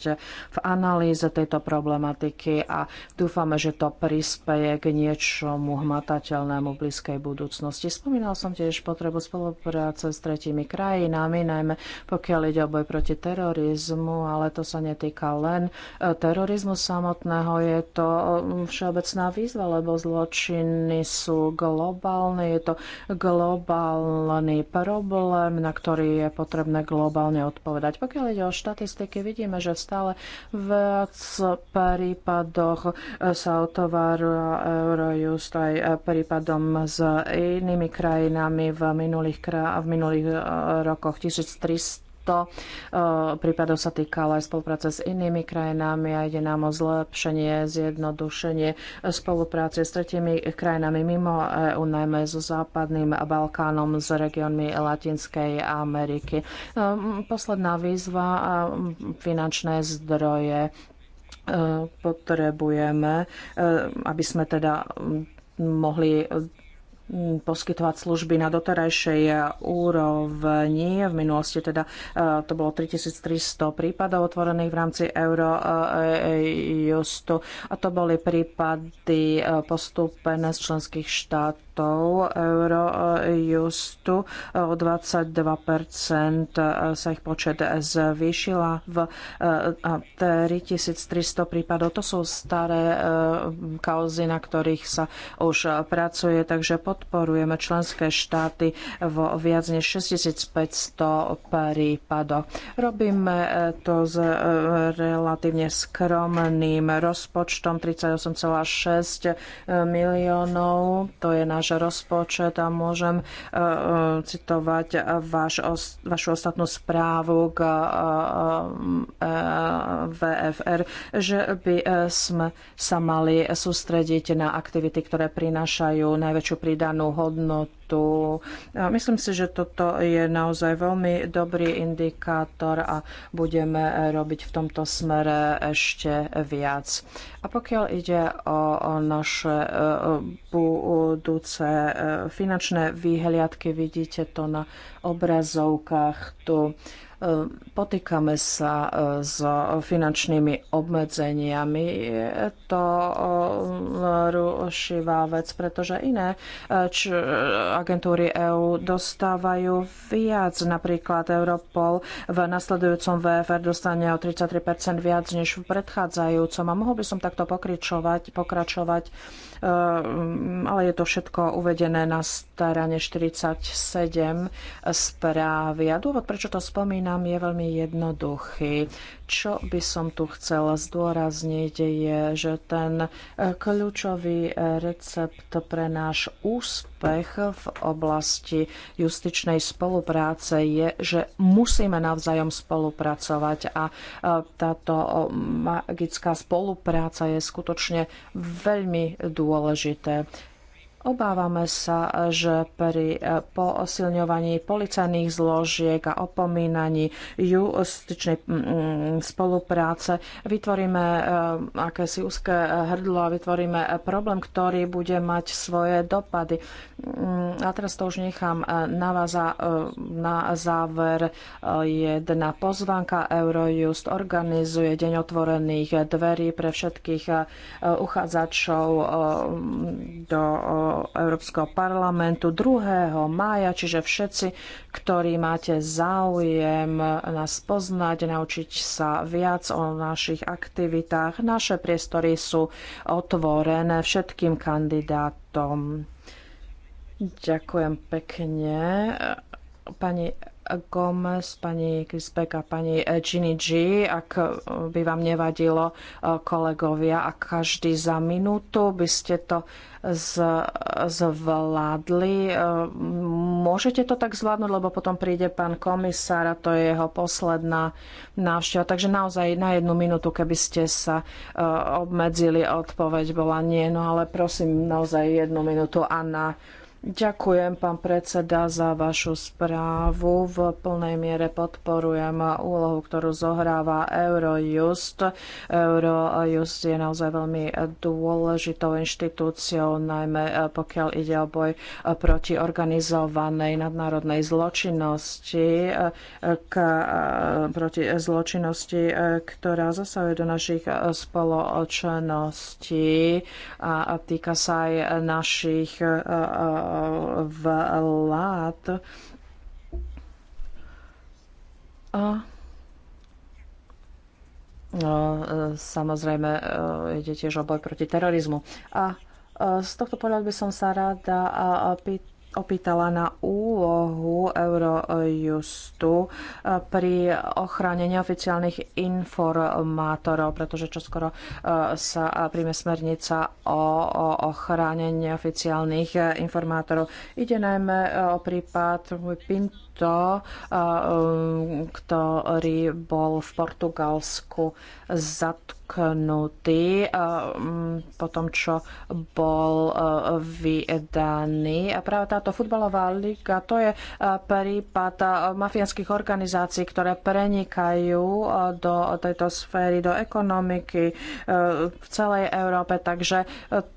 v analýze tejto problematiky a dúfame, že to prispeje k niečomu hmatateľnému v blízkej budúcnosti. Spomínal som tiež potrebu spolupráce s tretími krajinami, najmä pokiaľ ide o boj boj proti terorizmu, ale to sa netýka len e, terorizmu samotného. Je to e, všeobecná výzva, lebo zločiny sú globálne. Je to globálny problém, na ktorý je potrebné globálne odpovedať. Pokiaľ ide o štatistiky, vidíme, že stále viac prípadoch e, sa otovára Eurojust aj prípadom s inými krajinami v minulých, krá- v minulých rokoch 1300 100 eh, prípadov sa týkala aj spolupráce s inými krajinami a ide nám o zlepšenie, zjednodušenie spolupráce s tretimi krajinami mimo EU, najmä so západným Balkánom, s regiónmi Latinskej Ameriky. Eh, posledná výzva eh, finančné zdroje potrebujeme, aby sme teda hm, mohli poskytovať služby na doterajšej úrovni. V minulosti teda e, to bolo 3300 prípadov otvorených v rámci Eurojustu e, e, a to boli prípady postúpené z členských štátov Eurojustu o 22% sa ich počet zvýšila v 3300 prípadov. To sú staré kauzy, na ktorých sa už pracuje, takže potom podporujeme členské štáty vo viac než 6500 prípadoch. Robíme e, to s e, relatívne skromným rozpočtom 38,6 e, miliónov. To je náš rozpočet a môžem citovať váš, vašu ostatnú správu k VFR, že by sme sa mali sústrediť na aktivity, ktoré prinášajú najväčšiu prídanú pridanú hodnotu. Myslím si, že toto je naozaj veľmi dobrý indikátor a budeme robiť v tomto smere ešte viac. A pokiaľ ide o naše e, budúce e, finančné výhliadky, vidíte to na obrazovkách tu. E, potýkame sa e, s finančnými obmedzeniami. Je to e, rušivá vec, pretože iné agentúry EÚ dostávajú viac. Napríklad Europol v nasledujúcom VFR dostane o 33% viac než v predchádzajúcom. A mohol by som takto pokračovať, pokračovať Ehm, ale je to všetko uvedené na starane 47 správy. A dôvod, prečo to spomínam, je veľmi jednoduchý. Čo by som tu chcela zdôrazniť je, že ten e, kľúčový e, recept pre náš úspech v oblasti justičnej spolupráce je, že musíme navzájom spolupracovať a e, táto magická spolupráca je skutočne veľmi dôležité. Obávame sa, že pri eh, posilňovaní policajných zložiek a opomínaní justičnej mm, mm, spolupráce vytvoríme eh, akési úzke eh, hrdlo a vytvoríme problém, ktorý bude mať svoje dopady. Mm, a teraz to už nechám na vás a na záver jedna pozvanka. Eurojust organizuje Deň otvorených dverí pre všetkých uchádzačov do Európskeho parlamentu 2. mája, čiže všetci, ktorí máte záujem nás poznať, naučiť sa viac o našich aktivitách. Naše priestory sú otvorené všetkým kandidátom. Ďakujem pekne. Pani Gomez, pani Krispek a pani G, ak eh, by vám nevadilo eh, kolegovia a každý za minútu by ste to zvládli. Eh, môžete to tak zvládnuť, lebo potom príde pán komisár a to je jeho posledná návšteva. Takže naozaj na jednu minútu, keby ste sa obmedzili, odpoveď bola nie. No ale prosím, naozaj jednu minútu a na Ďakujem, pán predseda, za vašu správu. V plnej miere podporujem úlohu, ktorú zohráva Eurojust. Eurojust je naozaj veľmi dôležitou inštitúciou, najmä eh, pokiaľ ide o boj eh, proti organizovanej nadnárodnej zločinnosti, eh, k, proti zločinnosti, ktorá zasahuje do našich spoločností a týka sa aj našich vlád. A samozrejme e, ide tiež o boj proti terorizmu. A e, z tohto pohľadu by som sa rada pýtala, opýtala na úlohu Eurojustu eh, pri ochrane neoficiálnych informátorov, pretože čoskoro eh, sa príjme smernica o ochrane neoficiálnych informátorov. Ide najmä eh, o prípad Pinto kto, eh, eh, ktorý bol v Portugalsku zatknutý eh, po tom, čo bol vydaný. A práve táto futbalová liga, to je prípad mafiánskych organizácií, ktoré prenikajú do tejto sféry, do ekonomiky v celej Európe. Takže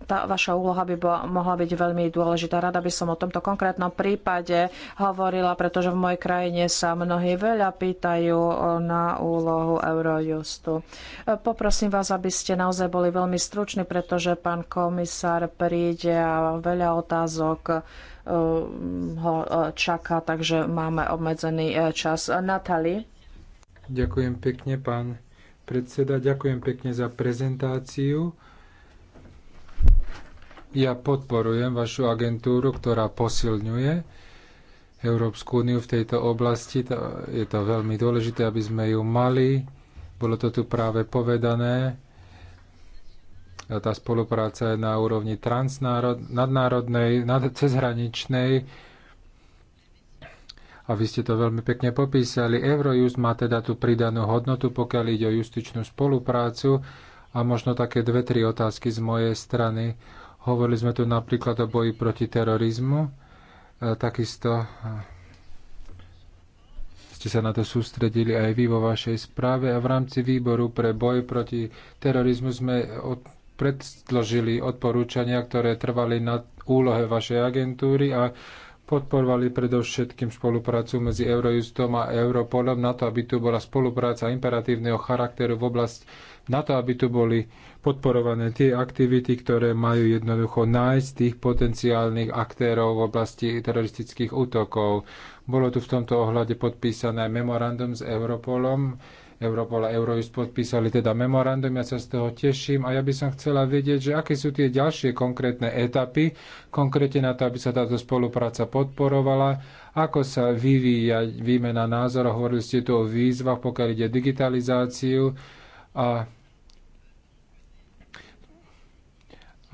tá vaša úloha by mohla byť veľmi dôležitá. Rada by som o tomto konkrétnom prípade hovorila, pretože pretože v mojej krajine sa mnohí veľa pýtajú na úlohu Eurojustu. Poprosím vás, aby ste naozaj boli veľmi struční, pretože pán komisár príde a veľa otázok eh, ho eh, čaká, takže máme obmedzený eh, čas. Natali. Ďakujem pekne, pán predseda. Ďakujem pekne za prezentáciu. Ja podporujem vašu agentúru, ktorá posilňuje Európsku úniu v tejto oblasti. Je to veľmi dôležité, aby sme ju mali. Bolo to tu práve povedané. Tá spolupráca je na úrovni transnárod, nadnárodnej, nad, cezhraničnej. A vy ste to veľmi pekne popísali. Eurojust má teda tú pridanú hodnotu, pokiaľ ide o justičnú spoluprácu. A možno také dve, tri otázky z mojej strany. Hovorili sme tu napríklad o boji proti terorizmu E, takisto e, ste sa na to sústredili aj vy vo vašej správe a v rámci výboru pre boj proti terorizmu sme od, predložili odporúčania, ktoré trvali na úlohe vašej agentúry a podporovali predovšetkým spoluprácu medzi Eurojustom a Europolom na to, aby tu bola spolupráca imperatívneho charakteru v oblasti, na to, aby tu boli podporované tie aktivity, ktoré majú jednoducho nájsť tých potenciálnych aktérov v oblasti teroristických útokov. Bolo tu v tomto ohľade podpísané memorandum s Europolom. Europol a Eurojust podpísali teda memorandum, ja sa z toho teším a ja by som chcela vedieť, že aké sú tie ďalšie konkrétne etapy, konkrétne na to, aby sa táto spolupráca podporovala, ako sa vyvíja výmena názorov, hovorili ste tu o výzvach, pokiaľ ide digitalizáciu a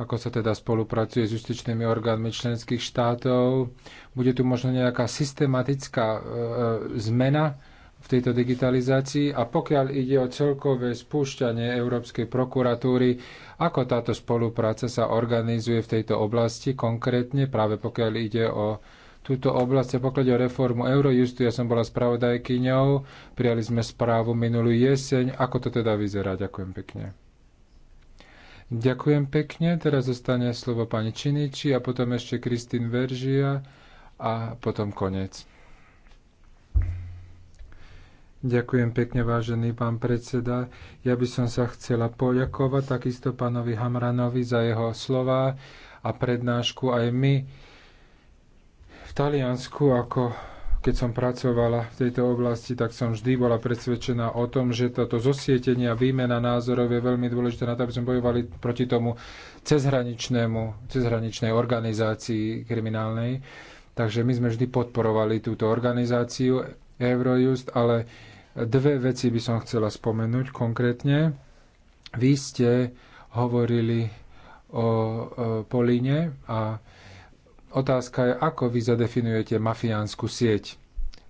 ako sa teda spolupracuje s justičnými orgánmi členských štátov. Bude tu možno nejaká systematická e, e, zmena v tejto digitalizácii a pokiaľ ide o celkové spúšťanie Európskej prokuratúry, ako táto spolupráca sa organizuje v tejto oblasti konkrétne, práve pokiaľ ide o túto oblasť a pokiaľ o reformu Eurojustu. Ja som bola spravodajkyňou, prijali sme správu minulú jeseň. Ako to teda vyzerá? Ďakujem pekne. Ďakujem pekne. Teraz zostane slovo pani Činiči a potom ešte Kristín Veržia a potom koniec. Ďakujem pekne, vážený pán predseda. Ja by som sa chcela poďakovať takisto pánovi Hamranovi za jeho slova a prednášku. Aj my v Taliansku ako keď som pracovala v tejto oblasti, tak som vždy bola presvedčená o tom, že toto zosietenie a výmena názorov je veľmi dôležité na to, aby sme bojovali proti tomu cezhraničnému, cezhraničnej organizácii kriminálnej. Takže my sme vždy podporovali túto organizáciu Eurojust, ale dve veci by som chcela spomenúť konkrétne. Vy ste hovorili o, o Políne a Otázka je, ako vy zadefinujete mafiánsku sieť.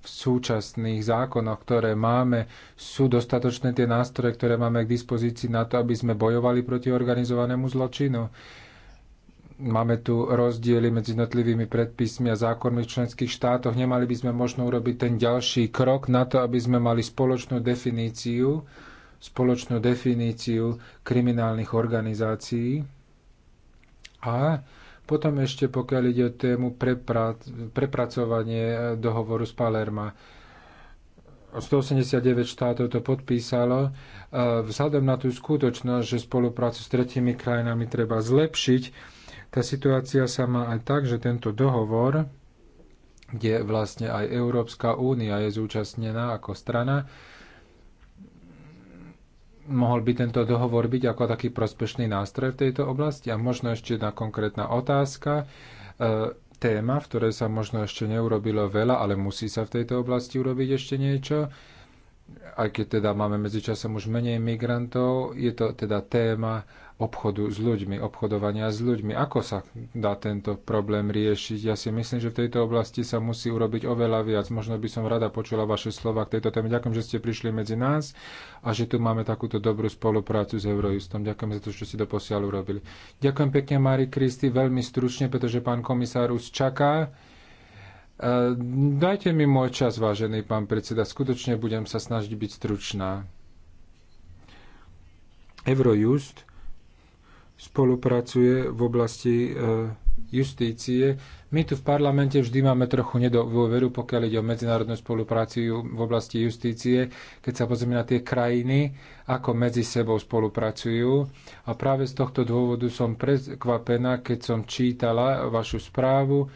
V súčasných zákonoch, ktoré máme, sú dostatočné tie nástroje, ktoré máme k dispozícii na to, aby sme bojovali proti organizovanému zločinu. Máme tu rozdiely medzi jednotlivými predpismi a zákonmi v členských štátoch. Nemali by sme možno urobiť ten ďalší krok na to, aby sme mali spoločnú definíciu, spoločnú definíciu kriminálnych organizácií a potom ešte pokiaľ ide o tému prepra- prepracovanie e, dohovoru z Palerma. 189 štátov to podpísalo. E, vzhľadom na tú skutočnosť, že spoluprácu s tretimi krajinami treba zlepšiť, tá situácia sa má aj tak, že tento dohovor, kde vlastne aj Európska únia je zúčastnená ako strana, mohol by tento dohovor byť ako taký prospešný nástroj v tejto oblasti? A možno ešte jedna konkrétna otázka. E, téma, v ktorej sa možno ešte neurobilo veľa, ale musí sa v tejto oblasti urobiť ešte niečo. Aj keď teda máme medzičasom už menej migrantov, je to teda téma obchodu s ľuďmi, obchodovania s ľuďmi. Ako sa dá tento problém riešiť? Ja si myslím, že v tejto oblasti sa musí urobiť oveľa viac. Možno by som rada počula vaše slova k tejto téme. Ďakujem, že ste prišli medzi nás a že tu máme takúto dobrú spoluprácu s Eurojustom. Ďakujem za to, čo ste doposiaľ urobili. Ďakujem pekne, Mári Kristi, veľmi stručne, pretože pán komisár už čaká. E, dajte mi môj čas, vážený pán predseda. Skutočne budem sa snažiť byť stručná. Eurojust spolupracuje v oblasti eh, justície. My tu v parlamente vždy máme trochu nedôveru, pokiaľ ide o medzinárodnú spolupráciu v oblasti justície, keď sa pozrieme na tie krajiny, ako medzi sebou spolupracujú. A práve z tohto dôvodu som prekvapená, keď som čítala vašu správu,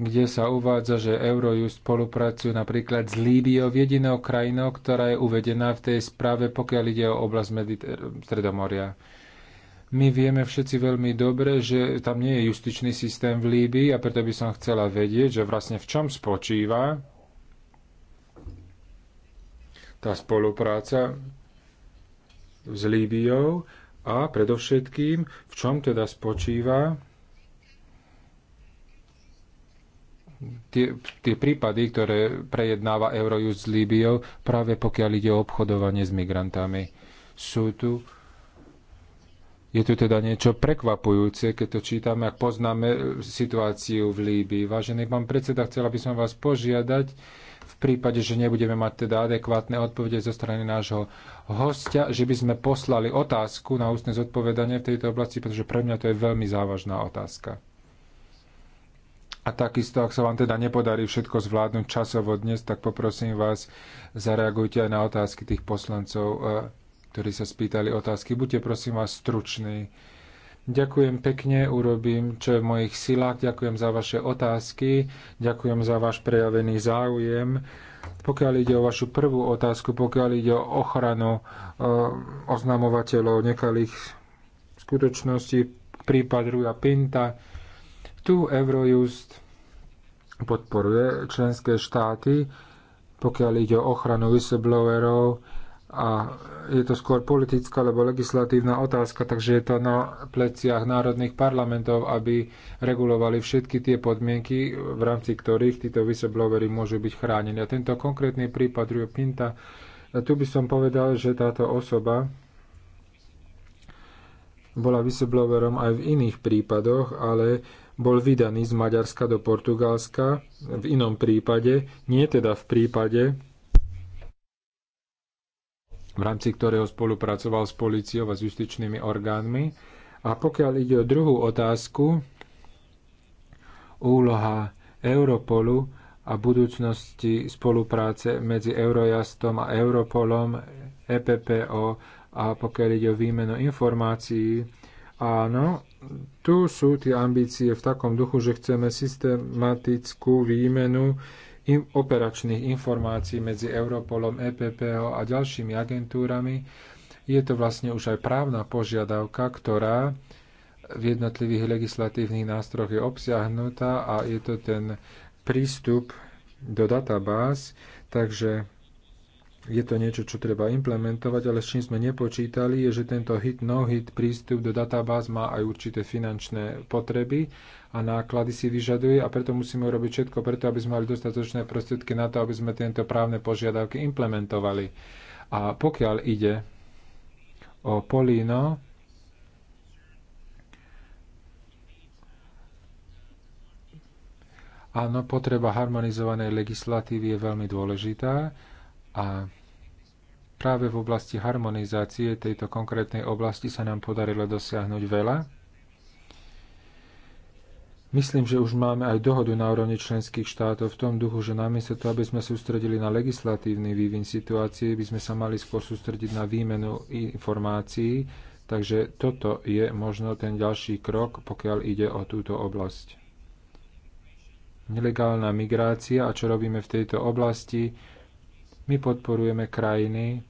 kde sa uvádza, že Eurojust spolupracujú napríklad s Líbiou, jedinou krajinou, ktorá je uvedená v tej správe, pokiaľ ide o oblasť Mediter- Stredomoria. My vieme všetci veľmi dobre, že tam nie je justičný systém v Líbii a preto by som chcela vedieť, že vlastne v čom spočíva tá spolupráca s Líbiou a predovšetkým v čom teda spočíva tie, tie prípady, ktoré prejednáva Eurojust s Líbiou, práve pokiaľ ide o obchodovanie s migrantami. Sú tu je tu teda niečo prekvapujúce, keď to čítame, ak poznáme e, situáciu v Líbii. Vážený pán predseda, chcela by som vás požiadať, v prípade, že nebudeme mať teda adekvátne odpovede zo strany nášho hostia, že by sme poslali otázku na ústne zodpovedanie v tejto oblasti, pretože pre mňa to je veľmi závažná otázka. A takisto, ak sa vám teda nepodarí všetko zvládnuť časovo dnes, tak poprosím vás, zareagujte aj na otázky tých poslancov e, ktorí sa spýtali otázky. Buďte prosím vás struční. Ďakujem pekne, urobím, čo je v mojich silách. Ďakujem za vaše otázky, ďakujem za váš prejavený záujem. Pokiaľ ide o vašu prvú otázku, pokiaľ ide o ochranu e, oznamovateľov nekalých skutočností, prípad Ruja Pinta, tu Eurojust podporuje členské štáty, pokiaľ ide o ochranu whistleblowerov a je to skôr politická alebo legislatívna otázka, takže je to na pleciach národných parlamentov, aby regulovali všetky tie podmienky, v rámci ktorých títo whistleblowery môžu byť chránení. A tento konkrétny prípad Rio Pinta, tu by som povedal, že táto osoba bola whistleblowerom aj v iných prípadoch, ale bol vydaný z Maďarska do Portugalska v inom prípade, nie teda v prípade, v rámci ktorého spolupracoval s policiou a s justičnými orgánmi. A pokiaľ ide o druhú otázku, úloha Europolu a budúcnosti spolupráce medzi Eurojastom a Europolom, EPPO a pokiaľ ide o výmenu informácií. Áno, tu sú tie ambície v takom duchu, že chceme systematickú výmenu operačných informácií medzi Europolom, EPPO a ďalšími agentúrami. Je to vlastne už aj právna požiadavka, ktorá v jednotlivých legislatívnych nástroch je obsiahnutá a je to ten prístup do databáz, takže je to niečo, čo treba implementovať, ale s čím sme nepočítali, je, že tento hit, no hit prístup do databáz má aj určité finančné potreby a náklady si vyžaduje a preto musíme urobiť všetko preto, aby sme mali dostatočné prostriedky na to, aby sme tieto právne požiadavky implementovali. A pokiaľ ide o Políno, áno, potreba harmonizovanej legislatívy je veľmi dôležitá a práve v oblasti harmonizácie tejto konkrétnej oblasti sa nám podarilo dosiahnuť veľa. Myslím, že už máme aj dohodu na úrovni členských štátov v tom duchu, že namiesto toho, aby sme sústredili na legislatívny vývin situácie, by sme sa mali skôr sústrediť na výmenu informácií. Takže toto je možno ten ďalší krok, pokiaľ ide o túto oblasť. Nelegálna migrácia a čo robíme v tejto oblasti, my podporujeme krajiny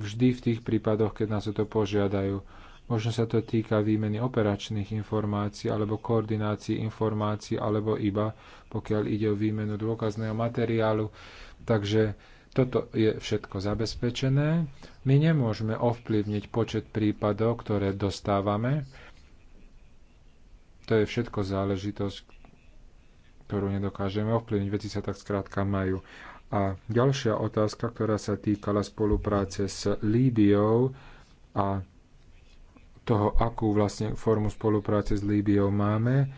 vždy v tých prípadoch, keď nás o to požiadajú. Možno sa to týka výmeny operačných informácií alebo koordinácií informácií alebo iba pokiaľ ide o výmenu dôkazného materiálu. Takže toto je všetko zabezpečené. My nemôžeme ovplyvniť počet prípadov, ktoré dostávame. To je všetko záležitosť, ktorú nedokážeme ovplyvniť. Veci sa tak skrátka majú. A ďalšia otázka, ktorá sa týkala spolupráce s Líbiou a toho, akú vlastne formu spolupráce s Líbiou máme.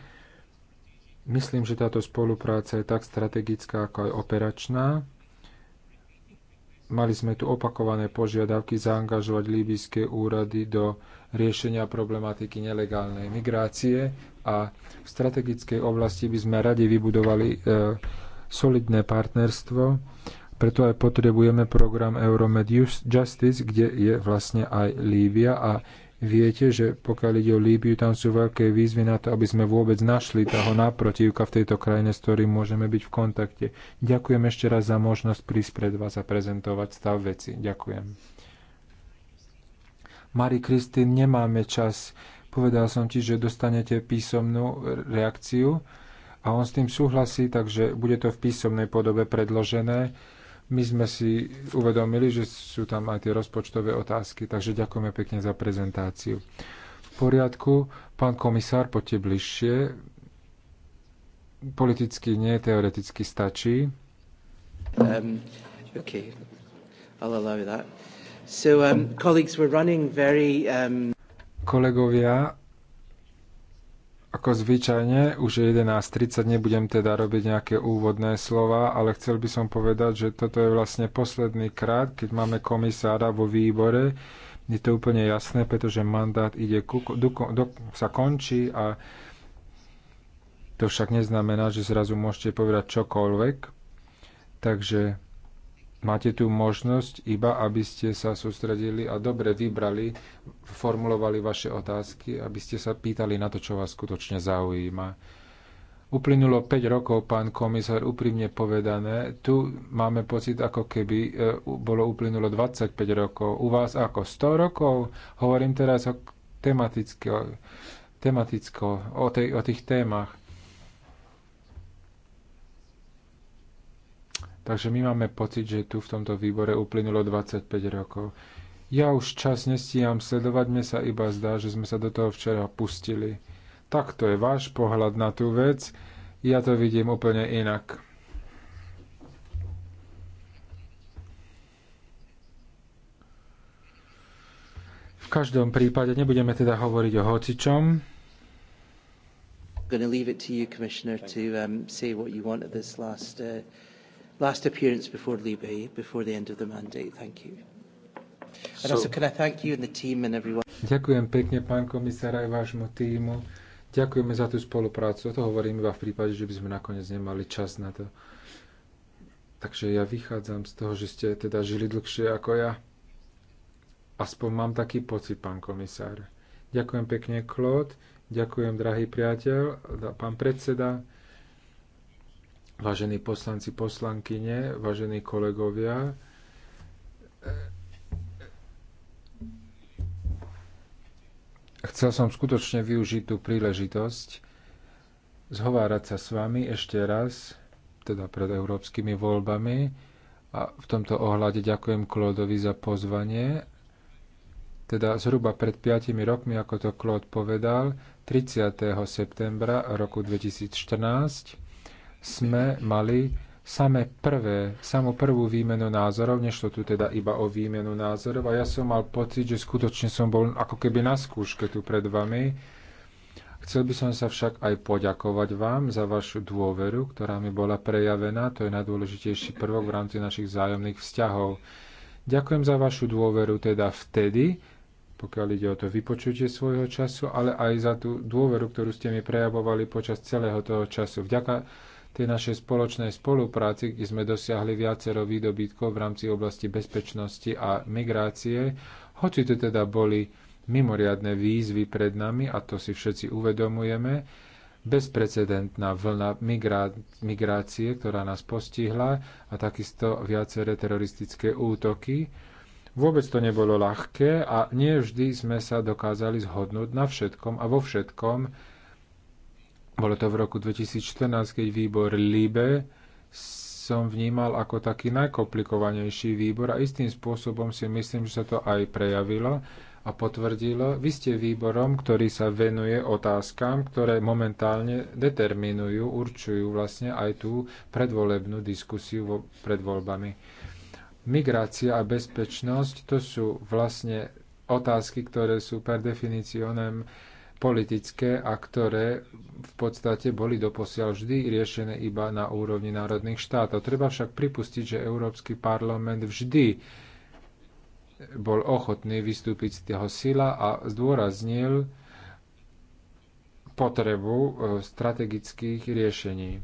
Myslím, že táto spolupráca je tak strategická, ako aj operačná. Mali sme tu opakované požiadavky zaangažovať líbyjské úrady do riešenia problematiky nelegálnej migrácie a v strategickej oblasti by sme radi vybudovali e, solidné partnerstvo, preto aj potrebujeme program Euromed Justice, kde je vlastne aj Líbia a viete, že pokiaľ ide o Líbiu, tam sú veľké výzvy na to, aby sme vôbec našli toho náprotivka v tejto krajine, s ktorým môžeme byť v kontakte. Ďakujem ešte raz za možnosť prísť pred vás a prezentovať stav veci. Ďakujem. Mari Kristín, nemáme čas. Povedal som ti, že dostanete písomnú reakciu a on s tým súhlasí, takže bude to v písomnej podobe predložené. My sme si uvedomili, že sú tam aj tie rozpočtové otázky, takže ďakujeme pekne za prezentáciu. V poriadku, pán komisár, poďte bližšie. Politicky nie, teoreticky stačí. Um, OK, I'll allow that. So, um, colleagues, we're running very... Um... Kolegovia, ako zvyčajne, už je 11.30, nebudem teda robiť nejaké úvodné slova, ale chcel by som povedať, že toto je vlastne posledný krát, keď máme komisára vo výbore. Je to úplne jasné, pretože mandát ide ku, do, do, sa končí a to však neznamená, že zrazu môžete povedať čokoľvek. Takže Máte tu možnosť iba, aby ste sa sústredili a dobre vybrali, formulovali vaše otázky, aby ste sa pýtali na to, čo vás skutočne zaujíma. Uplynulo 5 rokov, pán komisár, úprimne povedané. Tu máme pocit, ako keby e, bolo uplynulo 25 rokov. U vás ako 100 rokov? Hovorím teraz o tematicko, tematicko o, tej, o tých témach. Takže my máme pocit, že tu v tomto výbore uplynulo 25 rokov. Ja už čas nestíham sledovať, mne sa iba zdá, že sme sa do toho včera pustili. Tak to je váš pohľad na tú vec, ja to vidím úplne inak. V každom prípade nebudeme teda hovoriť o hocičom, going to leave it to you, Commissioner, to um, say what you want at this last uh, last appearance before Libe, before the end of the mandate. Thank you. And also can I thank you and the team and everyone. Ďakujem pekne, pán komisár, aj vášmu týmu. Ďakujeme za tú spoluprácu. To hovorím iba v prípade, že by sme nakoniec nemali čas na to. Takže ja vychádzam z toho, že ste teda žili dlhšie ako ja. Aspoň mám taký pocit, pán komisár. Ďakujem pekne, Klód. Ďakujem, drahý priateľ, pán predseda vážení poslanci, poslankyne, vážení kolegovia. Chcel som skutočne využiť tú príležitosť zhovárať sa s vami ešte raz, teda pred európskymi voľbami. A v tomto ohľade ďakujem Klódovi za pozvanie. Teda zhruba pred 5 rokmi, ako to Klód povedal, 30. septembra roku 2014 sme mali samé prvé, samú prvú výmenu názorov, nešlo tu teda iba o výmenu názorov a ja som mal pocit, že skutočne som bol ako keby na skúške tu pred vami. Chcel by som sa však aj poďakovať vám za vašu dôveru, ktorá mi bola prejavená. To je najdôležitejší prvok v rámci našich vzájomných vzťahov. Ďakujem za vašu dôveru teda vtedy, pokiaľ ide o to vypočutie svojho času, ale aj za tú dôveru, ktorú ste mi prejavovali počas celého toho času. Vďaka tej našej spoločnej spolupráci, kde sme dosiahli viacero výdobytkov v rámci oblasti bezpečnosti a migrácie, hoci to teda boli mimoriadne výzvy pred nami, a to si všetci uvedomujeme, bezprecedentná vlna migrá- migrácie, ktorá nás postihla a takisto viaceré teroristické útoky. Vôbec to nebolo ľahké a nie vždy sme sa dokázali zhodnúť na všetkom a vo všetkom, bolo to v roku 2014, keď výbor LIBE som vnímal ako taký najkomplikovanejší výbor a istým spôsobom si myslím, že sa to aj prejavilo a potvrdilo. Vy ste výborom, ktorý sa venuje otázkam, ktoré momentálne determinujú, určujú vlastne aj tú predvolebnú diskusiu pred voľbami. Migrácia a bezpečnosť to sú vlastne otázky, ktoré sú per definícionem politické a ktoré v podstate boli doposiaľ vždy riešené iba na úrovni národných štátov. Treba však pripustiť, že Európsky parlament vždy bol ochotný vystúpiť z toho sila a zdôraznil potrebu e, strategických riešení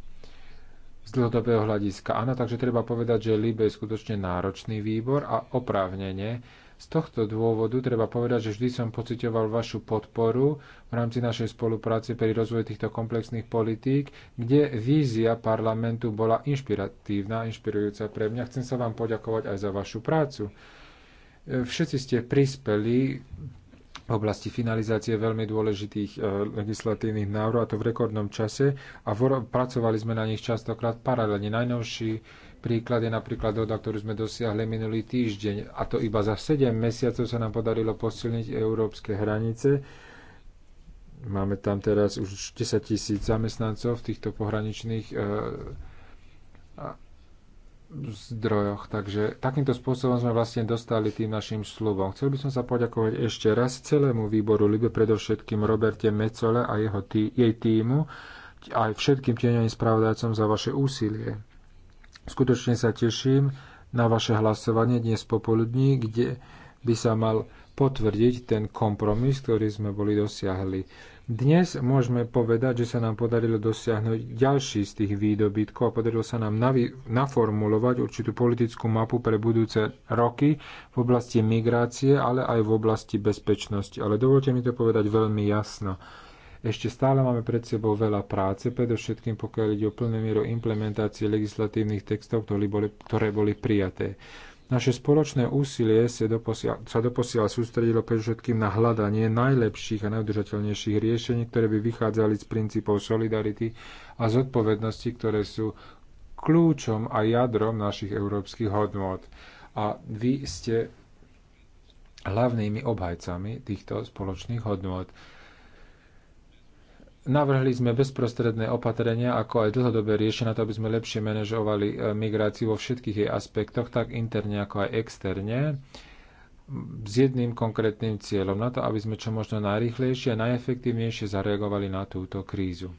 z dlhodobého hľadiska. Áno, takže treba povedať, že Libe je skutočne náročný výbor a oprávnene z tohto dôvodu treba povedať, že vždy som pocitoval vašu podporu v rámci našej spolupráce pri rozvoji týchto komplexných politík, kde vízia parlamentu bola inšpiratívna, inšpirujúca pre mňa. Chcem sa vám poďakovať aj za vašu prácu. E, všetci ste prispeli v oblasti finalizácie veľmi dôležitých e, legislatívnych návrhov, a to v rekordnom čase, a pracovali sme na nich častokrát paralelne. Najnovší Príklad je napríklad doda, ktorú sme dosiahli minulý týždeň. A to iba za 7 mesiacov sa nám podarilo posilniť európske hranice. Máme tam teraz už 10 tisíc zamestnancov v týchto pohraničných e, zdrojoch. Takže takýmto spôsobom sme vlastne dostali tým našim slubom. Chcel by som sa poďakovať ešte raz celému výboru Libe, predovšetkým Roberte Mecole a jeho tý, jej týmu, aj všetkým tieňovým spravodajcom za vaše úsilie. Skutočne sa teším na vaše hlasovanie dnes popoludní, kde by sa mal potvrdiť ten kompromis, ktorý sme boli dosiahli. Dnes môžeme povedať, že sa nám podarilo dosiahnuť ďalší z tých výdobytkov a podarilo sa nám navi- naformulovať určitú politickú mapu pre budúce roky v oblasti migrácie, ale aj v oblasti bezpečnosti. Ale dovolte mi to povedať veľmi jasno. Ešte stále máme pred sebou veľa práce, predovšetkým pokiaľ ide o plné mieru implementácie legislatívnych textov, ktoré boli, ktoré boli prijaté. Naše spoločné úsilie sa doposiaľ, doposiaľ sústredilo predovšetkým na hľadanie najlepších a najudržateľnejších riešení, ktoré by vychádzali z princípov solidarity a zodpovednosti, ktoré sú kľúčom a jadrom našich európskych hodnôt. A vy ste hlavnými obhajcami týchto spoločných hodnôt. Navrhli sme bezprostredné opatrenia, ako aj dlhodobé riešenia, to aby sme lepšie manažovali e, migráciu vo všetkých jej aspektoch, tak interne ako aj externe, s jedným konkrétnym cieľom na to, aby sme čo možno najrychlejšie a najefektívnejšie zareagovali na túto krízu.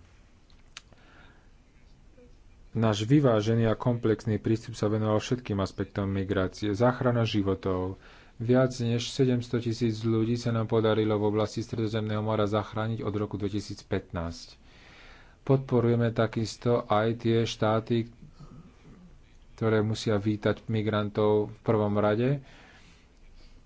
Náš vyvážený a komplexný prístup sa venoval všetkým aspektom migrácie, záchrana životov, Viac než 700 tisíc ľudí sa nám podarilo v oblasti Stredozemného mora zachrániť od roku 2015. Podporujeme takisto aj tie štáty, ktoré musia vítať migrantov v prvom rade.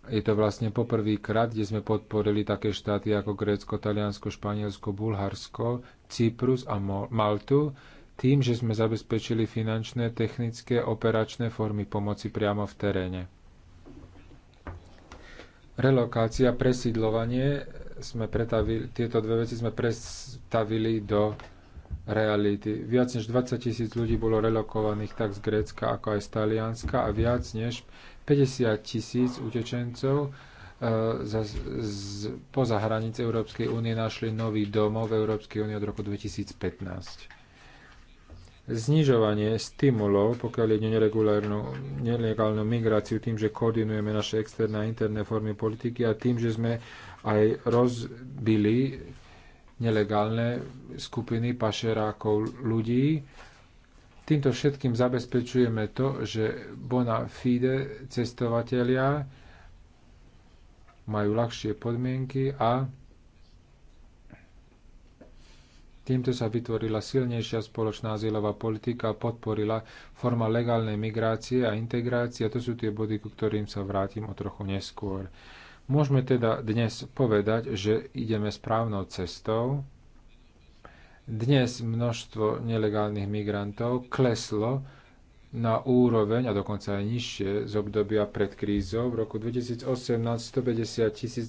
Je to vlastne poprvýkrát, kde sme podporili také štáty ako Grécko, Taliansko, Španielsko, Bulharsko, Cyprus a Maltu, tým, že sme zabezpečili finančné, technické, operačné formy pomoci priamo v teréne. Relokácia, presídlovanie, sme pretavili, tieto dve veci sme prestavili do reality. Viac než 20 tisíc ľudí bolo relokovaných tak z Grécka ako aj z Talianska a viac než 50 tisíc utečencov e, z, z, poza hranic Európskej únie našli nový domov v Európskej únie od roku 2015 znižovanie stimulov, pokiaľ ide neregulárnu, nelegálnu migráciu, tým, že koordinujeme naše externé a interné formy politiky a tým, že sme aj rozbili nelegálne skupiny pašerákov ľudí. Týmto všetkým zabezpečujeme to, že bona fide cestovatelia majú ľahšie podmienky a Týmto sa vytvorila silnejšia spoločná azylová politika a podporila forma legálnej migrácie a integrácie. A to sú tie body, ku ktorým sa vrátim o trochu neskôr. Môžeme teda dnes povedať, že ideme správnou cestou. Dnes množstvo nelegálnych migrantov kleslo na úroveň, a dokonca aj nižšie, z obdobia pred krízou. V roku 2018 150 tisíc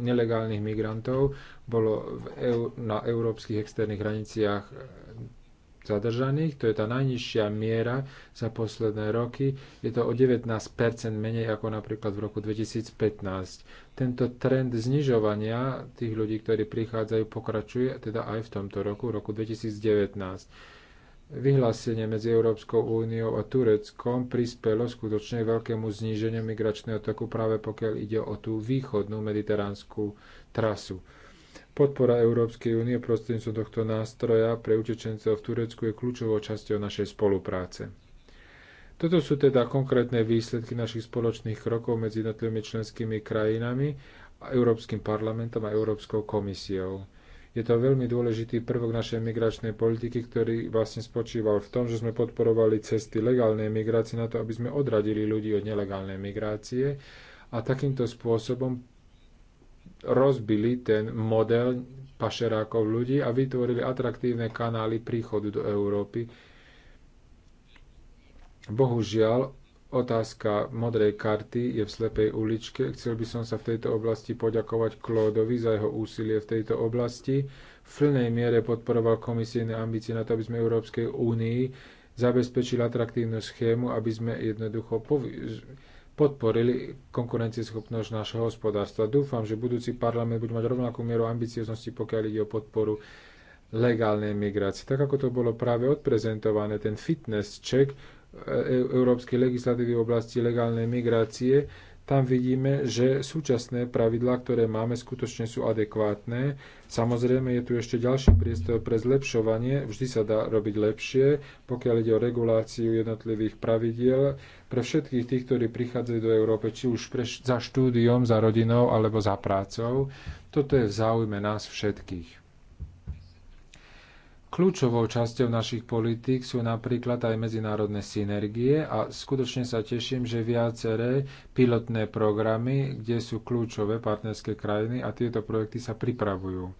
nelegálnych migrantov bolo EU, na európskych externých hraniciach eh, zadržaných. To je tá najnižšia miera za posledné roky. Je to o 19 menej ako napríklad v roku 2015. Tento trend znižovania tých ľudí, ktorí prichádzajú, pokračuje teda aj v tomto roku, v roku 2019 vyhlásenie medzi Európskou úniou a Tureckom prispelo skutočne veľkému zníženiu migračného toku práve pokiaľ ide o tú východnú mediteránsku trasu. Podpora Európskej únie prostredníctvom tohto nástroja pre utečencov v Turecku je kľúčovou časťou našej spolupráce. Toto sú teda konkrétne výsledky našich spoločných krokov medzi jednotlivými členskými krajinami, a Európskym parlamentom a Európskou komisiou. Je to veľmi dôležitý prvok našej migračnej politiky, ktorý vlastne spočíval v tom, že sme podporovali cesty legálnej migrácie na to, aby sme odradili ľudí od nelegálnej migrácie a takýmto spôsobom rozbili ten model pašerákov ľudí a vytvorili atraktívne kanály príchodu do Európy. Bohužiaľ, Otázka modrej karty je v slepej uličke. Chcel by som sa v tejto oblasti poďakovať Klódovi za jeho úsilie v tejto oblasti. V plnej miere podporoval komisijné ambície na to, aby sme Európskej únii zabezpečili atraktívnu schému, aby sme jednoducho podporili konkurencieschopnosť nášho hospodárstva. Dúfam, že budúci parlament bude mať rovnakú mieru ambicioznosti, pokiaľ ide o podporu legálnej migrácie. Tak ako to bolo práve odprezentované, ten fitness check E, európskej legislatívy v oblasti legálnej migrácie, tam vidíme, že súčasné pravidlá, ktoré máme, skutočne sú adekvátne. Samozrejme, je tu ešte ďalší priestor pre zlepšovanie. Vždy sa dá robiť lepšie, pokiaľ ide o reguláciu jednotlivých pravidiel pre všetkých tých, ktorí prichádzajú do Európy, či už pre, za štúdiom, za rodinou alebo za prácou. Toto je v záujme nás všetkých. Kľúčovou časťou našich politík sú napríklad aj medzinárodné synergie a skutočne sa teším, že viaceré pilotné programy, kde sú kľúčové partnerské krajiny a tieto projekty sa pripravujú.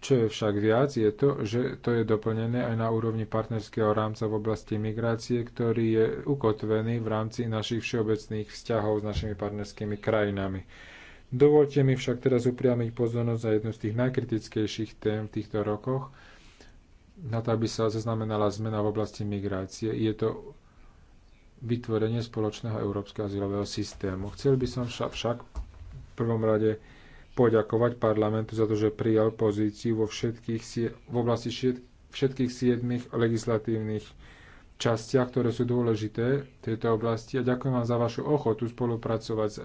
Čo je však viac, je to, že to je doplnené aj na úrovni partnerského rámca v oblasti migrácie, ktorý je ukotvený v rámci našich všeobecných vzťahov s našimi partnerskými krajinami. Dovolte mi však teraz upriamiť pozornosť za jednu z tých najkritickejších tém v týchto rokoch, na to, aby sa zaznamenala zmena v oblasti migrácie. Je to vytvorenie spoločného európskeho azylového systému. Chcel by som však v prvom rade poďakovať parlamentu za to, že prijal pozíciu vo všetkých, v oblasti všetkých siedmých legislatívnych častiach, ktoré sú dôležité v tejto oblasti. A ďakujem vám za vašu ochotu spolupracovať s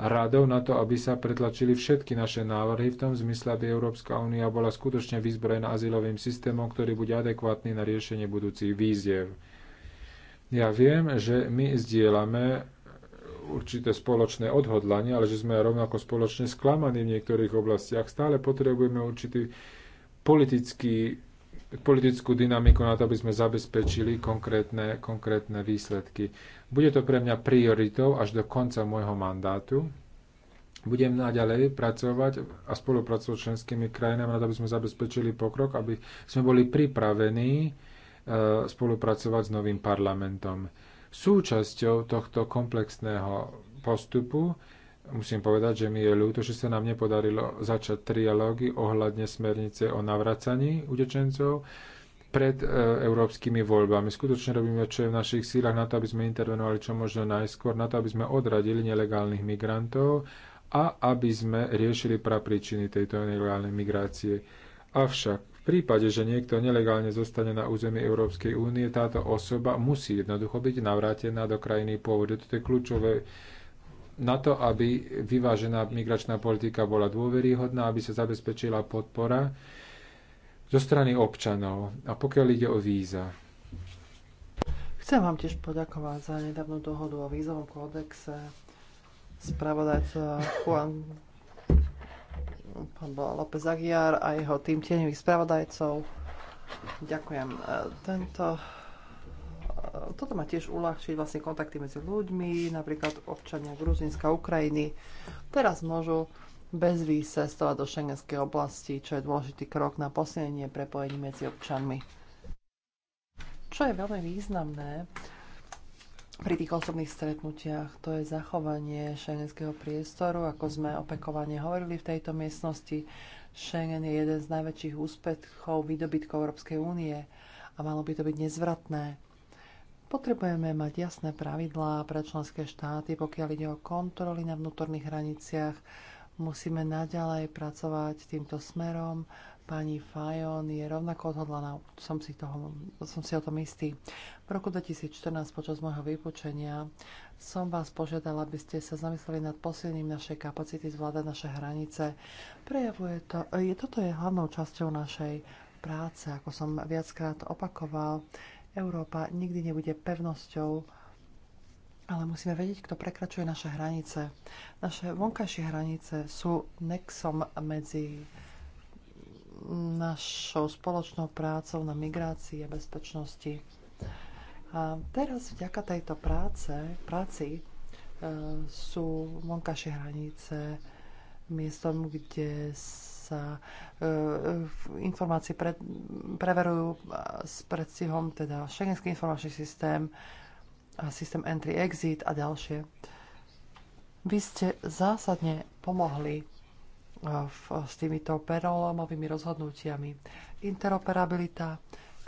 radou na to, aby sa pretlačili všetky naše návrhy v tom zmysle, aby Európska únia bola skutočne vyzbrojená azylovým systémom, ktorý bude adekvátny na riešenie budúcich výziev. Ja viem, že my zdieľame určité spoločné odhodlanie, ale že sme rovnako spoločne sklamaní v niektorých oblastiach. Stále potrebujeme určitý politický, politickú dynamiku na to, aby sme zabezpečili konkrétne, konkrétne výsledky. Bude to pre mňa prioritou až do konca môjho mandátu. Budem naďalej pracovať a spolupracovať s členskými krajinami, aby sme zabezpečili pokrok, aby sme boli pripravení e, spolupracovať s novým parlamentom. Súčasťou tohto komplexného postupu musím povedať, že mi je ľúto, že sa nám nepodarilo začať trialógy ohľadne smernice o navracaní utečencov pred e, európskymi voľbami. Skutočne robíme, čo je v našich sílach na to, aby sme intervenovali čo možno najskôr, na to, aby sme odradili nelegálnych migrantov a aby sme riešili prapríčiny tejto nelegálnej migrácie. Avšak v prípade, že niekto nelegálne zostane na území Európskej únie, táto osoba musí jednoducho byť navrátená do krajiny pôvodu. Toto je kľúčové na to, aby vyvážená migračná politika bola dôveryhodná, aby sa zabezpečila podpora zo strany občanov. A pokiaľ ide o víza, Chcem vám tiež poďakovať za nedávnu dohodu o vízovom kódexe. Spravodajca Juan pán López Aguiar a jeho tým tieňových spravodajcov. Ďakujem. Tento, toto má tiež uľahčiť vlastne kontakty medzi ľuďmi, napríklad občania Gruzinska, Ukrajiny. Teraz môžu bez víz cestovať teda do šengenskej oblasti, čo je dôležitý krok na posilnenie prepojení medzi občanmi. Čo je veľmi významné pri tých osobných stretnutiach, to je zachovanie šengenského priestoru. Ako sme opekovane hovorili v tejto miestnosti, Schengen je jeden z najväčších úspechov výdobytkov Európskej únie a malo by to byť nezvratné. Potrebujeme mať jasné pravidlá pre členské štáty, pokiaľ ide o kontroly na vnútorných hraniciach, Musíme naďalej pracovať týmto smerom. Pani Fajon je rovnako odhodlaná, som si, toho, som si o tom istý. V roku 2014 počas môjho vypočenia som vás požiadala, aby ste sa zamysleli nad posilnením našej kapacity zvládať naše hranice. Prejavuje to, je, toto je hlavnou časťou našej práce, ako som viackrát opakoval. Európa nikdy nebude pevnosťou, ale musíme vedieť, kto prekračuje naše hranice. Naše vonkajšie hranice sú nexom medzi našou spoločnou prácou na migrácii a bezpečnosti. A teraz vďaka tejto práce, práci e, sú vonkajšie hranice miestom, kde sa e, informácie pre, preverujú s predstihom, teda šengenský informačný systém, systém entry-exit a ďalšie. Vy ste zásadne pomohli e, v, s týmito perolomovými rozhodnutiami. Interoperabilita,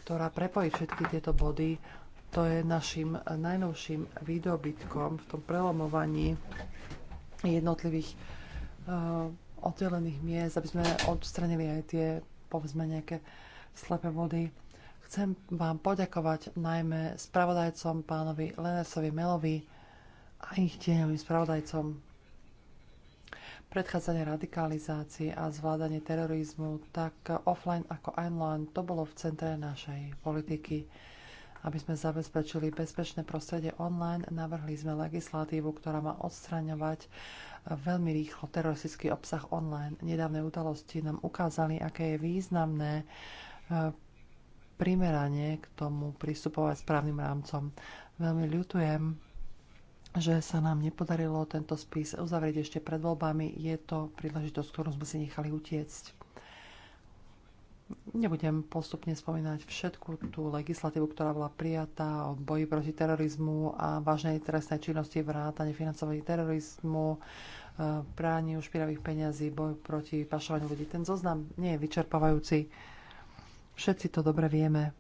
ktorá prepojí všetky tieto body, to je našim najnovším výdobytkom v tom prelomovaní jednotlivých uh, oddelených miest, aby sme odstranili aj tie, povedzme, nejaké slepé body Chcem vám poďakovať najmä spravodajcom pánovi Lenersovi Melovi a ich tieňovým spravodajcom. Predchádzanie radikalizácie a zvládanie terorizmu tak offline ako online to bolo v centre našej politiky. Aby sme zabezpečili bezpečné prostredie online, navrhli sme legislatívu, ktorá má odstraňovať e, veľmi rýchlo teroristický obsah online. Nedávne udalosti nám ukázali, aké je významné e, primerane k tomu pristupovať správnym rámcom. Veľmi ľutujem, že sa nám nepodarilo tento spis uzavrieť ešte pred voľbami. Je to príležitosť, ktorú sme si nechali utiecť. Nebudem postupne spomínať všetku tú legislatívu, ktorá bola prijatá o boji proti terorizmu a vážnej trestnej činnosti vrátane financovaní terorizmu, e, prániu špiravých peňazí, boj proti pašovaniu ľudí. Ten zoznam nie je vyčerpávajúci. Všetci to dobre vieme.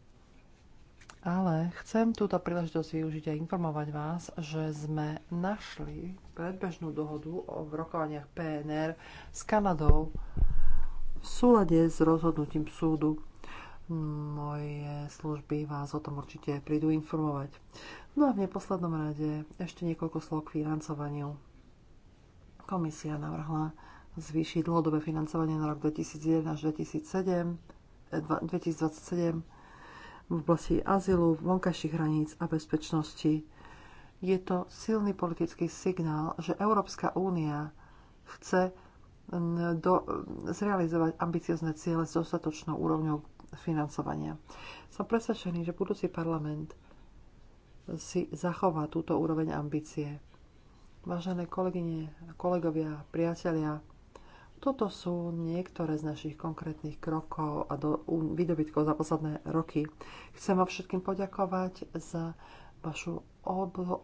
Ale chcem túto príležitosť využiť a informovať vás, že sme našli predbežnú dohodu o rokovaniach PNR s Kanadou v súlade s rozhodnutím súdu. Moje služby vás o tom určite prídu informovať. No a v neposlednom rade ešte niekoľko slov k financovaniu. Komisia navrhla zvýšiť dlhodobé financovanie na rok 2001 až 2007 2027 v oblasti azylu, vonkajších hraníc a bezpečnosti. Je to silný politický signál, že Európska únia chce do, zrealizovať ambiciozne ciele s dostatočnou úrovňou financovania. Som presvedčený, že budúci parlament si zachová túto úroveň ambície. Vážené kolegyne, kolegovia, priatelia, toto sú niektoré z našich konkrétnych krokov a do výdobytkov za posledné roky. Chcem vám všetkým poďakovať za vašu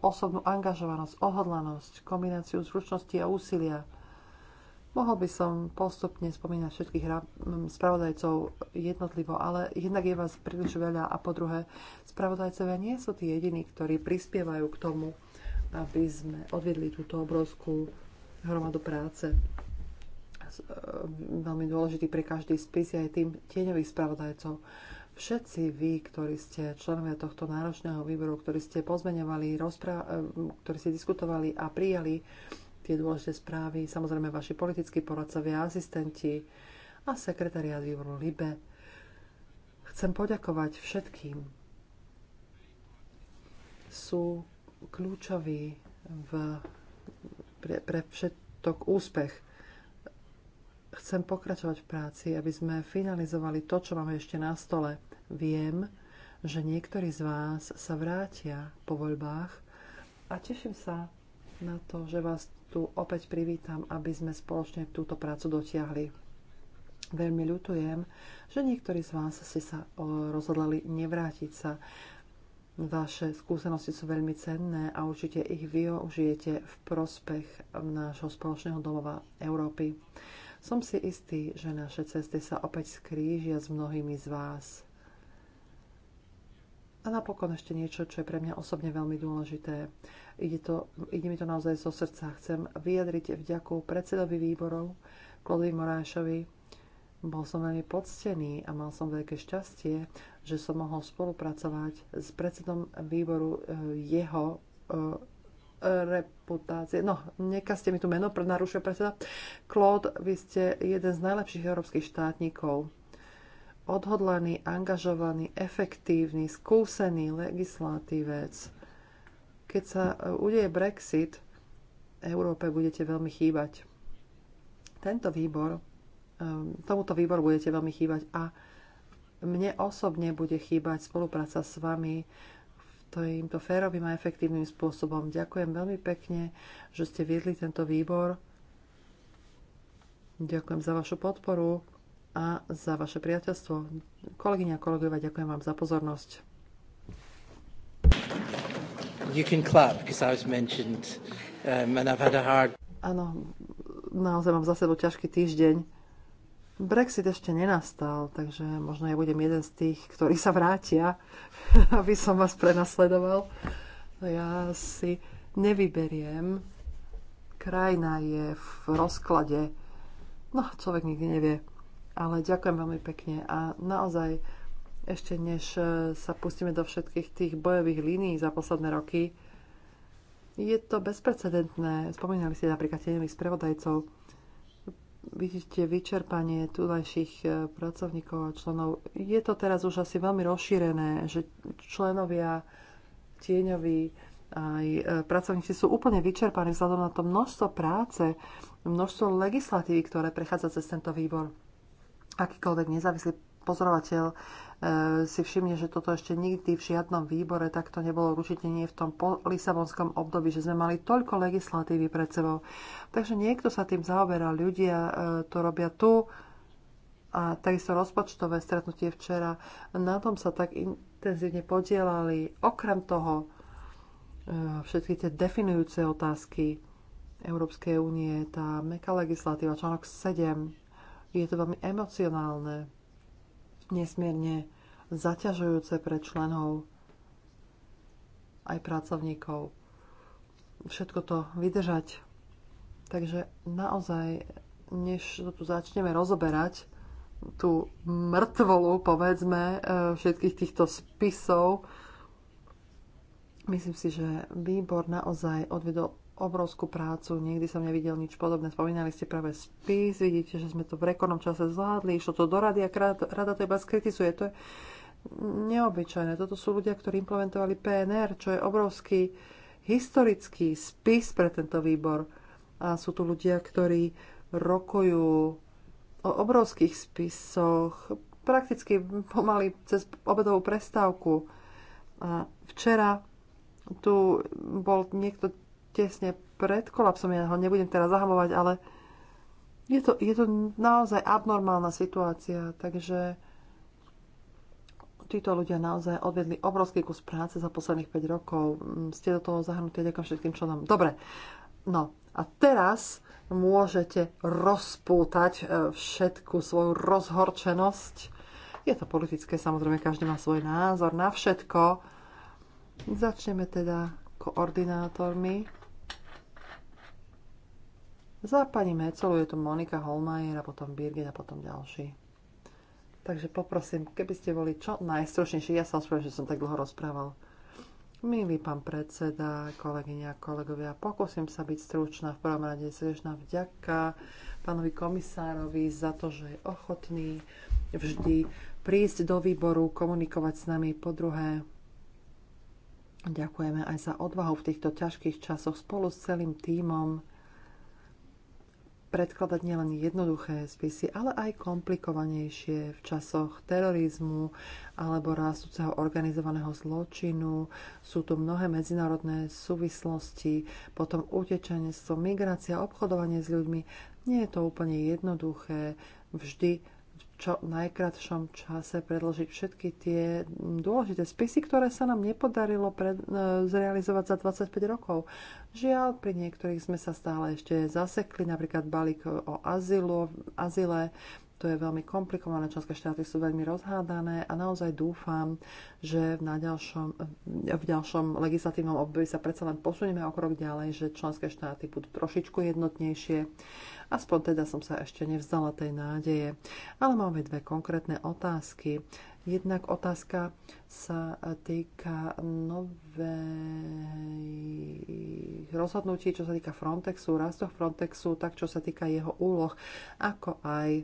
osobnú angažovanosť, odhodlanosť, kombináciu zručnosti a úsilia. Mohol by som postupne spomínať všetkých spravodajcov jednotlivo, ale jednak je vás príliš veľa a po druhé, spravodajcovia nie sú tí jediní, ktorí prispievajú k tomu, aby sme odvedli túto obrovskú hromadu práce. E, veľmi dôležitý pre každý spis aj tým tieňových spravodajcov. Všetci vy, ktorí ste členovia tohto náročného výboru, ktorí ste pozmeňovali, e, ktorí ste diskutovali a prijali tie dôležité správy, samozrejme vaši politickí poradcovia, asistenti a sekretariát výboru LIBE. Chcem poďakovať všetkým. Sú kľúčoví v, pre, pre všetok úspech chcem pokračovať v práci, aby sme finalizovali to, čo máme ešte na stole. Viem, že niektorí z vás sa vrátia po voľbách a teším sa na to, že vás tu opäť privítam, aby sme spoločne túto prácu dotiahli. Veľmi ľutujem, že niektorí z vás si sa rozhodli nevrátiť sa. Vaše skúsenosti sú veľmi cenné a určite ich využijete v prospech nášho spoločného domova Európy. Som si istý, že naše cesty sa opäť skrížia s mnohými z vás. A napokon ešte niečo, čo je pre mňa osobne veľmi dôležité. Ide, to, ide mi to naozaj zo srdca. Chcem vyjadriť vďaku predsedovi výborov, Klodovi Morášovi. Bol som veľmi poctený a mal som veľké šťastie, že som mohol spolupracovať s predsedom výboru eh, jeho eh, reputácie. No, nekazte mi tu meno, narušuje predseda. Claude, vy ste jeden z najlepších európskych štátnikov. Odhodlaný, angažovaný, efektívny, skúsený legislatívec. Keď sa e, udeje Brexit, Európe budete veľmi chýbať. Tento výbor, ehm, tomuto výboru budete veľmi chýbať a mne osobne bude chýbať spolupráca s vami to im to férovým a efektívnym spôsobom. Ďakujem veľmi pekne, že ste viedli tento výbor. Ďakujem za vašu podporu a za vaše priateľstvo. Kolegyňa a kolegovia, ďakujem vám za pozornosť. You can clap, I was um, and I've had a hard... Áno, naozaj mám za sebou ťažký týždeň Brexit ešte nenastal, takže možno ja budem jeden z tých, ktorí sa vrátia, aby som vás prenasledoval. Ja si nevyberiem. Krajina je v rozklade. No, človek nikdy nevie. Ale ďakujem veľmi pekne a naozaj ešte než e, sa pustíme do všetkých tých bojových línií za posledné roky, je to bezprecedentné. Spomínali ste napríklad tenových spravodajcov, vidíte vyčerpanie tulajších e, pracovníkov a členov. Je to teraz už asi veľmi rozšírené, že členovia tieňoví aj e, pracovníci sú úplne vyčerpaní vzhľadom na to množstvo práce, množstvo legislatívy, ktoré prechádza cez tento výbor. Akýkoľvek nezávislý pozorovateľ e, si všimne, že toto ešte nikdy v žiadnom výbore takto nebolo, určite nie v tom lisabonskom období, že sme mali toľko legislatívy pred sebou. Takže niekto sa tým zaoberá, ľudia e, to robia tu a takisto rozpočtové stretnutie včera. Na tom sa tak intenzívne podielali. Okrem toho e, všetky tie definujúce otázky Európskej únie, tá meká legislatíva, článok 7, je to veľmi emocionálne nesmierne zaťažujúce pre členov aj pracovníkov. Všetko to vydržať. Takže naozaj, než to tu začneme rozoberať, tú mŕtvolu, povedzme, e, všetkých týchto spisov, myslím si, že výbor naozaj odvedol obrovskú prácu, nikdy som nevidel nič podobné. Spomínali ste práve spis, vidíte, že sme to v rekordnom čase zvládli, išlo to do rady a rada to iba skritizuje. To je neobyčajné. Toto sú ľudia, ktorí implementovali PNR, čo je obrovský historický spis pre tento výbor. A sú tu ľudia, ktorí rokujú o obrovských spisoch, prakticky pomaly cez obedovú prestávku. A včera tu bol niekto tesne pred kolapsom, ja ho nebudem teraz zahamovať, ale je to, je to naozaj abnormálna situácia, takže títo ľudia naozaj odvedli obrovský kus práce za posledných 5 rokov. Mm, ste do toho zahrnutí, ďakujem všetkým členom. Dobre, no a teraz môžete rozpútať e, všetku svoju rozhorčenosť. Je to politické, samozrejme, každý má svoj názor na všetko. Začneme teda koordinátormi. Za pani Mecelu je tu Monika Holmajer a potom Birgit a potom ďalší. Takže poprosím, keby ste boli čo najstručnejší. Ja sa ospravedlňujem, že som tak dlho rozprával. Milý pán predseda, kolegyňa kolegovia, pokúsim sa byť stručná. V prvom rade srdečná vďaka pánovi komisárovi za to, že je ochotný vždy prísť do výboru, komunikovať s nami. Po druhé, ďakujeme aj za odvahu v týchto ťažkých časoch spolu s celým tímom predkladať nielen jednoduché spisy, ale aj komplikovanejšie v časoch terorizmu alebo rástuceho organizovaného zločinu. Sú tu mnohé medzinárodné súvislosti, potom utečenie, migrácia, obchodovanie s ľuďmi. Nie je to úplne jednoduché vždy čo najkratšom čase predložiť všetky tie dôležité spisy, ktoré sa nám nepodarilo pred, e, zrealizovať za 25 rokov. Žiaľ, pri niektorých sme sa stále ešte zasekli, napríklad balík o azylu, azile, to je veľmi komplikované, členské štáty sú veľmi rozhádané a naozaj dúfam, že v, ďalšom, v ďalšom legislatívnom období sa predsa len posunieme o krok ďalej, že členské štáty budú trošičku jednotnejšie. Aspoň teda som sa ešte nevzdala tej nádeje. Ale máme dve konkrétne otázky. Jednak otázka sa týka nových rozhodnutí, čo sa týka Frontexu, rastoch Frontexu, tak čo sa týka jeho úloh, ako aj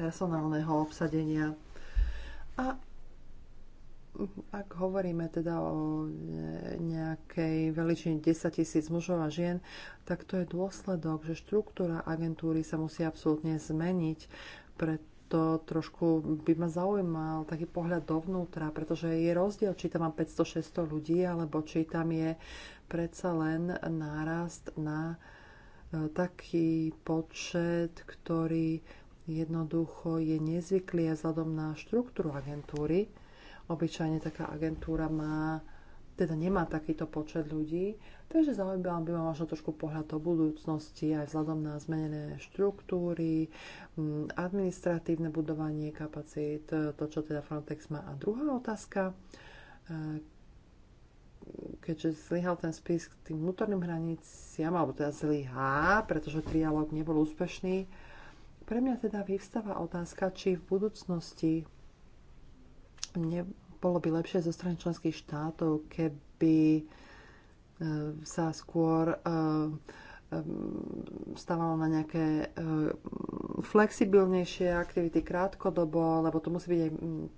personálneho obsadenia. A ak hovoríme teda o nejakej veličine 10 tisíc mužov a žien, tak to je dôsledok, že štruktúra agentúry sa musí absolútne zmeniť. Preto trošku by ma zaujímal taký pohľad dovnútra, pretože je rozdiel, či tam mám 500-600 ľudí, alebo či tam je predsa len nárast na e, taký počet, ktorý jednoducho je nezvyklý a vzhľadom na štruktúru agentúry. Obyčajne taká agentúra má teda nemá takýto počet ľudí, takže zaujímalo by ma možno trošku pohľad do budúcnosti aj vzhľadom na zmenené štruktúry, mm, administratívne budovanie kapacít, to, čo teda Frontex má. A druhá otázka, e, keďže zlyhal ten spis k tým vnútorným hraniciam, alebo teda zlyhá, pretože trialog nebol úspešný, pre mňa teda vyvstáva otázka, či v budúcnosti nebolo by lepšie zo strany členských štátov, keby e, sa skôr e, e, stávalo na nejaké flexibilnejšie aktivity krátkodobo, lebo to musí byť aj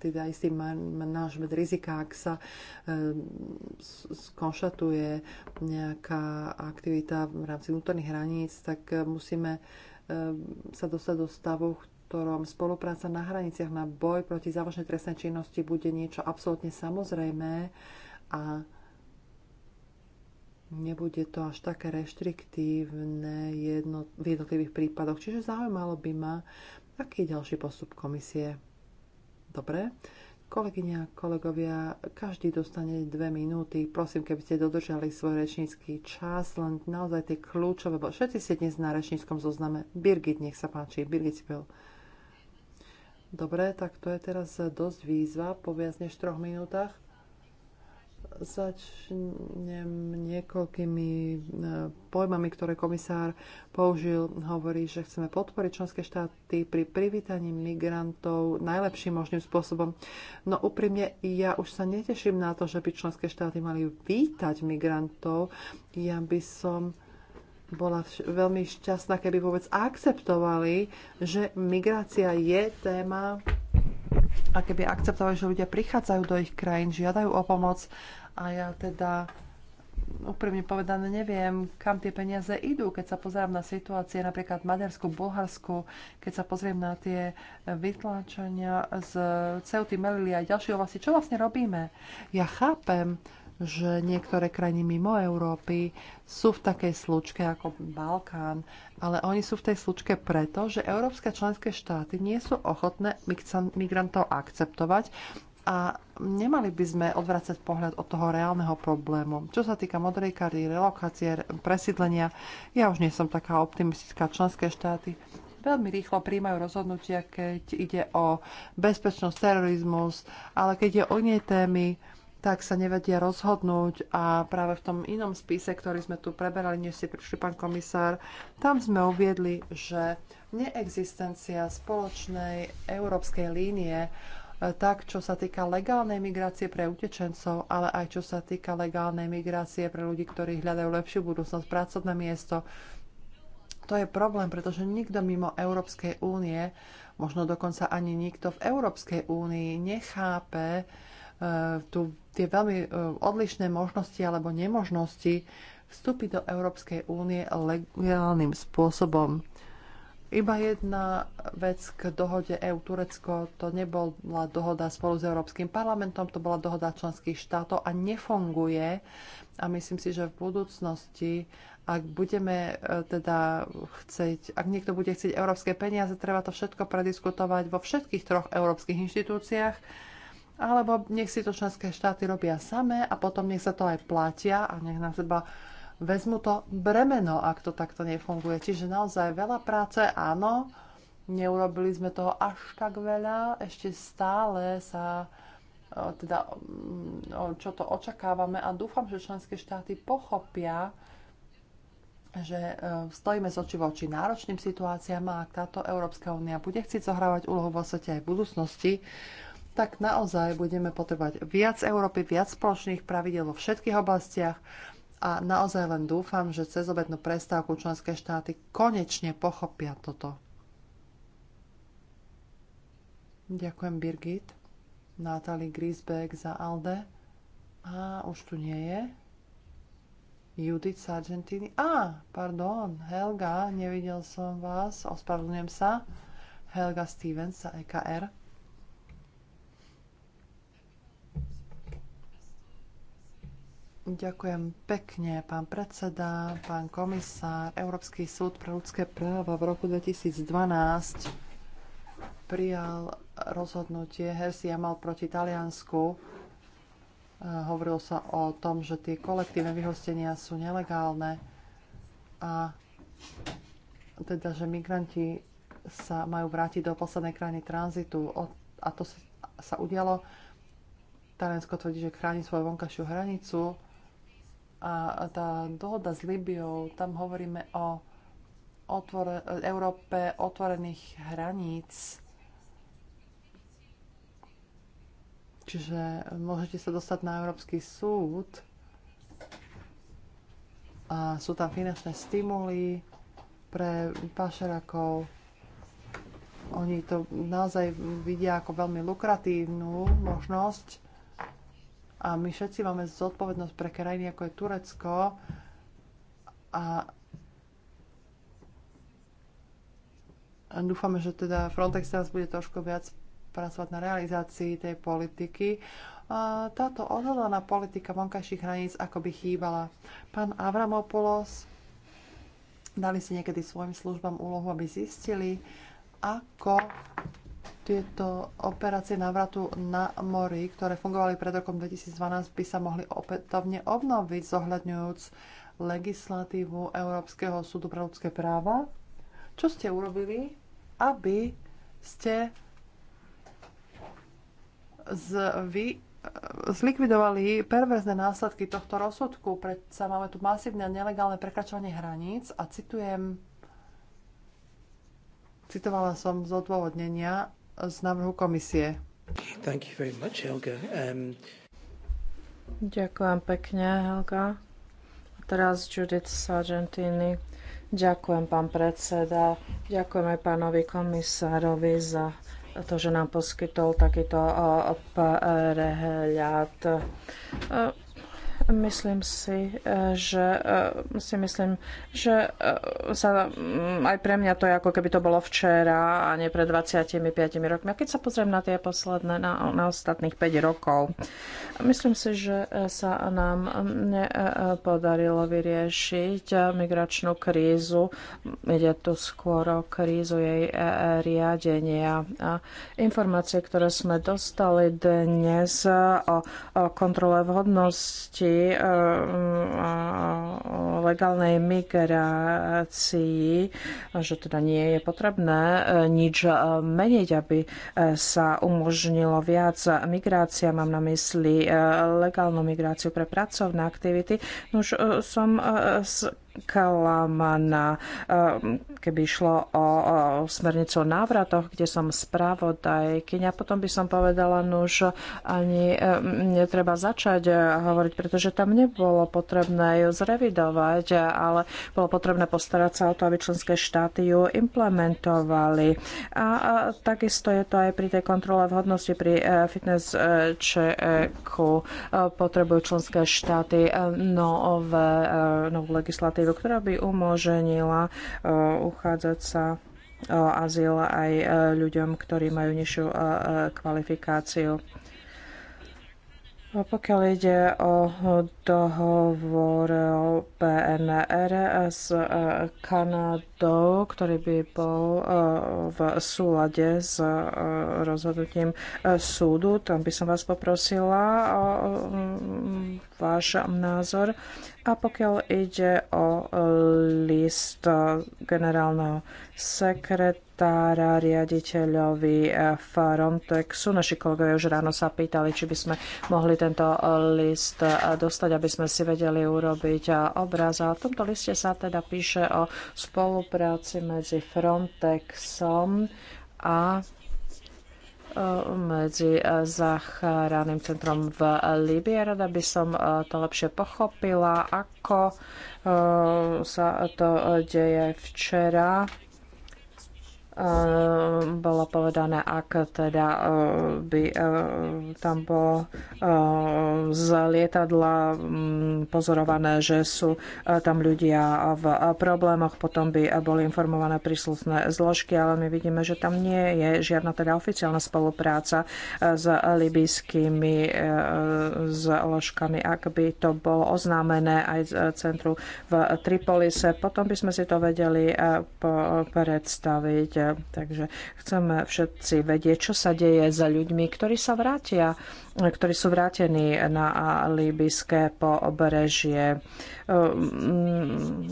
teda istý manažment rizika, ak sa skonštatuje nejaká aktivita v rámci vnútorných hraníc, tak musíme Ehm, sa dostať do stavu, v ktorom spolupráca na hraniciach na boj proti závažnej trestnej činnosti bude niečo absolútne samozrejmé a nebude to až také reštriktívne jedno, v jednotlivých prípadoch. Čiže zaujímalo by ma, aký je ďalší postup komisie. Dobre, Kolegyňa, kolegovia, každý dostane dve minúty. Prosím, keby ste dodržali svoj rečnícky čas, len naozaj tie kľúčové, bo všetci ste dnes na rečníckom zozname. Birgit, nech sa páči, Birgit Cipel. Dobre, tak to je teraz dosť výzva po viac než troch minútach. Začnem niekoľkými e, pojmami, ktoré komisár použil. Hovorí, že chceme podporiť členské štáty pri privítaní migrantov najlepším možným spôsobom. No úprimne, ja už sa neteším na to, že by členské štáty mali vítať migrantov. Ja by som bola veľmi šťastná, keby vôbec akceptovali, že migrácia je téma a keby akceptovali, že ľudia prichádzajú do ich krajín, žiadajú o pomoc a ja teda úprimne povedané neviem, kam tie peniaze idú, keď sa pozerám na situácie napríklad v Maďarsku, Bulharsku, keď sa pozriem na tie vytláčania z Ceuty, Melili a ďalšieho vlasti, Čo vlastne robíme? Ja chápem, že niektoré krajiny mimo Európy sú v takej slučke ako Balkán, ale oni sú v tej slučke preto, že európske členské štáty nie sú ochotné migrantov akceptovať a nemali by sme odvracať pohľad od toho reálneho problému. Čo sa týka modrej karty, relokácie, presídlenia, ja už nie som taká optimistická. Členské štáty veľmi rýchlo príjmajú rozhodnutia, keď ide o bezpečnosť, terorizmus, ale keď je o nej témy, tak sa nevedia rozhodnúť a práve v tom inom spise, ktorý sme tu preberali, než ste prišli, pán komisár, tam sme uviedli, že neexistencia spoločnej európskej línie E, tak čo sa týka legálnej migrácie pre utečencov, ale aj čo sa týka legálnej migrácie pre ľudí, ktorí hľadajú lepšiu budúcnosť, pracovné miesto. To je problém, pretože nikto mimo Európskej únie, možno dokonca ani nikto v Európskej únii nechápe e, tu, tie veľmi e, odlišné možnosti alebo nemožnosti vstúpiť do Európskej únie legálnym spôsobom. Iba jedna vec k dohode EU-Turecko, to nebola dohoda spolu s Európskym parlamentom, to bola dohoda členských štátov a nefunguje. A myslím si, že v budúcnosti, ak budeme e, teda chcieť, ak niekto bude chcieť európske peniaze, treba to všetko prediskutovať vo všetkých troch európskych inštitúciách, alebo nech si to členské štáty robia samé a potom nech sa to aj platia a nech nám seba vezmu to bremeno, ak to takto nefunguje. Čiže naozaj veľa práce, áno, neurobili sme toho až tak veľa, ešte stále sa e, teda mm, čo to očakávame a dúfam, že členské štáty pochopia, že e, stojíme z oči voči náročným situáciám a ak táto Európska únia bude chcieť zohrávať úlohu vo svete aj v budúcnosti, tak naozaj budeme potrebovať viac Európy, viac spoločných pravidel vo všetkých oblastiach a naozaj len dúfam, že cez obednú prestávku členské štáty konečne pochopia toto. Ďakujem Birgit, Natalie Grisbeck za Alde. A už tu nie je. Judith z Argentíny. Á, pardon, Helga, nevidel som vás, ospravedlňujem sa. Helga Stevens za EKR. Ďakujem pekne, pán predseda, pán komisár. Európsky súd pre ľudské práva v roku 2012 prijal rozhodnutie Hersia mal proti Taliansku. E, hovorilo sa o tom, že tie kolektívne vyhostenia sú nelegálne a teda, že migranti sa majú vrátiť do poslednej krajiny tranzitu. A to sa udialo Taliansko tvrdí, že chráni svoju vonkajšiu hranicu, a tá dohoda s Libiou, tam hovoríme o otvor- Európe otvorených hraníc. Čiže môžete sa dostať na Európsky súd a sú tam finančné stimuly pre pašerakov. Oni to naozaj vidia ako veľmi lukratívnu možnosť a my všetci máme zodpovednosť pre krajiny, ako je Turecko. A dúfame, že teda Frontex teraz bude trošku viac pracovať na realizácii tej politiky. Táto odhodlaná politika vonkajších hraníc ako by chýbala. Pán Avramopoulos, dali si niekedy svojim službám úlohu, aby zistili, ako tieto operácie návratu na mori, ktoré fungovali pred rokom 2012, by sa mohli opätovne obnoviť, zohľadňujúc legislatívu Európskeho súdu pre ľudské práva. Čo ste urobili, aby ste z, vy zlikvidovali perverzné následky tohto rozsudku. Predsa máme tu masívne a nelegálne prekračovanie hraníc a citujem, citovala som z odôvodnenia, z návrhu komisie. Thank you very much, Helga. Um... Ďakujem pekne, Helga. A teraz Judith Sargentini. Ďakujem, pán predseda. Ďakujem aj pánovi komisárovi za to, že nám poskytol takýto uh, prehľad. Uh, Myslím si, e, že e, si myslím, že e, sa, mm, aj pre mňa to je ako keby to bolo včera a nie pred 25 rokmi. A keď sa pozriem na tie posledné, na, na ostatných 5 rokov, myslím si, že sa nám nepodarilo vyriešiť migračnú krízu. Ide tu skôr o krízu jej riadenia. A informácie, ktoré sme dostali dnes o kontrole vhodnosti Eh, legálnej migrácii, že teda nie je potrebné eh, nič eh, meniť, aby sa umožnilo viac migrácia. Mám na mysli legálnu migráciu pre pracovné aktivity. No už som Kalamana, ehm, keby išlo o smernicu o návratoch, kde som spravodajkyňa. Potom by som povedala, no už ani ehm, netreba začať eh, hovoriť, pretože tam nebolo potrebné ju zrevidovať, ale bolo potrebné postarať sa o to, aby členské štáty ju implementovali. A takisto je to aj pri tej kontrole vhodnosti pri eh, fitness eh, checku. Potrebujú členské štáty nové, novú legislatívu legislatívu, ktorá by umožnila e, uchádzať sa o azyl aj e, ľuďom, ktorí majú nižšiu e, kvalifikáciu. Pokiaľ ide o dohovor PNR s e, Kanadou, ktorý by bol e, v súlade s e, rozhodnutím súdu, tam by som vás poprosila o mm, váš názor. A pokiaľ ide o list generálneho sekretára, sekretára, riaditeľovi eh, Frontexu. Naši kolegovia už ráno sa pýtali, či by sme mohli tento eh, list eh, dostať, aby sme si vedeli urobiť obraz. A v tomto liste sa teda píše o spolupráci medzi Frontexom a medzi záchranným centrom v Líbie. Rada by som to lepšie pochopila, ako sa to deje včera Eh, bolo povedané, ak teda eh, by eh, tam bolo z lietadla mm, pozorované, že sú tam ľudia v problémoch, potom by boli informované príslušné zložky, ale my vidíme, že tam nie je žiadna teda oficiálna spolupráca s libijskými zložkami. Ak by to bolo oznámené aj z centru v Tripolise, potom by sme si to vedeli predstaviť ľudia. Takže chceme všetci vedieť, čo sa deje za ľuďmi, ktorí sa vrátia, ktorí sú vrátení na libyské pobrežie ehm,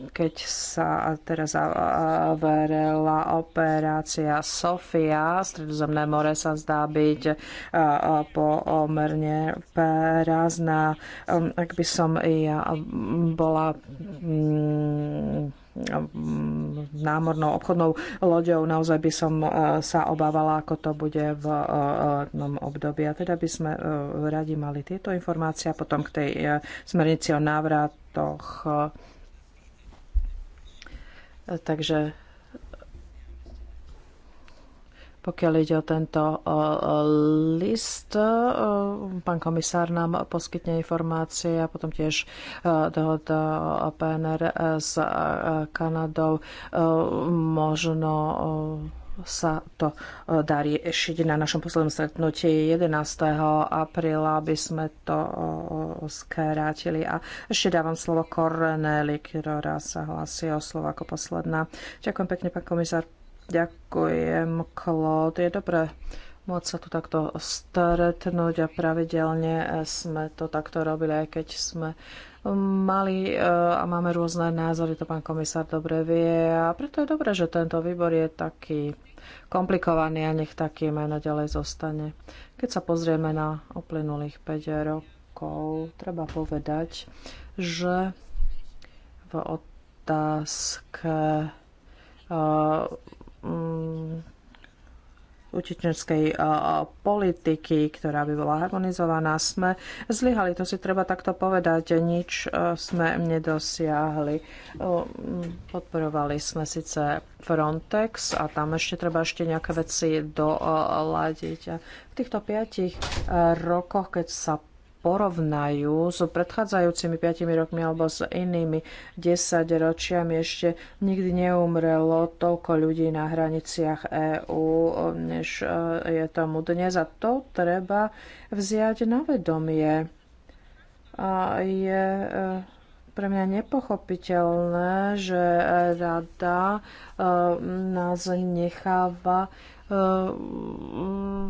keď sa teraz zavrela operácia Sofia, Stredozemné more sa zdá byť e, pomerne prázdna. Ehm, ak by som ja bola mm, Mm, námornou obchodnou loďou. Naozaj by som e, sa obávala, ako to bude v letnom e, období. A teda by sme e, radi mali tieto informácie a potom k tej smernici o návratoch. Takže pokiaľ ide o tento list, pán komisár nám poskytne informácie a potom tiež dohoda o PNR s Kanadou možno sa to dá riešiť na našom poslednom stretnutí 11. apríla, aby sme to skrátili. A ešte dávam slovo Korneli, ktorá sa hlasí o slovo ako posledná. Ďakujem pekne, pán komisár. Ďakujem, Klód. Je dobré môcť sa tu takto stretnúť a pravidelne sme to takto robili, aj keď sme mali e, a máme rôzne názory, to pán komisár dobre vie a preto je dobré, že tento výbor je taký komplikovaný a nech takým aj naďalej zostane. Keď sa pozrieme na uplynulých 5 rokov, treba povedať, že v otázke uh, Mm, utečenskej politiky, ktorá by bola harmonizovaná, sme zlyhali. To si treba takto povedať. Nič e, sme nedosiahli. Mm, podporovali sme síce Frontex a tam ešte treba ešte nejaké veci doladiť. V týchto piatich e, rokoch, keď sa porovnajú s predchádzajúcimi 5 rokmi alebo s inými 10 ročiami, ešte nikdy neumrelo toľko ľudí na hraniciach EÚ, než e, je tomu dnes. A to treba vziať na vedomie. A je e, pre mňa nepochopiteľné, že rada e, nás necháva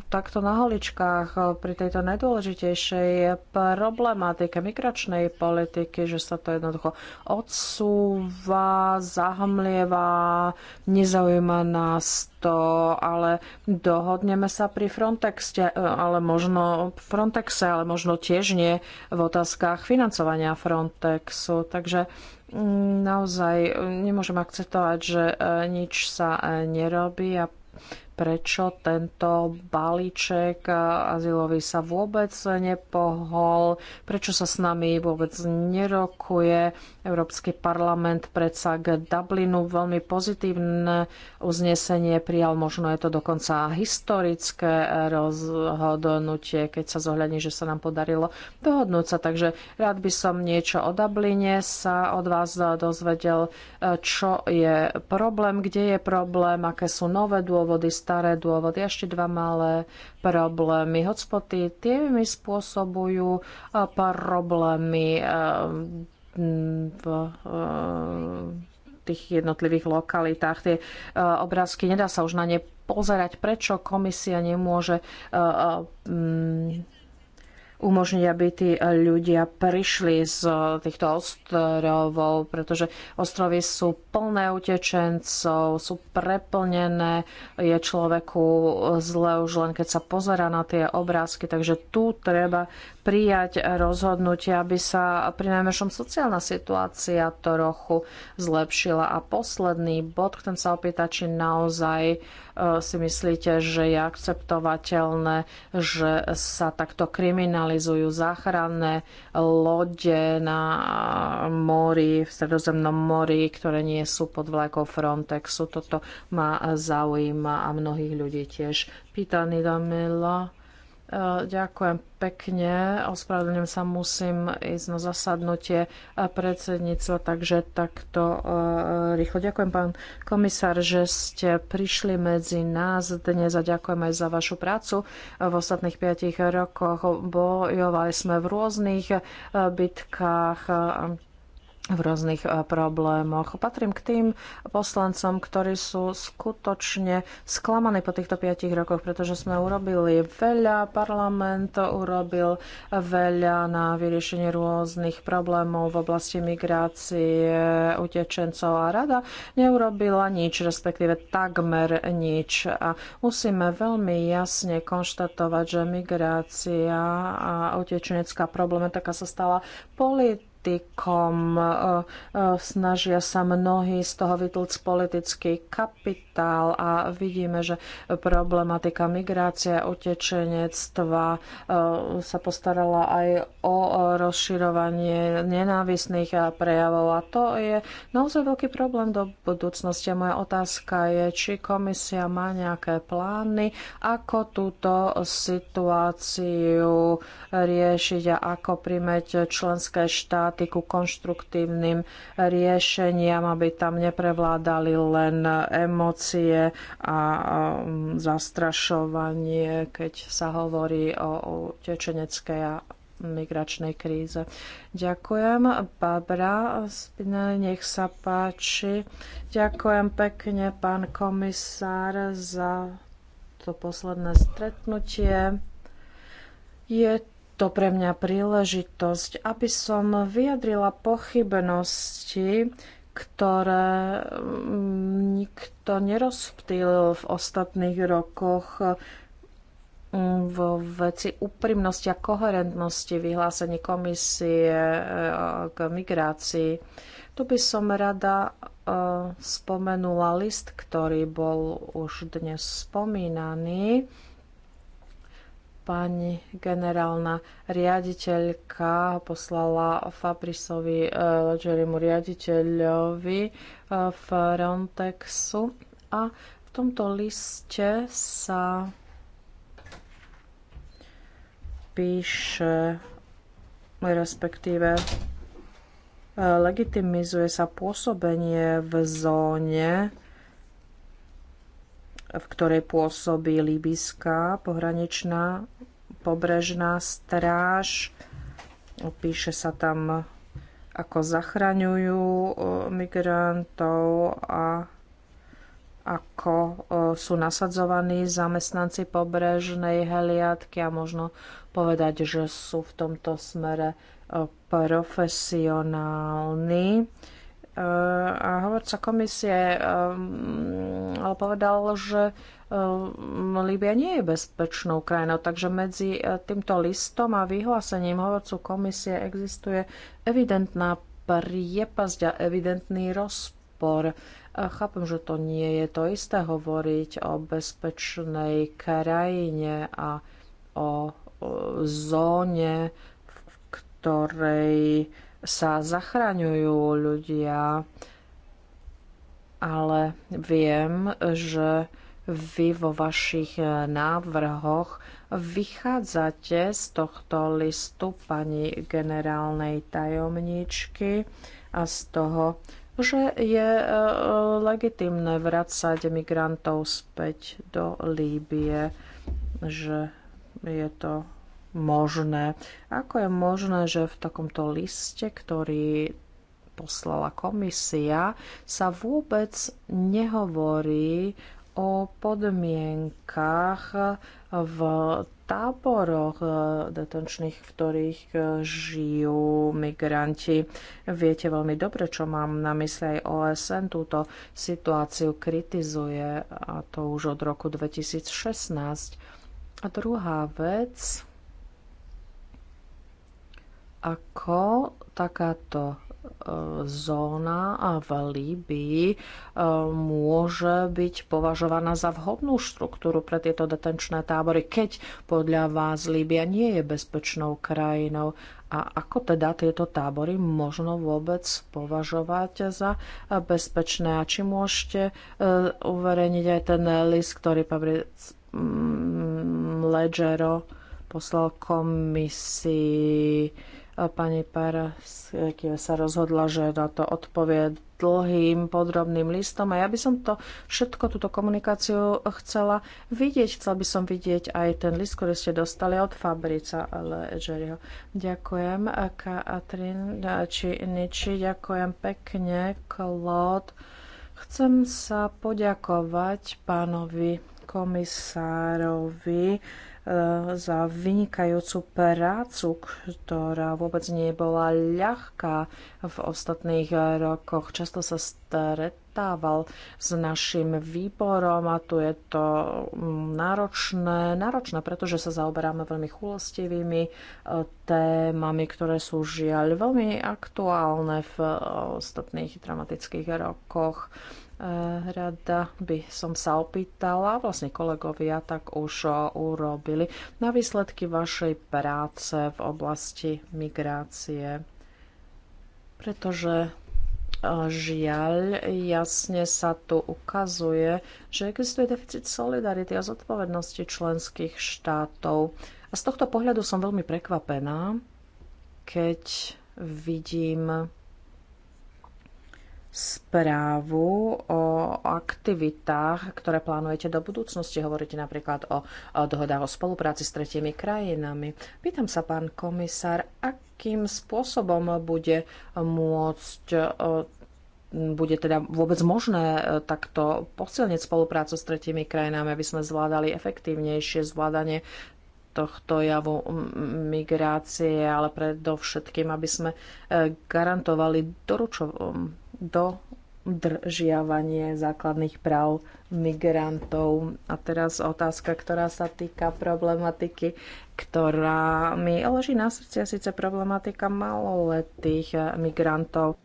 takto na holičkách eh, pri tejto najdôležitejšej problematike migračnej politiky, že sa to jednoducho odsúva, zahmlieva, nezaujíma nás to, ale dohodneme sa pri Frontexte, eh, ale možno Frontexe, ale možno tiež nie v otázkach financovania Frontexu. Takže mm, naozaj eh, nemôžem akceptovať, že nič sa nerobí a prečo tento balíček azylový sa vôbec nepohol, prečo sa s nami vôbec nerokuje. Európsky parlament predsa k Dublinu veľmi pozitívne uznesenie prijal, možno je to dokonca historické rozhodnutie, keď sa zohľadní, že sa nám podarilo dohodnúť sa. Takže rád by som niečo o Dubline sa od vás dozvedel, čo je problém, kde je problém, aké sú nové dôvody, staré dôvody. Ešte dva malé problémy. Hotspoty tie mi spôsobujú eh, problémy eh, v eh, tých jednotlivých lokalitách. Tie obrázky nedá sa už na ne pozerať, prečo komisia nemôže mm, umožniť, aby tí ľudia prišli z týchto ostrovov, pretože ostrovy sú plné utečencov, sú preplnené, je človeku zle už len keď sa pozera na tie obrázky, takže tu treba prijať rozhodnutie, aby sa pri najmäšom sociálna situácia trochu zlepšila. A posledný bod, chcem sa opýtať, či naozaj e, si myslíte, že je akceptovateľné, že sa takto kriminalizujú záchranné lode na mori, v Stredozemnom mori, ktoré nie sú pod vlajkou Frontexu. Toto ma zaujíma a mnohých ľudí tiež. Pýtaný Damila. Eh, ďakujem pekne. Ospravedlňujem sa, musím ísť na zasadnutie predsedníctva, takže takto eh, rýchlo. Ďakujem, pán komisár, že ste prišli medzi nás dnes a ďakujem aj za vašu prácu. V ostatných piatich rokoch bojovali sme v rôznych eh, bitkách v rôznych eh, problémoch. Patrím k tým poslancom, ktorí sú skutočne sklamaní po týchto piatich rokoch, pretože sme urobili veľa, parlament urobil veľa na vyriešenie rôznych problémov v oblasti migrácie, utečencov a rada neurobila nič, respektíve takmer nič. A musíme veľmi jasne konštatovať, že migrácia a utečenecká problematika sa stala politická politikom. E, e, snažia sa mnohí z toho vytlcť politický kapitál a vidíme, že problematika migrácie a utečenectva e, sa postarala aj o rozširovanie nenávisných prejavov a to je naozaj veľký problém do budúcnosti. A moja otázka je, či komisia má nejaké plány, ako túto situáciu riešiť a ako primeť členské štáty štáty ku konštruktívnym riešeniam, aby tam neprevládali len emócie a zastrašovanie, keď sa hovorí o utečeneckej a migračnej kríze. Ďakujem. Babra nech sa páči. Ďakujem pekne, pán komisár, za to posledné stretnutie. Je to pre mňa príležitosť, aby som vyjadrila pochybnosti, ktoré mm, nikto nerozptýlil v ostatných rokoch mm, v veci úprimnosti a koherentnosti vyhlásení komisie e, k migrácii. Tu by som rada e, spomenula list, ktorý bol už dnes spomínaný pani generálna riaditeľka poslala Fabrisovi Ledgerimu riaditeľovi e, Frontexu a v tomto liste sa píše, respektíve e, legitimizuje sa pôsobenie v zóne, v ktorej pôsobí Libyská pohraničná pobrežná stráž. Píše sa tam, ako zachraňujú e, migrantov a ako e, sú nasadzovaní zamestnanci pobrežnej heliatky a možno povedať, že sú v tomto smere e, profesionálni. A hovorca komisie povedal, že Ehm, Líbia nie je bezpečnou krajinou, takže medzi e, týmto listom a vyhlásením hovorcu komisie existuje evidentná priepasť a evidentný rozpor. E, chápem, že to nie je to isté hovoriť o bezpečnej krajine a o zóne, v ktorej sa zachraňujú ľudia, ale viem, že vy vo vašich e, návrhoch vychádzate z tohto listu pani generálnej tajomničky a z toho, že je e, legitimné vracať migrantov späť do Líbie, že je to možné. Ako je možné, že v takomto liste, ktorý poslala komisia, sa vôbec nehovorí o podmienkach v táboroch e, detenčných, v ktorých e, žijú migranti. Viete veľmi dobre, čo mám na mysli aj OSN. Túto situáciu kritizuje a to už od roku 2016. A druhá vec, ako takáto zóna v Líbii e, môže byť považovaná za vhodnú štruktúru pre tieto detenčné tábory, keď podľa vás Líbia nie je bezpečnou krajinou. A ako teda tieto tábory možno vôbec považovať za bezpečné? A či môžete e, uverejniť aj ten list, ktorý Fabric mm, Ledgero poslal komisii Pani Paras sa rozhodla, že na to odpovie dlhým podrobným listom a ja by som to všetko, túto komunikáciu chcela vidieť. Chcela by som vidieť aj ten list, ktorý ste dostali od Fabrica Ledgerio. Ďakujem, Katrin Niči, ďakujem pekne, Claude. Chcem sa poďakovať pánovi komisárovi Eh, za vynikajúcu prácu, ktorá vôbec nebola ľahká v ostatných rokoch. Často sa stretával s našim výborom a tu je to mm, náročné, náročné, pretože sa zaoberáme veľmi chulostivými eh, témami, ktoré sú žiaľ veľmi aktuálne v eh, ostatných dramatických rokoch. Eh, rada by som sa opýtala, vlastne kolegovia tak už eh, urobili, na výsledky vašej práce v oblasti migrácie. Pretože eh, žiaľ, jasne sa tu ukazuje, že existuje deficit solidarity a zodpovednosti členských štátov. A z tohto pohľadu som veľmi prekvapená, keď vidím správu o aktivitách, ktoré plánujete do budúcnosti. Hovoríte napríklad o, dohodách o spolupráci s tretimi krajinami. Pýtam sa, pán komisár, akým spôsobom bude môcť bude teda vôbec možné e, takto posilniť spoluprácu s tretími krajinami, aby sme zvládali efektívnejšie zvládanie tohto javu migrácie, ale predovšetkým, aby sme e, garantovali dodržiavanie základných práv migrantov. A teraz otázka, ktorá sa týka problematiky, ktorá mi leží na srdci, a síce problematika maloletých e, migrantov.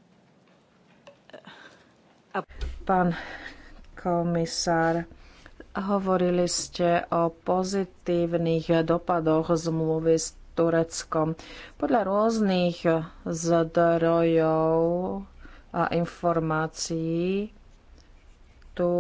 Pán komisár, Hovorili ste o pozitívnych dopadoch zmluvy s Tureckom. Podľa rôznych zdrojov a informácií tu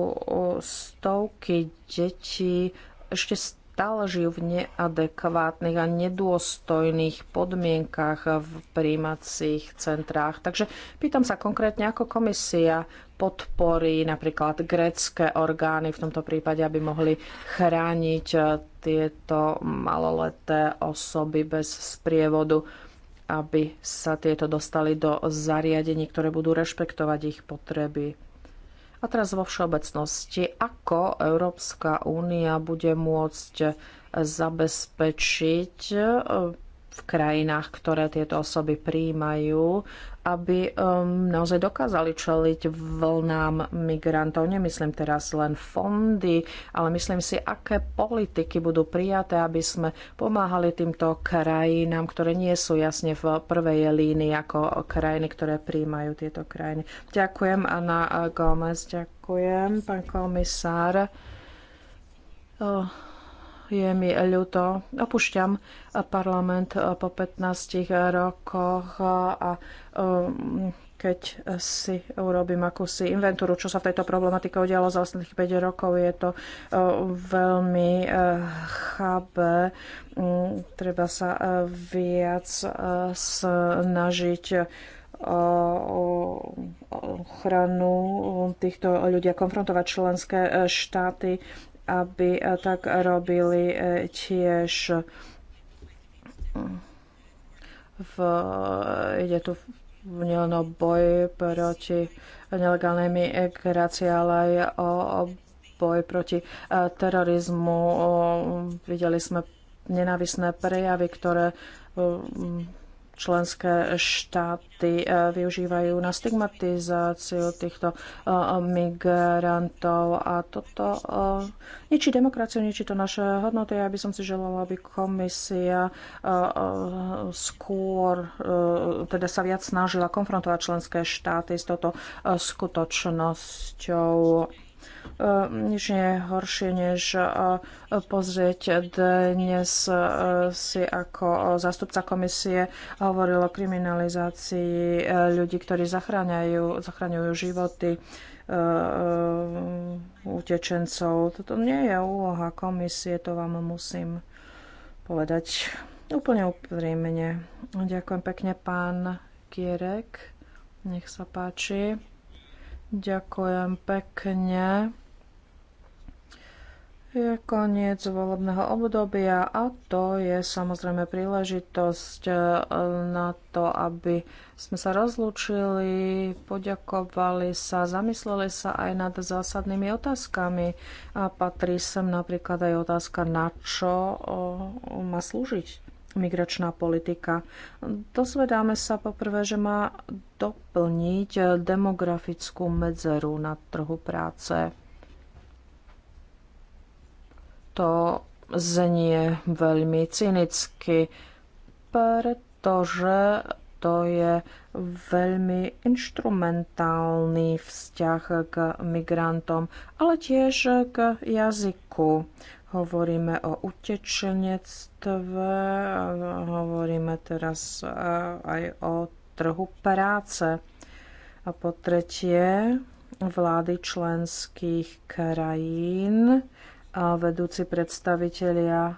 stovky detí ešte stále žijú v neadekvátnych a nedôstojných podmienkach v príjmacích centrách. Takže pýtam sa konkrétne, ako komisia podporí napríklad grecké orgány v tomto prípade, aby mohli chrániť eh, tieto maloleté osoby bez sprievodu, aby sa tieto dostali do zariadení, ktoré budú rešpektovať ich potreby. A teraz vo všeobecnosti, ako Európska únia bude môcť zabezpečiť eh, v krajinách, ktoré tieto osoby príjmajú, aby um, naozaj dokázali čeliť vlnám migrantov. Nemyslím teraz len fondy, ale myslím si, aké politiky budú prijaté, aby sme pomáhali týmto krajinám, ktoré nie sú jasne v prvej línii ako krajiny, ktoré príjmajú tieto krajiny. Ďakujem, Anna Gomez, ďakujem, pán komisár. Oh je mi ľúto. Opúšťam parlament po 15 rokoch a um, keď si urobím akúsi inventúru, čo sa v tejto problematike udialo za ostatných 5 rokov, je to uh, veľmi uh, chabé. Mm, treba sa uh, viac snažiť ochranu týchto ľudí a konfrontovať členské štáty aby e, tak robili e, tiež v, ide tu nielen o boj proti nelegálnej migrácii, ale aj o boj proti e, terorizmu. Videli sme nenávisné prejavy, ktoré členské štáty eh, využívajú na stigmatizáciu týchto eh, migrantov. A toto eh, ničí demokraciu, ničí to naše hodnoty. Ja by som si želala, aby komisia skôr teda sa viac snažila konfrontovať členské štáty s touto skutočnosťou. Eh, nič nie je horšie, než eh, pozrieť dnes eh, si ako zástupca komisie hovoril o kriminalizácii ľudí, ktorí zachráňajú, zachráňujú životy utečencov. Toto nie je úloha komisie, to vám musím povedať úplne úprimne. Ďakujem pekne, pán Kierek. Nech sa páči. Ďakujem pekne. Je koniec volebného obdobia a to je samozrejme príležitosť e, na to, aby sme sa rozlúčili, poďakovali sa, zamysleli sa aj nad zásadnými otázkami a patrí sem napríklad aj otázka, na čo má slúžiť migračná politika. Dozvedáme sa poprvé, že má doplniť demografickú medzeru na trhu práce. To znie veľmi cynicky, pretože to je veľmi instrumentálny vzťah k migrantom, ale tiež k jazyku. Hovoríme o utečenectve, hovoríme teraz eh, aj o trhu práce. A po tretie, vlády členských krajín vedúci predstavitelia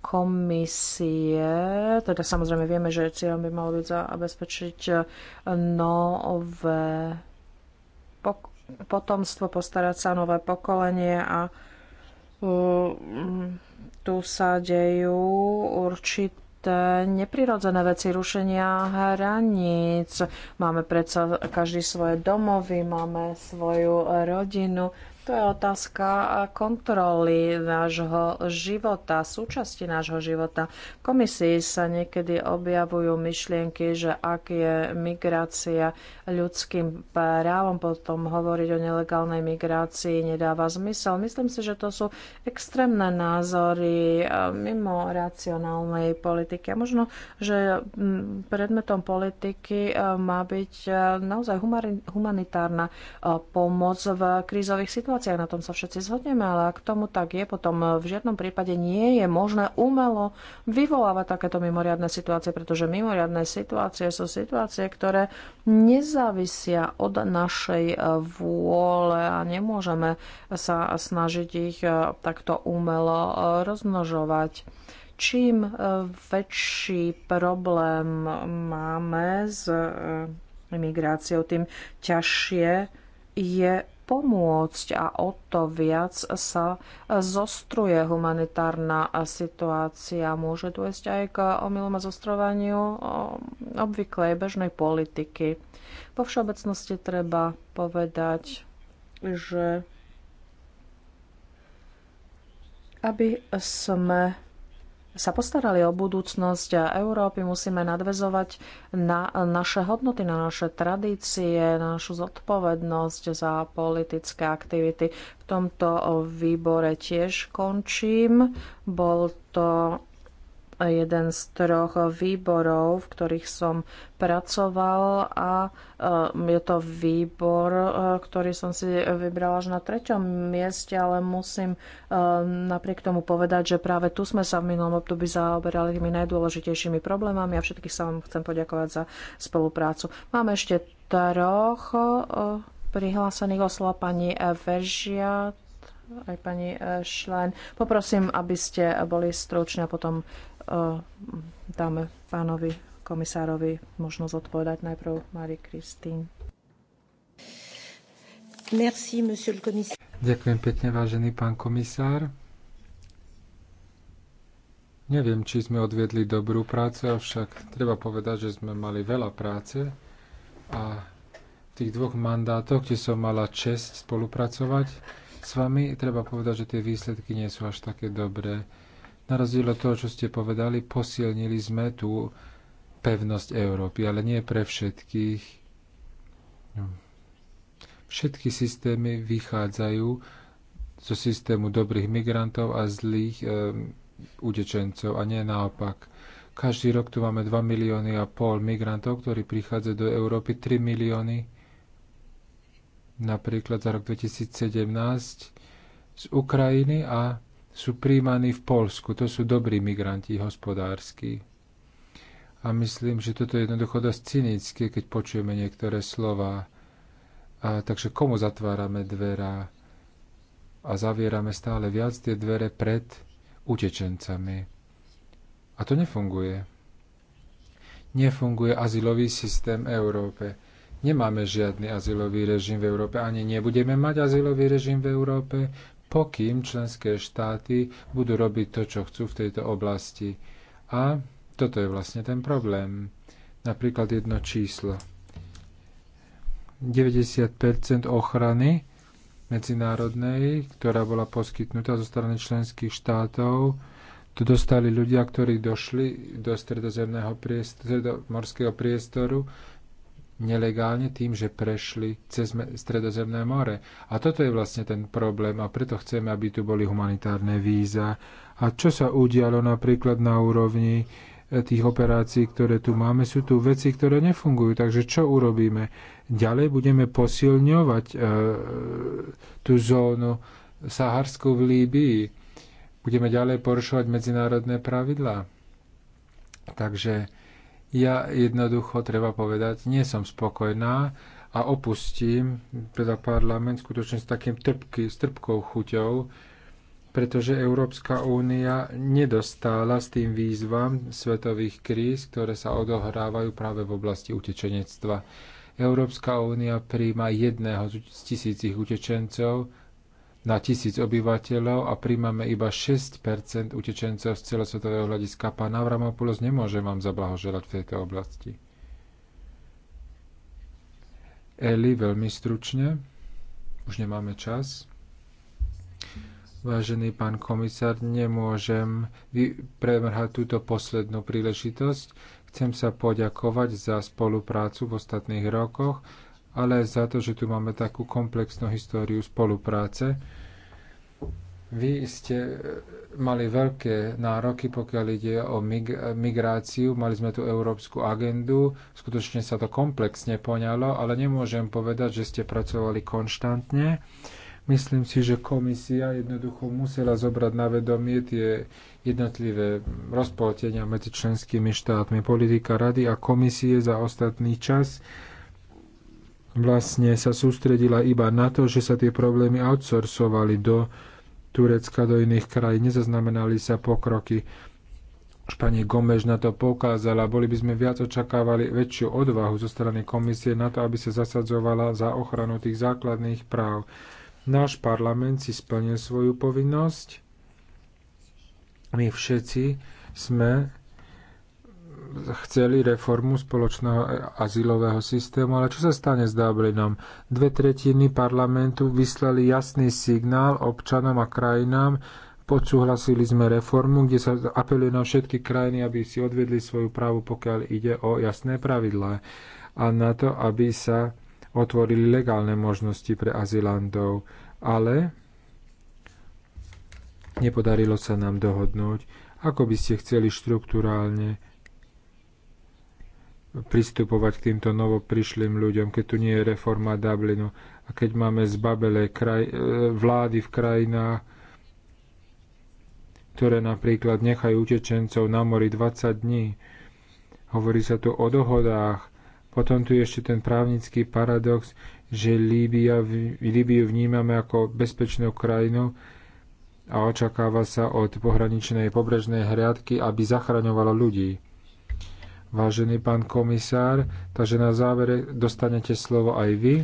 komisie, teda samozrejme vieme, že cieľom by malo byť zabezpečiť nové potomstvo, postarať sa nové pokolenie a tu sa dejú určité neprirodzené veci rušenia hraníc. Máme predsa každý svoje domovy, máme svoju rodinu to je otázka kontroly nášho života, súčasti nášho života. V komisii sa niekedy objavujú myšlienky, že ak je migrácia ľudským právom, potom hovoriť o nelegálnej migrácii nedáva zmysel. Myslím si, že to sú extrémne názory eh, mimo racionálnej politiky. A možno, že mm, predmetom politiky eh, má byť eh, naozaj humanitárna pomoc v krízových situáciách situáciách, na tom sa všetci zhodneme, ale ak tomu tak je, potom v žiadnom prípade nie je možné umelo vyvolávať takéto mimoriadne situácie, pretože mimoriadne situácie sú situácie, ktoré nezávisia od našej e, vôle a nemôžeme sa snažiť ich e, takto umelo e, rozmnožovať čím väčší problém máme s migráciou, tým ťažšie je pomôcť a o to viac sa zostruje humanitárna situácia. Môže dôjsť aj k omylom a zostrovaniu eh, obvyklej bežnej politiky. Po všeobecnosti treba povedať, že aby sme sa postarali o budúcnosť Európy, musíme nadvezovať na naše hodnoty, na naše tradície, na našu zodpovednosť za politické aktivity. V tomto výbore tiež končím. Bol to jeden z troch výborov, v ktorých som pracoval a e, je to výbor, e, ktorý som si vybrala až na treťom mieste, ale musím e, napriek tomu povedať, že práve tu sme sa v minulom období zaoberali tými najdôležitejšími problémami a všetkých sa vám chcem poďakovať za spoluprácu. Mám ešte troch prihlásených oslov pani Veržia aj pani Šlen. Poprosím, aby ste boli stručne a potom Eh, dáme pánovi komisárovi možnosť odpovedať najprv Marie Kristín. Merci, monsieur le commissaire. Ďakujem pekne, vážený pán komisár. Neviem, či sme odviedli dobrú prácu, avšak treba povedať, že sme mali veľa práce a v tých dvoch mandátoch, kde som mala čest spolupracovať s vami, treba povedať, že tie výsledky nie sú až také dobré. Na rozdiel od toho, čo ste povedali, posilnili sme tú pevnosť Európy, ale nie pre všetkých. Všetky systémy vychádzajú zo systému dobrých migrantov a zlých e, utečencov a nie naopak. Každý rok tu máme 2 milióny a pol migrantov, ktorí prichádzajú do Európy, 3 milióny napríklad za rok 2017 z Ukrajiny a sú príjmaní v Polsku. To sú dobrí migranti hospodárski. A myslím, že toto je jednoducho dosť cynické, keď počujeme niektoré slova. A, takže komu zatvárame dvera a zavierame stále viac tie dvere pred utečencami. A to nefunguje. Nefunguje azylový systém Európe. Nemáme žiadny azylový režim v Európe, ani nebudeme mať azylový režim v Európe pokým členské štáty budú robiť to, čo chcú v tejto oblasti. A toto je vlastne ten problém. Napríklad jedno číslo. 90 ochrany medzinárodnej, ktorá bola poskytnutá zo strany členských štátov, tu dostali ľudia, ktorí došli do stredozemného priestoru, morského priestoru nelegálne tým, že prešli cez Stredozemné more. A toto je vlastne ten problém a preto chceme, aby tu boli humanitárne víza. A čo sa udialo napríklad na úrovni e, tých operácií, ktoré tu máme, sú tu veci, ktoré nefungujú. Takže čo urobíme? Ďalej budeme posilňovať e, tú zónu Saharsku v Líbii. Budeme ďalej porušovať medzinárodné pravidlá. Takže ja jednoducho, treba povedať, nie som spokojná a opustím teda parlament skutočne s takým trpky, s trpkou chuťou, pretože Európska únia nedostála s tým výzvam svetových kríz, ktoré sa odohrávajú práve v oblasti utečenectva. Európska únia príjma jedného z tisícich utečencov, na tisíc obyvateľov a príjmame iba 6 utečencov z celosvetového hľadiska. Pán Avramopoulos, nemôže vám zablahoželať v tejto oblasti. Eli, veľmi stručne. Už nemáme čas. Vážený pán komisár, nemôžem premrhať túto poslednú príležitosť. Chcem sa poďakovať za spoluprácu v ostatných rokoch ale aj za to, že tu máme takú komplexnú históriu spolupráce. Vy ste e, mali veľké nároky, pokiaľ ide o mig- migráciu. Mali sme tu európsku agendu. Skutočne sa to komplexne poňalo, ale nemôžem povedať, že ste pracovali konštantne. Myslím si, že komisia jednoducho musela zobrať na vedomie tie jednotlivé rozpoltenia medzi členskými štátmi. Politika rady a komisie za ostatný čas vlastne sa sústredila iba na to, že sa tie problémy outsourcovali do Turecka, do iných krajín. Nezaznamenali sa pokroky. Už pani Gomež na to poukázala. Boli by sme viac očakávali väčšiu odvahu zo strany komisie na to, aby sa zasadzovala za ochranu tých základných práv. Náš parlament si splnil svoju povinnosť. My všetci sme chceli reformu spoločného azylového systému, ale čo sa stane s Dublinom? Dve tretiny parlamentu vyslali jasný signál občanom a krajinám, podsúhlasili sme reformu, kde sa apeluje na všetky krajiny, aby si odvedli svoju právu, pokiaľ ide o jasné pravidlá a na to, aby sa otvorili legálne možnosti pre azylantov. Ale nepodarilo sa nám dohodnúť, ako by ste chceli štruktúrálne pristupovať k týmto novoprišlým ľuďom, keď tu nie je reforma Dublinu a keď máme zbabelé kraj, e, vlády v krajinách, ktoré napríklad nechajú utečencov na mori 20 dní. Hovorí sa tu o dohodách. Potom tu je ešte ten právnický paradox, že Líbia, Líbiu vnímame ako bezpečnú krajinu a očakáva sa od pohraničnej pobrežnej hriadky, aby zachraňovala ľudí vážený pán komisár. Takže na závere dostanete slovo aj vy.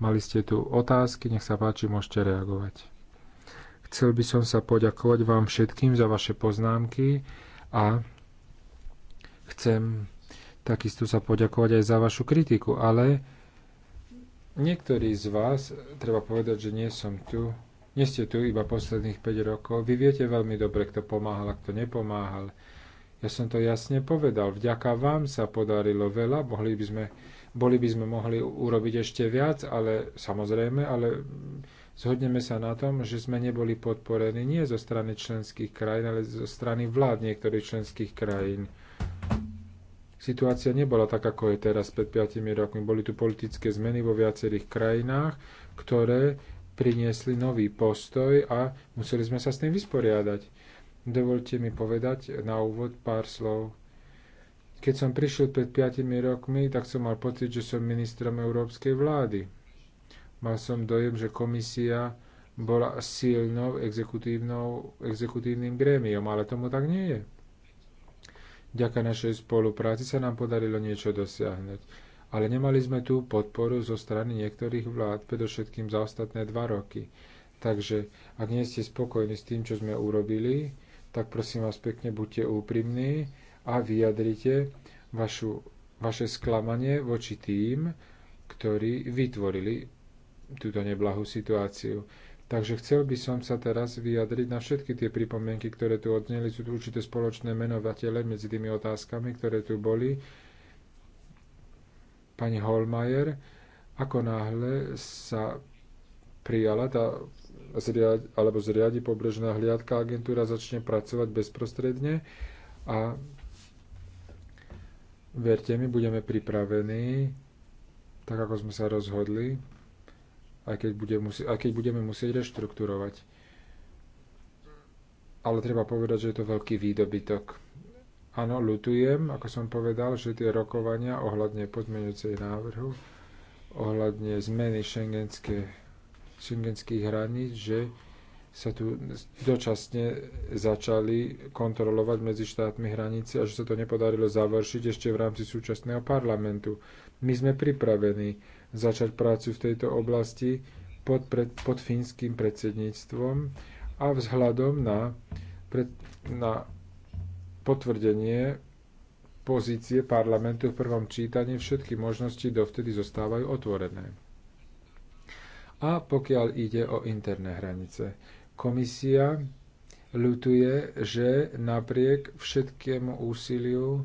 Mali ste tu otázky, nech sa páči, môžete reagovať. Chcel by som sa poďakovať vám všetkým za vaše poznámky a chcem takisto sa poďakovať aj za vašu kritiku, ale niektorí z vás, treba povedať, že nie som tu, nie ste tu iba posledných 5 rokov. Vy viete veľmi dobre, kto pomáhal a kto nepomáhal. Ja som to jasne povedal. Vďaka vám sa podarilo veľa, mohli by sme, boli by sme mohli urobiť ešte viac, ale samozrejme, ale zhodneme sa na tom, že sme neboli podporení nie zo strany členských krajín, ale zo strany vlád niektorých členských krajín. Situácia nebola tak, ako je teraz pred 5 rokmi. Boli tu politické zmeny vo viacerých krajinách, ktoré priniesli nový postoj a museli sme sa s tým vysporiadať. Dovolte mi povedať na úvod pár slov. Keď som prišiel pred 5 rokmi, tak som mal pocit, že som ministrom európskej vlády. Mal som dojem, že komisia bola silnou exekutívnym grémiom, ale tomu tak nie je. Vďaka našej spolupráci sa nám podarilo niečo dosiahnuť. Ale nemali sme tú podporu zo strany niektorých vlád, predovšetkým za ostatné dva roky. Takže ak nie ste spokojní s tým, čo sme urobili, tak prosím vás pekne, buďte úprimní a vyjadrite vašu, vaše sklamanie voči tým, ktorí vytvorili túto neblahú situáciu. Takže chcel by som sa teraz vyjadriť na všetky tie pripomienky, ktoré tu odneli. Sú tu určité spoločné menovatele medzi tými otázkami, ktoré tu boli. Pani Holmajer, ako náhle sa prijala tá zriadi, alebo zriadi pobrežná hliadka, agentúra začne pracovať bezprostredne a verte mi, budeme pripravení, tak ako sme sa rozhodli, aj keď, bude musie, aj keď budeme musieť reštrukturovať. Ale treba povedať, že je to veľký výdobytok. Áno, lutujem, ako som povedal, že tie rokovania ohľadne podmenujúcej návrhu, ohľadne zmeny šengenskej šengenských hraníc, že sa tu dočasne začali kontrolovať medzi štátmi hranice a že sa to nepodarilo završiť ešte v rámci súčasného parlamentu. My sme pripravení začať prácu v tejto oblasti pod, pred, pod fínskym predsedníctvom a vzhľadom na, pred, na potvrdenie pozície parlamentu v prvom čítaní všetky možnosti dovtedy zostávajú otvorené a pokiaľ ide o interné hranice. Komisia ľutuje, že napriek všetkému úsiliu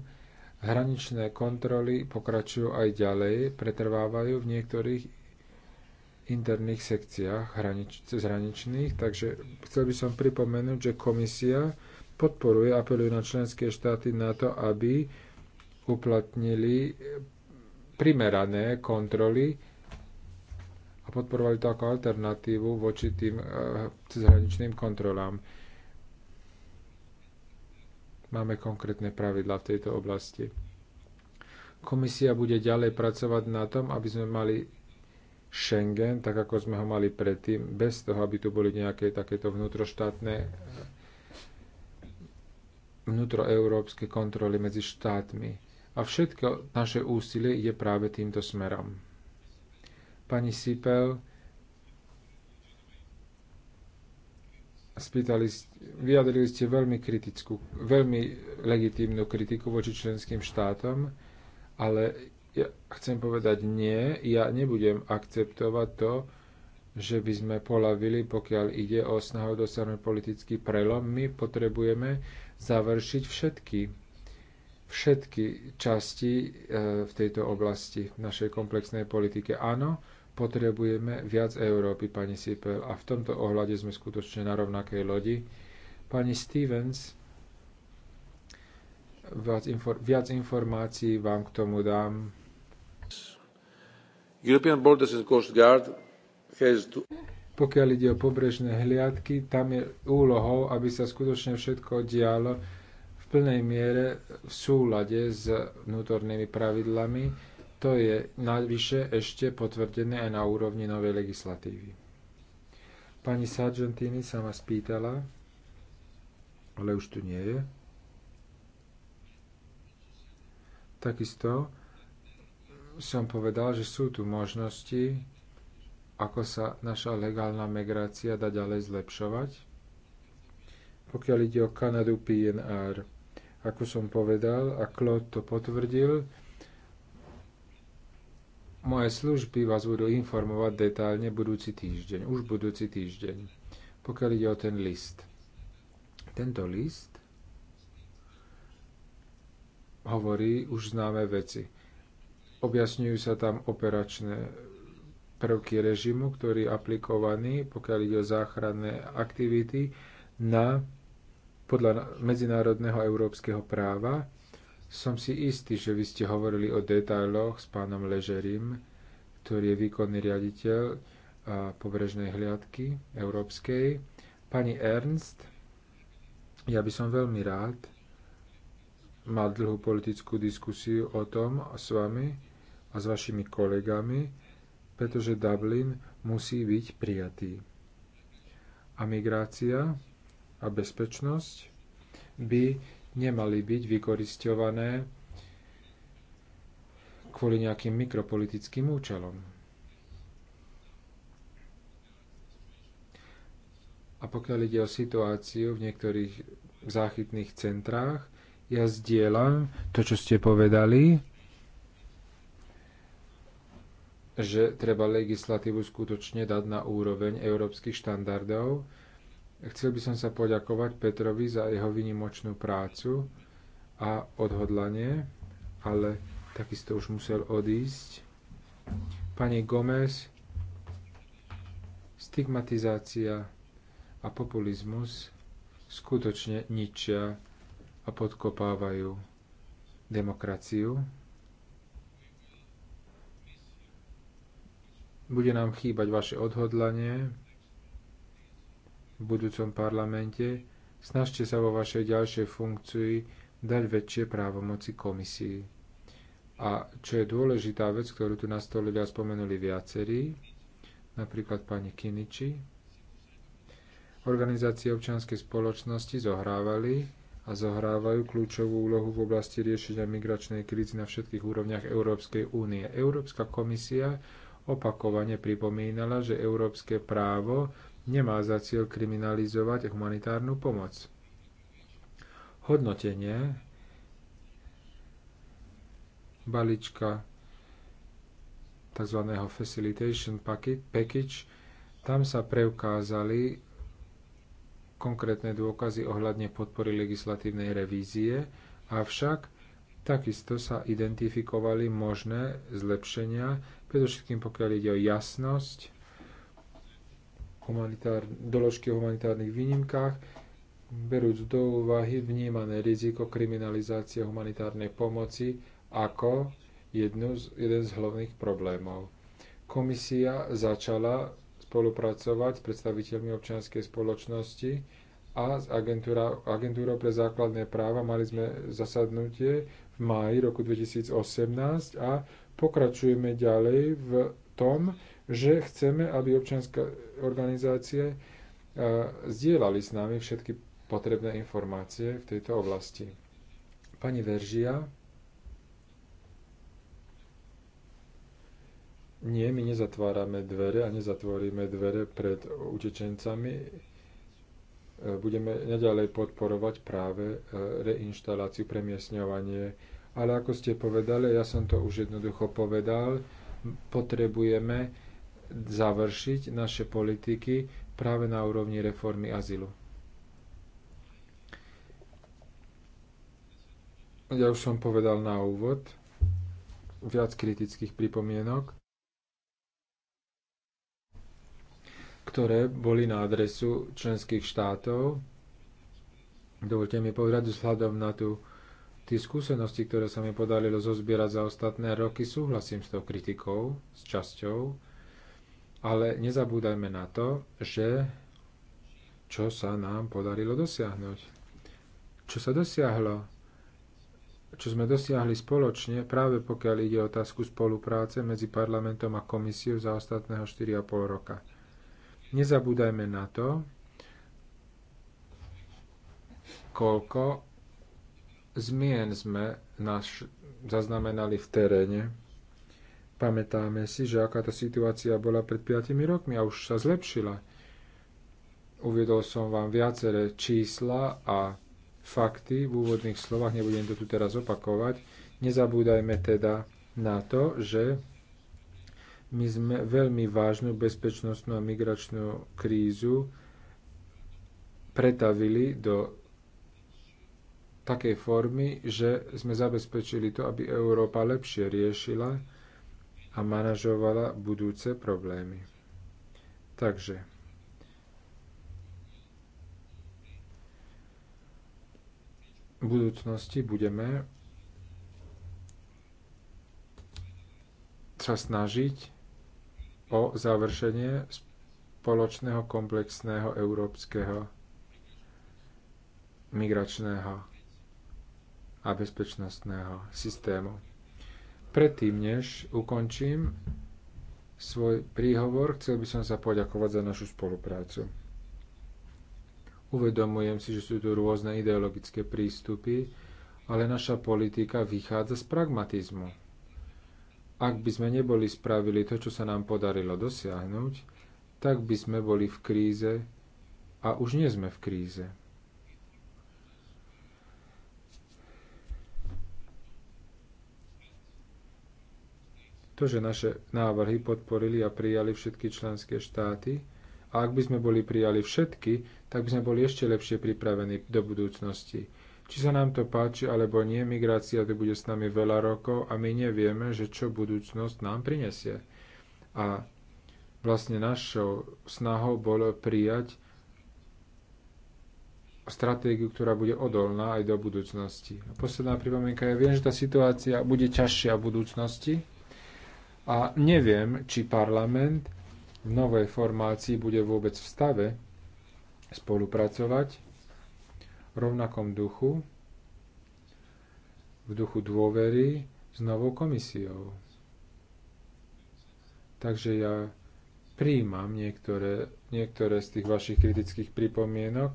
hraničné kontroly pokračujú aj ďalej, pretrvávajú v niektorých interných sekciách hranič, cezhraničných, takže chcel by som pripomenúť, že komisia podporuje, apeluje na členské štáty na to, aby uplatnili primerané kontroly a podporovali to ako alternatívu voči tým eh, cezhraničným kontrolám. Máme konkrétne pravidla v tejto oblasti. Komisia bude ďalej pracovať na tom, aby sme mali Schengen, tak ako sme ho mali predtým, bez toho, aby tu boli nejaké takéto vnútroštátne eh, vnútroeurópske kontroly medzi štátmi. A všetko naše úsilie ide práve týmto smerom. Pani Sipel, spýtali, vyjadrili ste veľmi kritickú, veľmi legitímnu kritiku voči členským štátom, ale ja chcem povedať nie, ja nebudem akceptovať to, že by sme polavili, pokiaľ ide o snahu dosiahnuť politický prelom. My potrebujeme završiť všetky, všetky časti eh, v tejto oblasti, v našej komplexnej politike. Áno, potrebujeme viac Európy, pani Sipel, a v tomto ohľade sme skutočne na rovnakej lodi. Pani Stevens, viac, infor- viac informácií vám k tomu dám. European Borders and Coast Guard has to... Pokiaľ ide o pobrežné hliadky, tam je úlohou, aby sa skutočne všetko dialo v plnej miere v súlade s vnútornými pravidlami to je najvyššie ešte potvrdené aj na úrovni novej legislatívy. Pani Sargentini sa ma spýtala, ale už tu nie je. Takisto som povedal, že sú tu možnosti, ako sa naša legálna migrácia dá ďalej zlepšovať. Pokiaľ ide o Kanadu PNR, ako som povedal a Claude to potvrdil, moje služby vás budú informovať detálne budúci týždeň, už budúci týždeň, pokiaľ ide o ten list. Tento list hovorí už známe veci. Objasňujú sa tam operačné prvky režimu, ktorý je aplikovaný, pokiaľ ide o záchranné aktivity, na, podľa medzinárodného európskeho práva som si istý, že vy ste hovorili o detailoch s pánom Ležerim, ktorý je výkonný riaditeľ pobrežnej hliadky európskej. Pani Ernst, ja by som veľmi rád mal dlhú politickú diskusiu o tom s vami a s vašimi kolegami, pretože Dublin musí byť prijatý. A migrácia a bezpečnosť by nemali byť vykoristované kvôli nejakým mikropolitickým účelom. A pokiaľ ide o situáciu v niektorých záchytných centrách, ja zdieľam to, čo ste povedali, že treba legislatívu skutočne dať na úroveň európskych štandardov, Chcel by som sa poďakovať Petrovi za jeho vynimočnú prácu a odhodlanie, ale takisto už musel odísť. Pani Gomez, stigmatizácia a populizmus skutočne ničia a podkopávajú demokraciu. Bude nám chýbať vaše odhodlanie, v budúcom parlamente, snažte sa vo vašej ďalšej funkcii dať väčšie právomoci komisii. A čo je dôležitá vec, ktorú tu na stole ľudia spomenuli viacerí, napríklad pani Kiniči, organizácie občianskej spoločnosti zohrávali a zohrávajú kľúčovú úlohu v oblasti riešenia migračnej krízy na všetkých úrovniach Európskej únie. Európska komisia opakovane pripomínala, že európske právo nemá za cieľ kriminalizovať humanitárnu pomoc. Hodnotenie balíčka tzv. facilitation package, tam sa preukázali konkrétne dôkazy ohľadne podpory legislatívnej revízie, avšak takisto sa identifikovali možné zlepšenia, predovšetkým pokiaľ ide o jasnosť humanitár, doložky o humanitárnych výnimkách, berúc do úvahy vnímané riziko kriminalizácie humanitárnej pomoci ako jednu z, jeden z hlavných problémov. Komisia začala spolupracovať s predstaviteľmi občianskej spoločnosti a s agentúrou pre základné práva. Mali sme zasadnutie v máji roku 2018 a pokračujeme ďalej v tom, že chceme, aby občianske organizácie e, zdieľali s nami všetky potrebné informácie v tejto oblasti. Pani Veržia, nie, my nezatvárame dvere a nezatvoríme dvere pred utečencami. E, budeme naďalej podporovať práve e, reinštaláciu, premiesňovanie. Ale ako ste povedali, ja som to už jednoducho povedal, potrebujeme završiť naše politiky práve na úrovni reformy azylu. Ja už som povedal na úvod viac kritických pripomienok, ktoré boli na adresu členských štátov. Dovolte mi povedať, vzhľadom na tú tie skúsenosti, ktoré sa mi podarilo zozbierať za ostatné roky, súhlasím s tou kritikou, s časťou ale nezabúdajme na to, že čo sa nám podarilo dosiahnuť. Čo sa dosiahlo? Čo sme dosiahli spoločne, práve pokiaľ ide o otázku spolupráce medzi parlamentom a komisiou za ostatného 4,5 roka. Nezabúdajme na to, koľko zmien sme naš, zaznamenali v teréne Pamätáme si, že akáto situácia bola pred 5 rokmi a už sa zlepšila. Uviedol som vám viaceré čísla a fakty v úvodných slovách, nebudem to tu teraz opakovať. Nezabúdajme teda na to, že my sme veľmi vážnu bezpečnostnú a migračnú krízu pretavili do takej formy, že sme zabezpečili to, aby Európa lepšie riešila a manažovala budúce problémy. Takže v budúcnosti budeme sa snažiť o završenie spoločného komplexného európskeho migračného a bezpečnostného systému. Predtým, než ukončím svoj príhovor, chcel by som sa poďakovať za našu spoluprácu. Uvedomujem si, že sú tu rôzne ideologické prístupy, ale naša politika vychádza z pragmatizmu. Ak by sme neboli spravili to, čo sa nám podarilo dosiahnuť, tak by sme boli v kríze a už nie sme v kríze. To, že naše návrhy podporili a prijali všetky členské štáty, a ak by sme boli prijali všetky, tak by sme boli ešte lepšie pripravení do budúcnosti. Či sa nám to páči alebo nie, migrácia tu bude s nami veľa rokov a my nevieme, že čo budúcnosť nám prinesie. A vlastne našou snahou bolo prijať stratégiu, ktorá bude odolná aj do budúcnosti. A posledná pripomienka je, viem, že tá situácia bude ťažšia v budúcnosti, a neviem, či parlament v novej formácii bude vôbec v stave spolupracovať v rovnakom duchu, v duchu dôvery s novou komisiou. Takže ja príjmam niektoré, niektoré z tých vašich kritických pripomienok,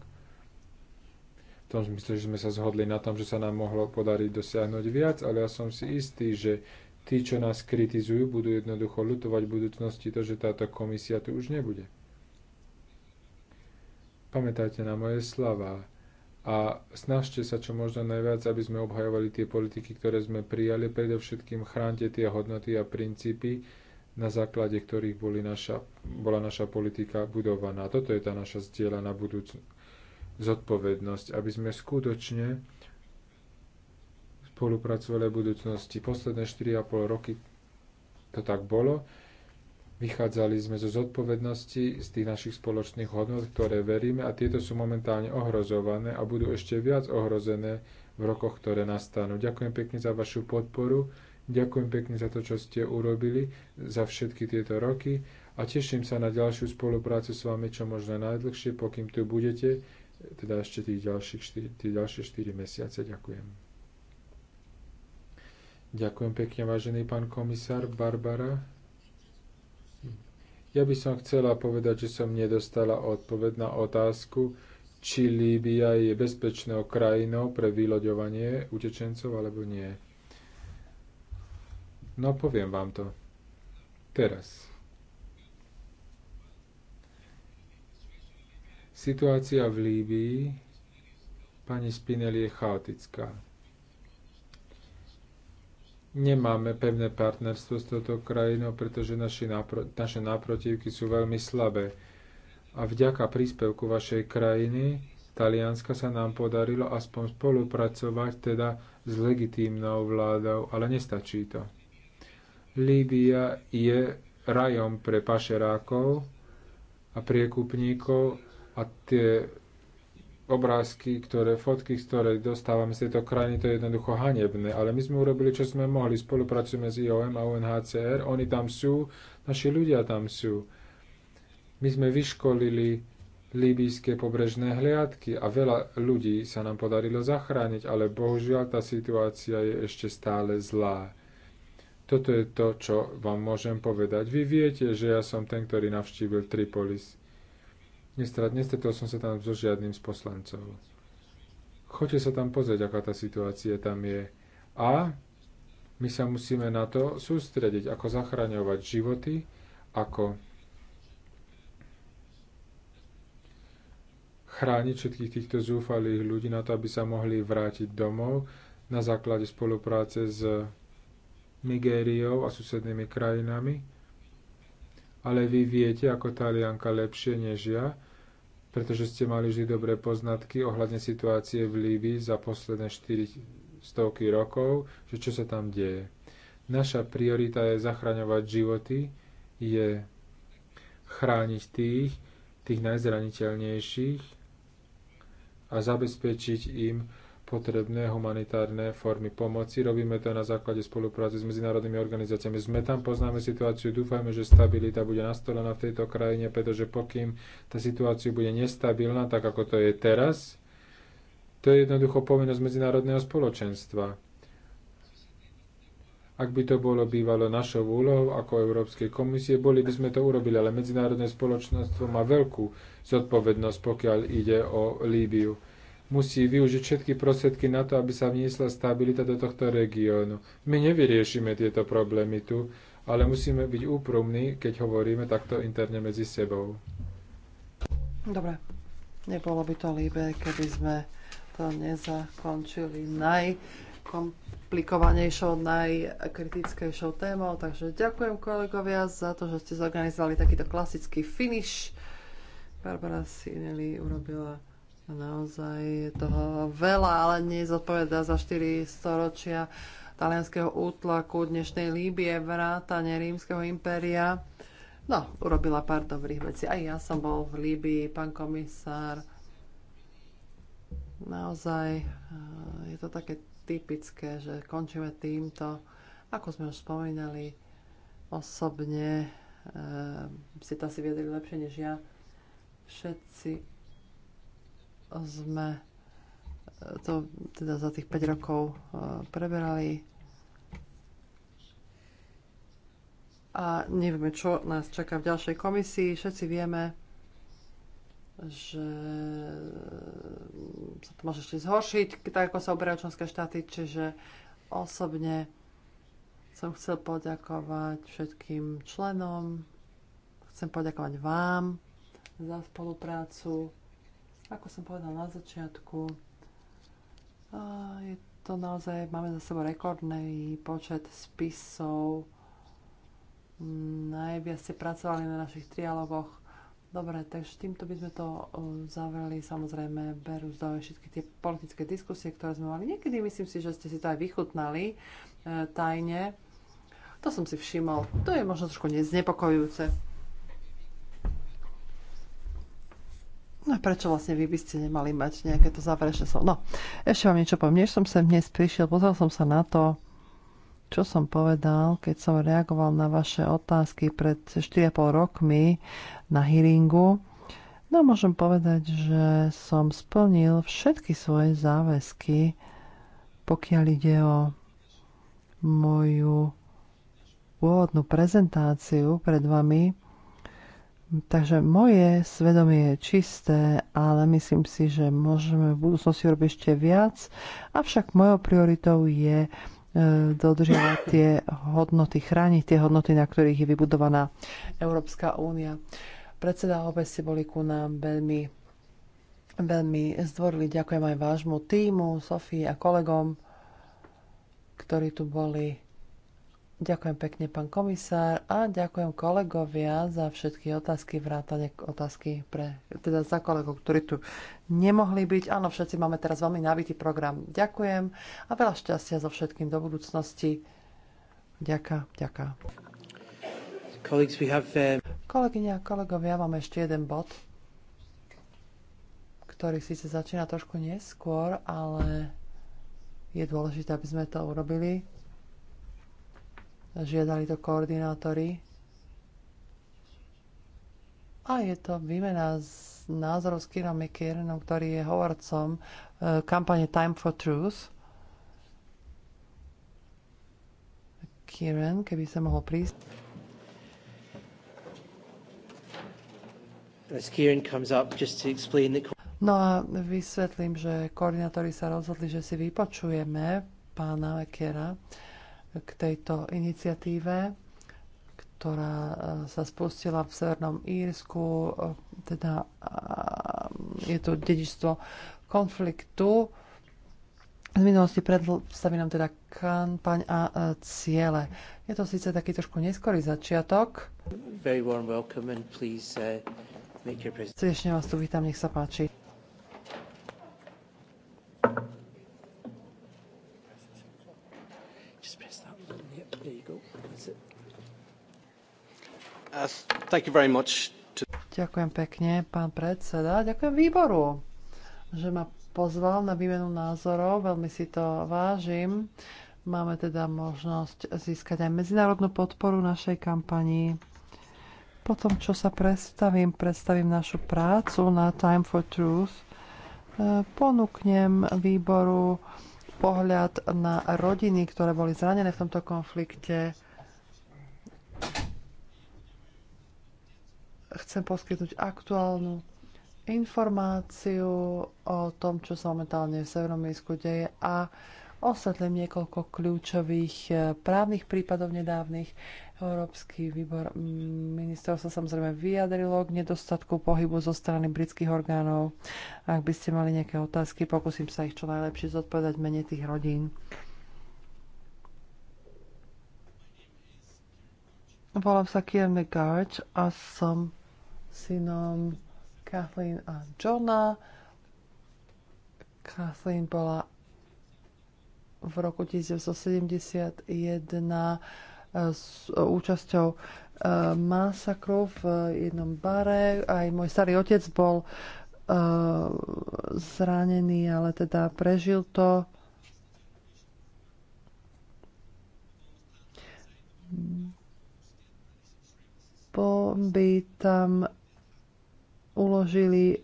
v tom zmysle, že sme sa zhodli na tom, že sa nám mohlo podariť dosiahnuť viac, ale ja som si istý, že Tí, čo nás kritizujú, budú jednoducho lutovať v budúcnosti to, že táto komisia tu už nebude. Pamätajte na moje slava a snažte sa čo možno najviac, aby sme obhajovali tie politiky, ktoré sme prijali. Predovšetkým chránte tie hodnoty a princípy, na základe ktorých boli naša, bola naša politika budovaná. Toto je tá naša zdieľaná budúcnosť zodpovednosť, aby sme skutočne spolupracovali v budúcnosti. Posledné 4,5 roky to tak bolo. Vychádzali sme zo zodpovednosti z tých našich spoločných hodnot, ktoré veríme a tieto sú momentálne ohrozované a budú ešte viac ohrozené v rokoch, ktoré nastanú. Ďakujem pekne za vašu podporu, ďakujem pekne za to, čo ste urobili za všetky tieto roky a teším sa na ďalšiu spoluprácu s vami čo možno najdlhšie, pokým tu budete, teda ešte tých ďalších 4, tých ďalšie 4 mesiace. Ďakujem. Ďakujem pekne, vážený pán komisár. Barbara? Ja by som chcela povedať, že som nedostala odpoveď na otázku, či Líbia je bezpečnou krajinou pre vyloďovanie utečencov alebo nie. No poviem vám to. Teraz. Situácia v Líbii pani Spinelli je chaotická nemáme pevné partnerstvo s touto krajinou, pretože naši nápro, naše náprotivky sú veľmi slabé. A vďaka príspevku vašej krajiny, Talianska, sa nám podarilo aspoň spolupracovať teda s legitímnou vládou, ale nestačí to. Líbia je rajom pre pašerákov a priekupníkov a tie obrázky, ktoré, fotky, ktoré dostávame z tejto krajiny, to je jednoducho hanebné. Ale my sme urobili, čo sme mohli. Spolupracujeme s IOM a UNHCR. Oni tam sú, naši ľudia tam sú. My sme vyškolili líbyjské pobrežné hliadky a veľa ľudí sa nám podarilo zachrániť, ale bohužiaľ tá situácia je ešte stále zlá. Toto je to, čo vám môžem povedať. Vy viete, že ja som ten, ktorý navštívil Tripolis Nestretol som sa tam so žiadnym z poslancov. Choďte sa tam pozrieť, aká tá situácia tam je. A my sa musíme na to sústrediť, ako zachraňovať životy, ako chrániť všetkých týchto zúfalých ľudí na to, aby sa mohli vrátiť domov na základe spolupráce s Nigériou a susednými krajinami ale vy viete ako Talianka lepšie než ja, pretože ste mali vždy dobré poznatky ohľadne situácie v Líbii za posledné 4 stovky rokov, že čo sa tam deje. Naša priorita je zachraňovať životy, je chrániť tých, tých najzraniteľnejších a zabezpečiť im potrebné humanitárne formy pomoci. Robíme to na základe spolupráce s medzinárodnými organizáciami. Sme tam, poznáme situáciu, dúfajme, že stabilita bude nastolená v tejto krajine, pretože pokým tá situácia bude nestabilná, tak ako to je teraz, to je jednoducho povinnosť medzinárodného spoločenstva. Ak by to bolo bývalo našou úlohou ako Európskej komisie, boli by sme to urobili, ale medzinárodné spoločenstvo má veľkú zodpovednosť, pokiaľ ide o Líbiu musí využiť všetky prostriedky na to, aby sa vniesla stabilita do tohto regiónu. My nevyriešime tieto problémy tu, ale musíme byť úprimní, keď hovoríme takto interne medzi sebou. Dobre, nebolo by to líbe, keby sme to nezakončili najkomplikovanejšou, najkritickejšou témou. Takže ďakujem kolegovia za to, že ste zorganizovali takýto klasický finish. Barbara Sinelli urobila Naozaj je toho veľa, ale nezodpovedá za 4 storočia talianského útlaku dnešnej Líbie, vrátane rímskeho impéria. No, urobila pár dobrých vecí. Aj ja som bol v Líbii, pán komisár. Naozaj eh, je to také typické, že končíme týmto. Ako sme už spomínali, osobne e, si to asi viedeli lepšie než ja. Všetci sme e, to teda za tých 5 rokov e, preberali. A nevieme, čo nás čaká v ďalšej komisii. Všetci vieme, že e, sa to môže ešte zhoršiť, tak ako sa oberajú členské štáty. Čiže osobne som chcel poďakovať všetkým členom, chcem poďakovať vám za spoluprácu ako som povedal na začiatku, je to naozaj, máme za sebou rekordný počet spisov. Najviac ste pracovali na našich trialogoch. Dobre, takže týmto by sme to zavreli. Samozrejme, berú zdové všetky tie politické diskusie, ktoré sme mali. Niekedy myslím si, že ste si to aj vychutnali e, tajne. To som si všimol. To je možno trošku znepokojujúce. prečo vlastne vy by ste nemali mať nejaké to záverečné slovo. No, ešte vám niečo poviem. Než som sem dnes prišiel, pozrel som sa na to, čo som povedal, keď som reagoval na vaše otázky pred 4,5 rokmi na hearingu. No, môžem povedať, že som splnil všetky svoje záväzky, pokiaľ ide o moju pôvodnú prezentáciu pred vami Takže moje svedomie je čisté, ale myslím si, že môžeme v budúcnosti robiť ešte viac. Avšak mojou prioritou je e, dodržiavať tie hodnoty, chrániť tie hodnoty, na ktorých je vybudovaná Európska únia. Predseda obe si boli ku nám veľmi, veľmi zdvorili. Ďakujem aj vášmu týmu, Sofii a kolegom, ktorí tu boli Ďakujem pekne, pán komisár, a ďakujem kolegovia za všetky otázky, vrátane otázky pre, teda za kolegov, ktorí tu nemohli byť. Áno, všetci máme teraz veľmi nabitý program. Ďakujem a veľa šťastia so všetkým do budúcnosti. Ďaká, ďaká. Eh, Kolegyňa a kolegovia, máme ešte jeden bod, ktorý síce začína trošku neskôr, ale je dôležité, aby sme to urobili. Žiadali to koordinátori. A je to výmena z názorov s Kirom Mikirnom, ktorý je hovorcom eh, kampane Time for Truth. Kieran, keby sa mohol prísť. No a vysvetlím, že koordinátori sa rozhodli, že si vypočujeme pána Kiera k tejto iniciatíve, ktorá eh, sa spustila v Severnom Írsku. Eh, teda eh, je to dedičstvo konfliktu. Z minulosti predstaví nám teda kampaň a ciele. Je to síce taký trošku neskorý začiatok. Very Srdečne vás tu vítam, nech sa páči. Uh, Ďakujem pekne, pán predseda. Ďakujem výboru, že ma pozval na výmenu názorov. Veľmi si to vážim. Máme teda možnosť získať aj medzinárodnú podporu našej kampanii. Po tom, čo sa predstavím, predstavím našu prácu na Time for Truth. E, ponúknem výboru pohľad na rodiny, ktoré boli zranené v tomto konflikte Chcem poskytnúť aktuálnu informáciu o tom, čo sa momentálne v Severnom deje a osvetlím niekoľko kľúčových eh, právnych prípadov nedávnych. Európsky výbor mm, ministrov sa samozrejme vyjadrilo k nedostatku pohybu zo strany britských orgánov. Ak by ste mali nejaké otázky, pokúsim sa ich čo najlepšie zodpovedať mene tých rodín. Volám sa Kieran McGarge a som synom Kathleen a Johna. Kathleen bola v roku 1971 eh, s eh, účasťou eh, masakru v jednom bare. Aj môj starý otec bol zranený, ale teda prežil to. Bomby tam uložili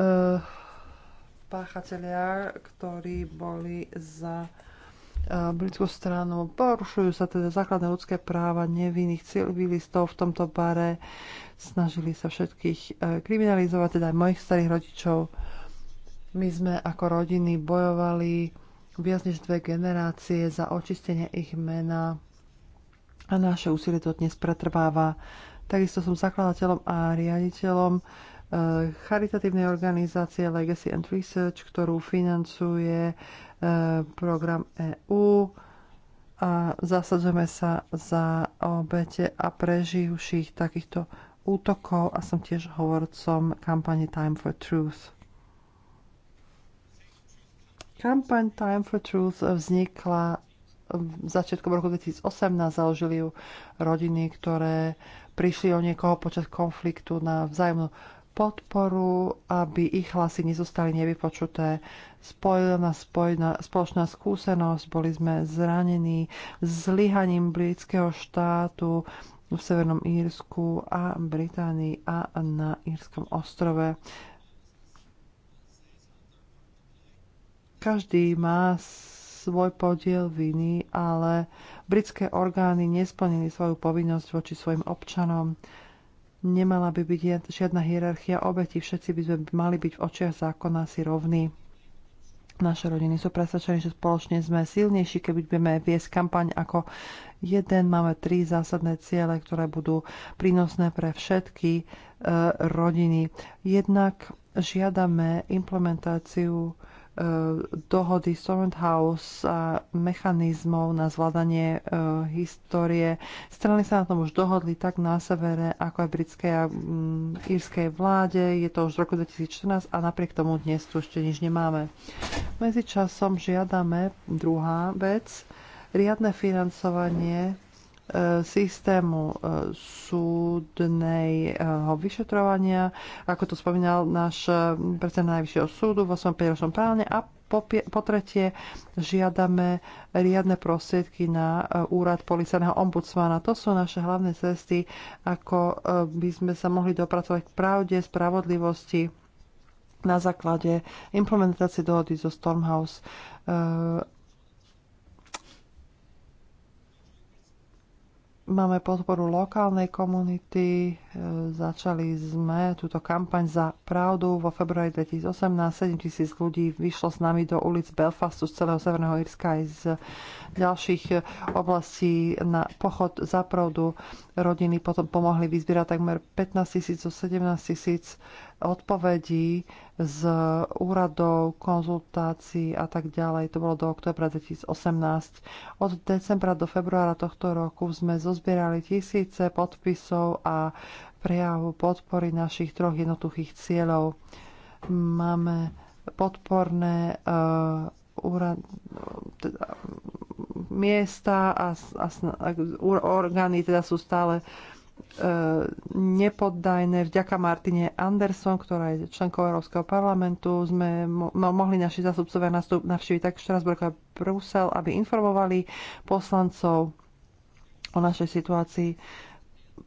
eh, páchatelia, ktorí boli za eh, britskú stranu. Porušujú sa teda základné ľudské práva nevinných civilistov v tomto bare. Snažili sa všetkých eh, kriminalizovať, teda aj mojich starých rodičov. My sme ako rodiny bojovali viac než dve generácie za očistenie ich mena a naše úsilie to dnes pretrváva. Takisto som zakladateľom a riaditeľom eh, charitatívnej organizácie Legacy and Research, ktorú financuje eh, program EU a zasadzujeme sa za obete a preživších takýchto útokov a som tiež hovorcom kampane Time for Truth. Kampaň Time for Truth vznikla v začiatkom roku 2018 založili ju rodiny, ktoré prišli o niekoho počas konfliktu na vzájomnú podporu, aby ich hlasy nezostali nevypočuté. Spojila nás spojná, spoločná skúsenosť, boli sme zranení zlyhaním britského štátu v Severnom Írsku a Británii a na Írskom ostrove. Každý má svoj podiel viny, ale Britské orgány nesplnili svoju povinnosť voči svojim občanom. Nemala by byť žiadna hierarchia obeti, všetci by sme mali byť v očiach zákona si rovní. Naše rodiny sú presvedčené, že spoločne sme silnejší, keď budeme viesť kampaň ako jeden. Máme tri zásadné ciele, ktoré budú prínosné pre všetky e, rodiny. Jednak žiadame implementáciu Eh, dohody Sovereign House a mechanizmov na zvládanie e, histórie. Strany sa na tom už dohodli tak na severe, ako aj britskej a mm, írskej vláde. Je to už z roku 2014 a napriek tomu dnes tu ešte nič nemáme. Medzičasom žiadame druhá vec, riadne financovanie systému e, súdneho e, vyšetrovania, ako to spomínal náš e, predseda Najvyššieho súdu vo svojom 5-ročnom pláne a po tretie žiadame riadne prostriedky na úrad policajného ombudsmana. To sú naše hlavné cesty, ako by sme sa mohli dopracovať k pravde, spravodlivosti na základe implementácie dohody zo Stormhouse Máme podporu lokálnej komunity, e, začali sme túto kampaň za pravdu. Vo februári 2018 7 tisíc ľudí vyšlo s nami do ulic Belfastu z celého Severného Irska aj z ďalších oblastí na pochod za pravdu. Rodiny potom pomohli vyzbierať takmer 15 tisíc zo 17 tisíc odpovedí z úradov, konzultácií a tak ďalej. To bolo do oktobra 2018. Od decembra do februára tohto roku sme zozbierali tisíce podpisov a prejavu podpory našich troch jednotuchých cieľov. Máme podporné uh, eh, úrad, teda, miesta a, a, a orgány teda sú stále E, nepoddajné. Vďaka Martine Anderson, ktorá je členkou Európskeho parlamentu, sme mo- no, mohli naši zastupcovia navštíviť tak Štrasburg a Brusel, aby informovali poslancov o našej situácii.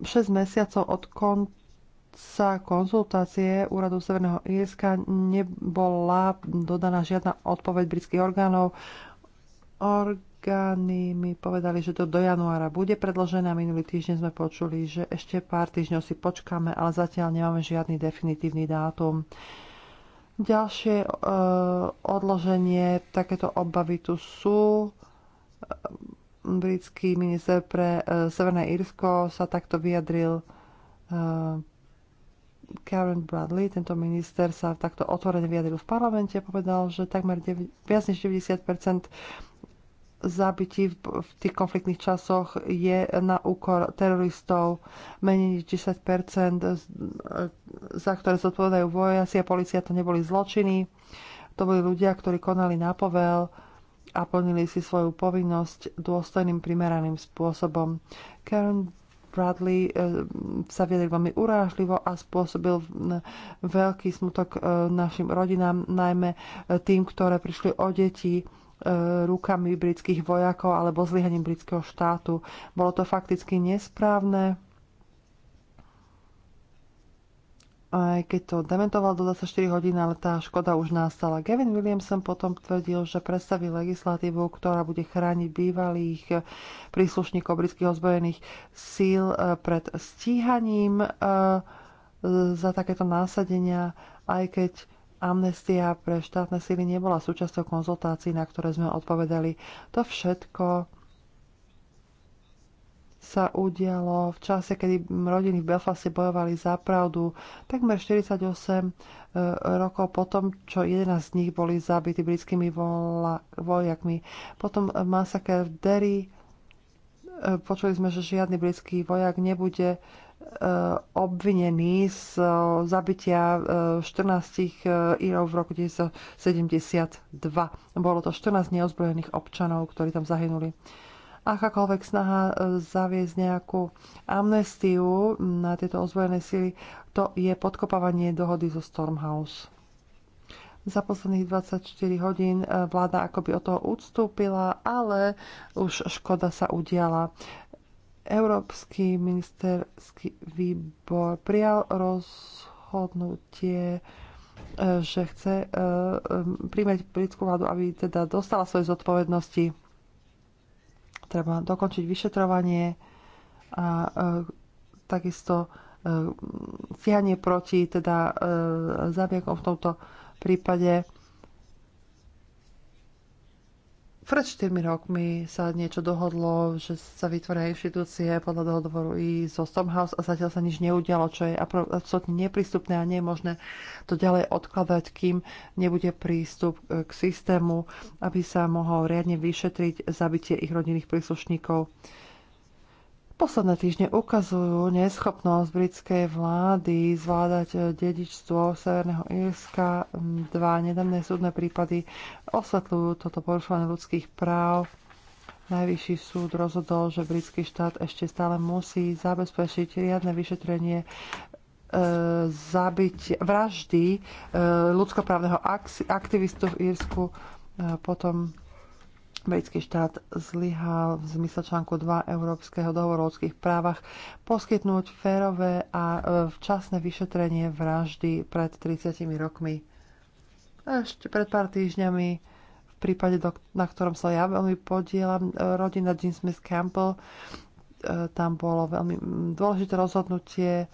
6 mesiacov od konca konzultácie úradu Severného Írska nebola dodaná žiadna odpoveď britských orgánov. Org- orgány mi povedali, že to do januára bude predložené. Minulý týždeň sme počuli, že ešte pár týždňov si počkáme, ale zatiaľ nemáme žiadny definitívny dátum. Ďalšie e, odloženie, takéto obavy tu sú. Britský minister pre e, Severné Írsko sa takto vyjadril. E, Karen Bradley, tento minister, sa takto otvorene vyjadril v parlamente a povedal, že takmer 9, viac než 90 zabití v, v tých konfliktných časoch je na úkor teroristov menej než 10 za ktoré zodpovedajú vojaci a policia, to neboli zločiny. To boli ľudia, ktorí konali na povel a plnili si svoju povinnosť dôstojným, primeraným spôsobom. Karen Bradley eh, sa vyjadril veľmi urážlivo a spôsobil veľký smutok eh, našim rodinám, najmä eh, tým, ktoré prišli o deti E, rukami britských vojakov alebo zlyhaním britského štátu. Bolo to fakticky nesprávne, aj keď to dementoval do 24 hodín, ale tá škoda už nastala. Gavin Williamson potom tvrdil, že predstaví legislatívu, ktorá bude chrániť bývalých príslušníkov britských ozbrojených síl e, pred stíhaním e, za takéto násadenia, aj keď amnestia pre štátne síly nebola súčasťou konzultácií, na ktoré sme odpovedali. To všetko sa udialo v čase, kedy rodiny v Belfaste bojovali za pravdu. Takmer 48 eh, rokov potom, čo 11 z nich boli zabití britskými vojakmi. Potom masaker v Derry. Eh, počuli sme, že žiadny britský vojak nebude Eh, obvinený z eh, zabitia 14 eh, Írov v roku 1972. Bolo to 14 neozbrojených občanov, ktorí tam zahynuli. Akákoľvek snaha zaviesť nejakú amnestiu na tieto ozbrojené síly, to je podkopávanie dohody zo Stormhouse. Za posledných 24 hodín vláda akoby od toho odstúpila, ale už škoda sa udiala. Európsky ministerský výbor prijal rozhodnutie, e, že chce e, e, príjmať britskú vládu, aby teda dostala svoje zodpovednosti. Treba dokončiť vyšetrovanie a takisto stíhanie proti teda zabiekom v tomto prípade pred 4 rokmi sa niečo dohodlo, že sa vytvoria inštitúcie podľa dohodovoru i zo Stomhouse a zatiaľ sa nič neudialo, čo je absolútne neprístupné a nie je možné to ďalej odkladať, kým nebude prístup e, k systému, aby sa mohol riadne vyšetriť zabitie ich rodinných príslušníkov. Posledné týždne ukazujú neschopnosť britskej vlády zvládať eh, dedičstvo Severného Írska. Mm, dva nedávne súdne prípady osvetľujú toto porušovanie ľudských práv. Najvyšší súd rozhodol, že britský štát ešte stále musí zabezpečiť riadne vyšetrenie e, zabiť vraždy e, ľudskoprávneho aktivistu v Írsku. E, potom Americký štát zlyhal v zmysle článku 2 Európskeho dohovoru o ľudských právach poskytnúť férové a e, včasné vyšetrenie vraždy pred 30 rokmi. Ešte pred pár týždňami v prípade, na ktorom sa ja veľmi podielam, e, rodina Jean Smith Campbell, e, tam bolo veľmi dôležité rozhodnutie,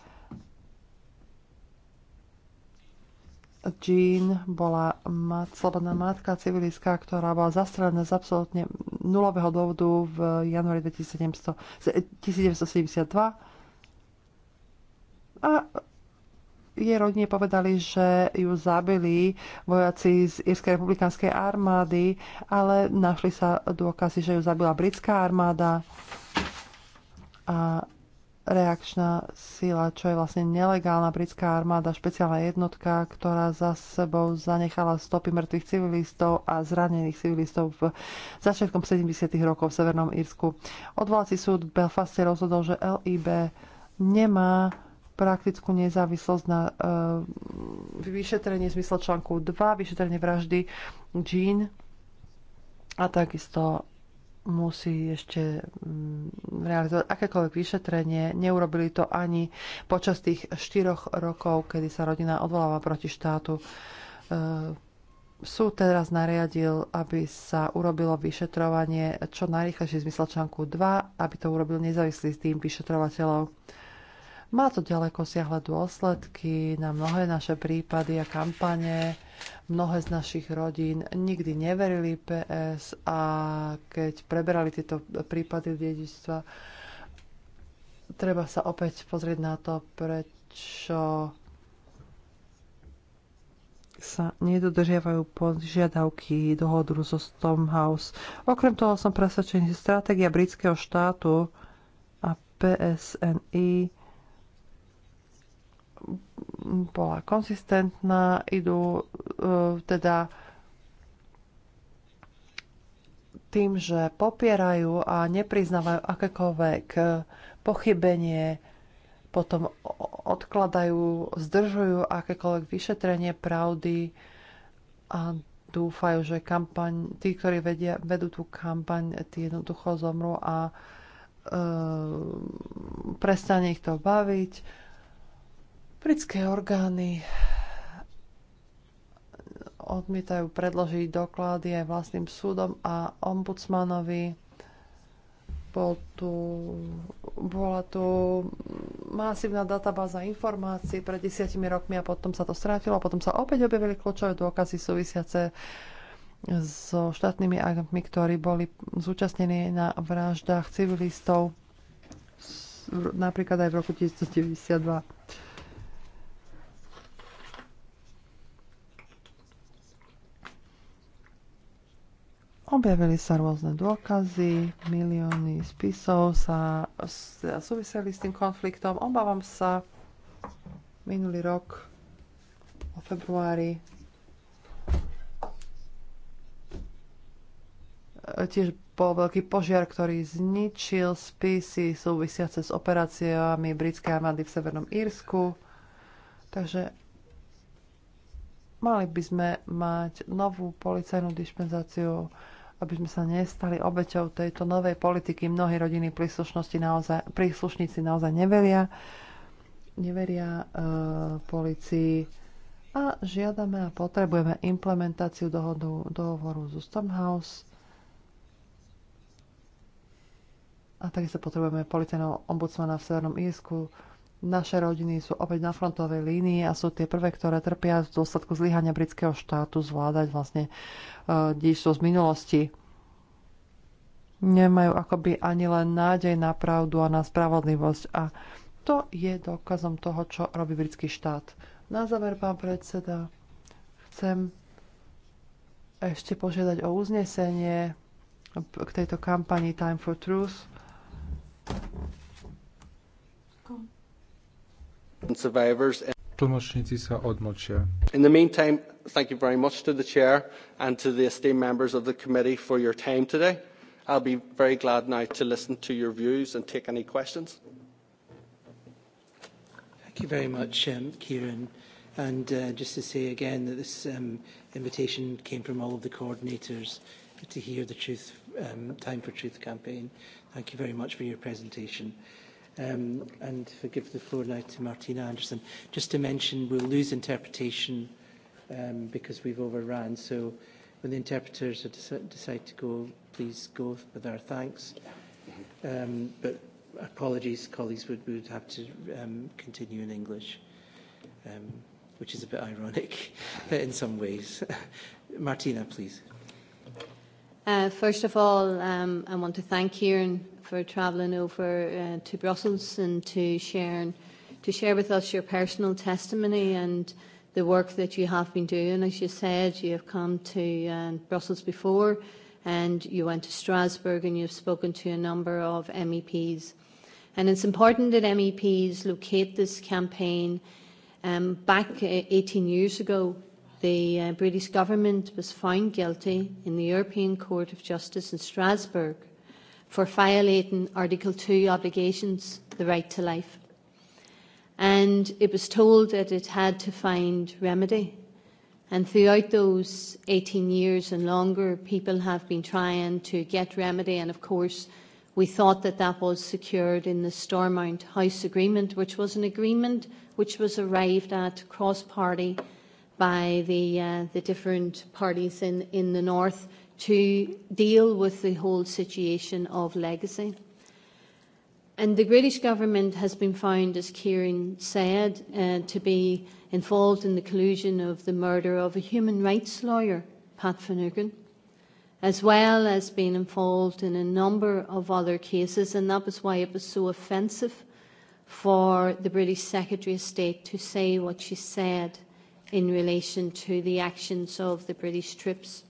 Jean bola mat, slobodná matka, civilistka, ktorá bola zastrelená z absolútne nulového dôvodu v januári 1972 a jej rodine povedali, že ju zabili vojaci z Irskej republikánskej armády, ale našli sa dôkazy, že ju zabila britská armáda a reakčná sila, čo je vlastne nelegálna britská armáda, špeciálna jednotka, ktorá za sebou zanechala stopy mŕtvych civilistov a zranených civilistov v začiatkom 70. rokov v Severnom Írsku. Odvolací súd v Belfaste rozhodol, že LIB nemá praktickú nezávislosť na uh, vyšetrenie zmysle článku 2, vyšetrenie vraždy Jean a takisto musí ešte mm, realizovať akékoľvek vyšetrenie. Neurobili to ani počas tých štyroch rokov, kedy sa rodina odvoláva proti štátu. E, súd teraz nariadil, aby sa urobilo vyšetrovanie čo najrychlejšie v článku 2, aby to urobil nezávislý s tým vyšetrovateľov. Má to ďaleko siahle dôsledky na mnohé naše prípady a kampane Mnohé z našich rodín nikdy neverili PS a keď preberali tieto prípady dedičstva, treba sa opäť pozrieť na to, prečo sa nedodržiavajú požiadavky dohodu so Stomhouse. Okrem toho som presvedčený, že stratégia britského štátu a PSNI bola konsistentná, idú e, teda tým, že popierajú a nepriznávajú akékoľvek pochybenie, potom odkladajú, zdržujú akékoľvek vyšetrenie pravdy a dúfajú, že kampaň, tí, ktorí vedia, vedú tú kampaň, tí jednoducho zomru a e, prestane ich to baviť Britské orgány odmietajú predložiť doklady aj vlastným súdom a ombudsmanovi. Bol tu, bola tu masívna databáza informácií pred desiatimi rokmi a potom sa to strátilo a potom sa opäť objavili kľúčové dôkazy súvisiace so štátnymi agentmi, ktorí boli zúčastnení na vraždách civilistov napríklad aj v roku 1992 Objavili sa rôzne dôkazy, milióny spisov sa, súviseli s tým konfliktom. Obávam sa, minulý rok o februári tiež bol veľký požiar, ktorý zničil spisy súvisiace s operáciami britskej armády v Severnom Írsku. Takže mali by sme mať novú policajnú dispenzáciu aby sme sa nestali obeťou tejto novej politiky. Mnohí rodiny príslušnosti naozaj, príslušníci naozaj neveria, neveria e, policii a žiadame a potrebujeme implementáciu dohodu, dohovoru zo Stormhouse a takisto potrebujeme policajného ombudsmana v Severnom Írsku, naše rodiny sú opäť na frontovej línii a sú tie prvé, ktoré trpia v dôsledku zlyhania britského štátu zvládať vlastne uh, z minulosti. Nemajú akoby ani len nádej na pravdu a na spravodlivosť a to je dokazom toho, čo robí britský štát. Na záver, pán predseda, chcem ešte požiadať o uznesenie k tejto kampani Time for Truth Tlmočníci sa odmlčia. In the meantime, thank you very much to the chair and to the esteemed members of the committee for your time today. I'll be very glad now to listen to your views and take any questions. Thank you very much, um, Kieran. And uh, just to say again that this um, invitation came from all of the coordinators to hear the Truth um, Time for Truth campaign. Thank you very much for your presentation um, and forgive the floor now to Martina Anderson. Just to mention, we'll lose interpretation um, because we've overran. So when the interpreters dec decide to go, please go with our thanks. Um, but apologies, colleagues, would would have to um, continue in English, um, which is a bit ironic in some ways. Martina, please. Uh, first of all, um, I want to thank Kieran for travelling over uh, to Brussels and to share, to share with us your personal testimony and the work that you have been doing. As you said, you have come to uh, Brussels before and you went to Strasbourg and you've spoken to a number of MEPs. And it's important that MEPs locate this campaign. Um, back 18 uh, years ago, the uh, British government was found guilty in the European Court of Justice in Strasbourg for violating Article 2 obligations, the right to life. And it was told that it had to find remedy. And throughout those 18 years and longer, people have been trying to get remedy. And of course, we thought that that was secured in the Stormont House Agreement, which was an agreement which was arrived at cross-party by the, uh, the different parties in, in the north to deal with the whole situation of legacy. And the British government has been found, as Kieran said, uh, to be involved in the collusion of the murder of a human rights lawyer, Pat Finnegan, as well as being involved in a number of other cases, and that was why it was so offensive for the British Secretary of State to say what she said in relation to the actions of the British troops.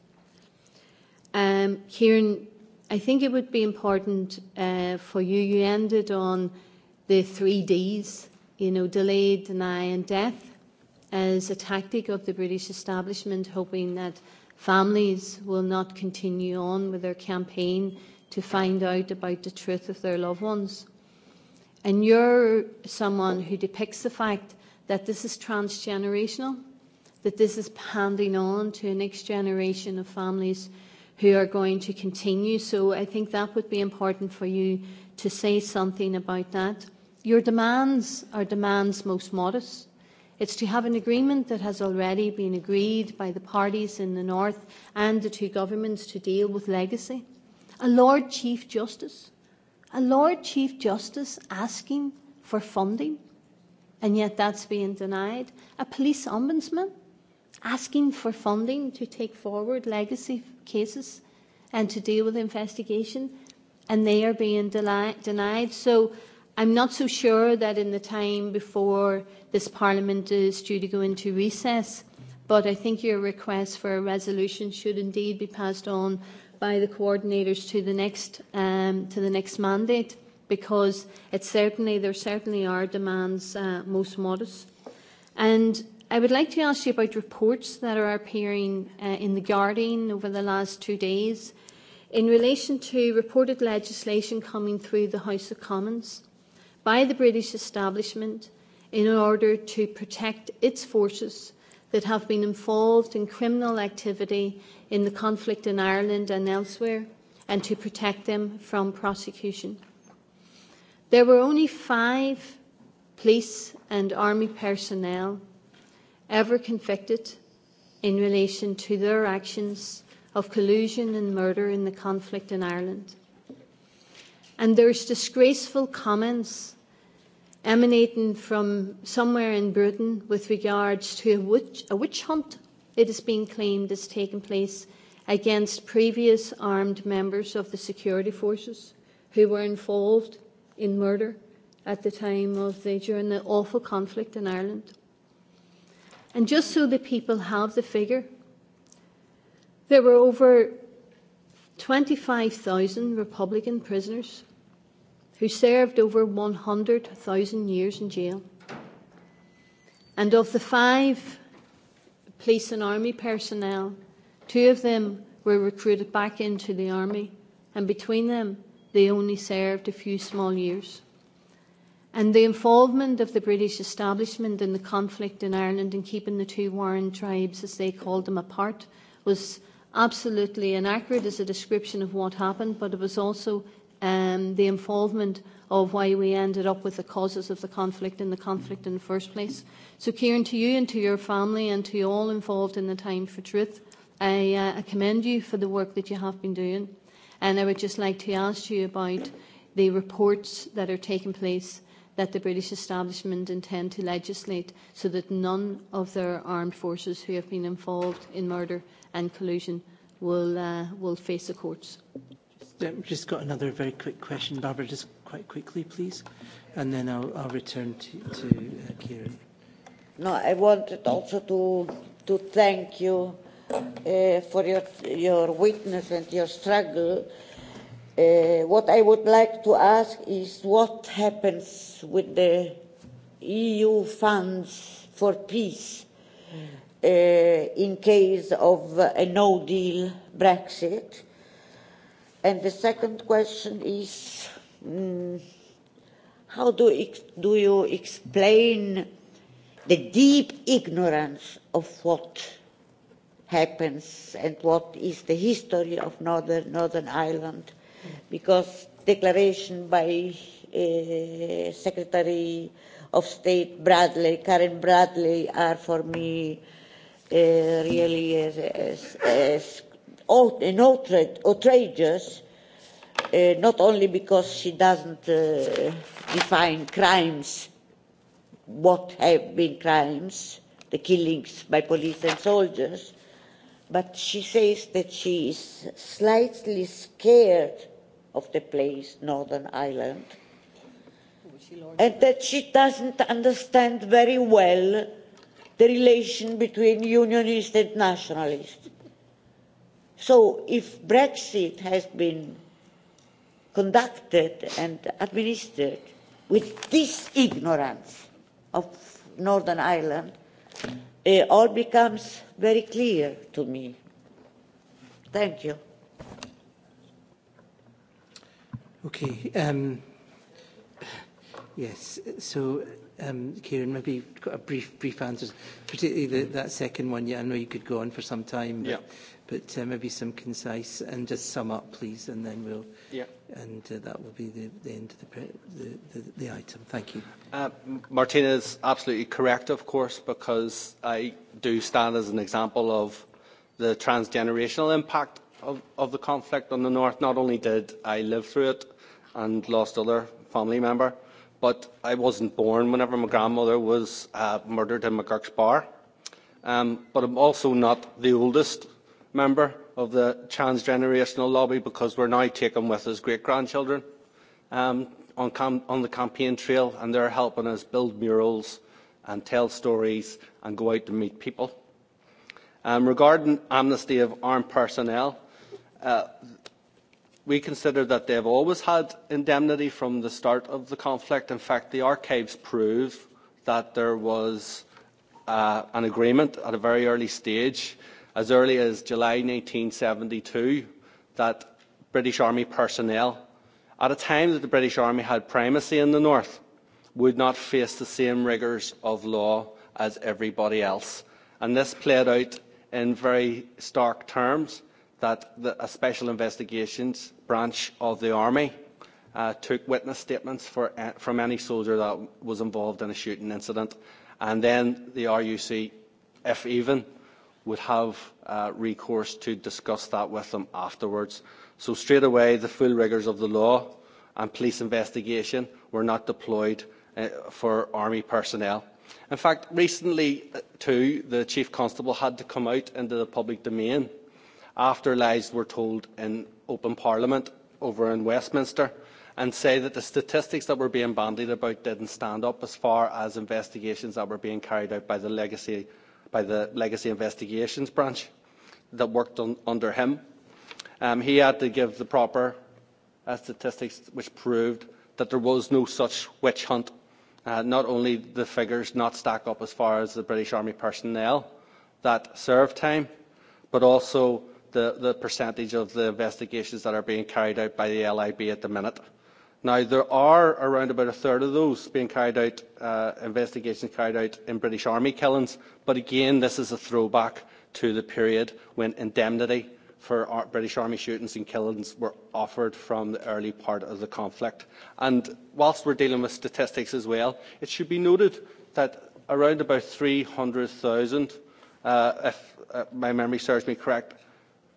Um, Kieran, I think it would be important uh, for you, you ended on the three Ds, you know, delay, deny and death as a tactic of the British establishment, hoping that families will not continue on with their campaign to find out about the truth of their loved ones. And you're someone who depicts the fact that this is transgenerational, that this is handing on to a next generation of families who are going to continue. So I think that would be important for you to say something about that. Your demands are demands most modest. It's to have an agreement that has already been agreed by the parties in the North and the two governments to deal with legacy. A Lord Chief Justice. A Lord Chief Justice asking for funding, and yet that's being denied. A police ombudsman asking for funding to take forward legacy cases and to deal with investigation, and they are being deli- denied. So I'm not so sure that in the time before this Parliament is due to go into recess, but I think your request for a resolution should indeed be passed on by the coordinators to the next um, to the next mandate because it certainly there certainly are demands uh, most modest. And i would like to ask you about reports that are appearing uh, in The Guardian over the last two days in relation to reported legislation coming through the House of Commons by the British establishment in order to protect its forces that have been involved in criminal activity in the conflict in Ireland and elsewhere and to protect them from prosecution. There were only five police and army personnel ever convicted in relation to their actions of collusion and murder in the conflict in Ireland. And there's disgraceful comments emanating from somewhere in Britain with regards to a witch, a witch hunt, it is being claimed, has taken place against previous armed members of the security forces who were involved in murder at the time of the during the awful conflict in Ireland. And just so the people have the figure, there were over 25,000 Republican prisoners who served over 100,000 years in jail. And of the five police and army personnel, two of them were recruited back into the army, and between them, they only served a few small years and the involvement of the British establishment in the conflict in Ireland and keeping the two warring tribes, as they called them, apart was absolutely inaccurate as a description of what happened, but it was also um, the involvement of why we ended up with the causes of the conflict and the conflict in the first place. So, Kieran, to you and to your family and to all involved in the Time for Truth, I, uh, I commend you for the work that you have been doing. And I would just like to ask you about the reports that are taking place that the British establishment intend to legislate so that none of their armed forces who have been involved in murder and collusion will, uh, will face the courts. Just, just got another very quick question, Barbara, just quite quickly, please, and then I'll, I'll return to, to uh, Kieran. No, I wanted also to, to thank you uh, for your, your witness and your struggle Uh, what I would like to ask is what happens with the EU funds for peace uh, in case of a no deal Brexit? And the second question is um, how do, do you explain the deep ignorance of what happens and what is the history of Northern, Northern Ireland? because declaration by uh, Secretary of State Bradley, Karen Bradley, are for me uh, really as, as, as out, an outrage, outrageous, uh, not only because she doesn't uh, define crimes, what have been crimes, the killings by police and soldiers, but she says that she is slightly scared of the place, Northern Ireland, and that she doesn't understand very well the relation between unionists and nationalists. So if Brexit has been conducted and administered with this ignorance of Northern Ireland, it all becomes very clear to me. Thank you. Okay. Um, yes. So, um, Kieran, maybe you've got a brief, brief answer. particularly the, that second one. Yeah, I know you could go on for some time, but, yeah. but uh, maybe some concise and just sum up, please, and then we'll. Yeah. And uh, that will be the, the end of the, pre the, the, the item. Thank you. Uh, Martina is absolutely correct, of course, because I do stand as an example of the transgenerational impact of, of the conflict on the north. Not only did I live through it, and lost other family member. But I wasn't born whenever my grandmother was uh, murdered in McGurk's bar. Um, but I'm also not the oldest member of the transgenerational lobby because we're now taken with as great grandchildren um, on, on the campaign trail and they're helping us build murals and tell stories and go out to meet people. Um, regarding amnesty of armed personnel, uh, we consider that they have always had indemnity from the start of the conflict. In fact, the archives prove that there was uh, an agreement at a very early stage, as early as July seventy two, that British Army personnel, at a time that the British Army had primacy in the north, would not face the same rigours of law as everybody else. And this played out in very stark terms that the, a special investigations branch of the army uh, took witness statements for, uh, from any soldier that was involved in a shooting incident, and then the RUC, if even, would have uh, recourse to discuss that with them afterwards. So straight away, the full rigours of the law and police investigation were not deployed uh, for army personnel. In fact, recently uh, too, the chief constable had to come out into the public domain after lies were told in open parliament over in Westminster and say that the statistics that were being bandied about didn't stand up as far as investigations that were being carried out by the legacy, by the legacy investigations branch that worked on, under him. Um, he had to give the proper uh, statistics which proved that there was no such witch hunt. Uh, not only the figures not stack up as far as the British Army personnel that served time, but also the, the percentage of the investigations that are being carried out by the LIB at the minute. Now, there are around about a third of those being carried out, uh, investigations carried out in British Army killings, but again, this is a throwback to the period when indemnity for our British Army shootings and killings were offered from the early part of the conflict. And whilst we're dealing with statistics as well, it should be noted that around about 300,000, uh, if uh, my memory serves me correct,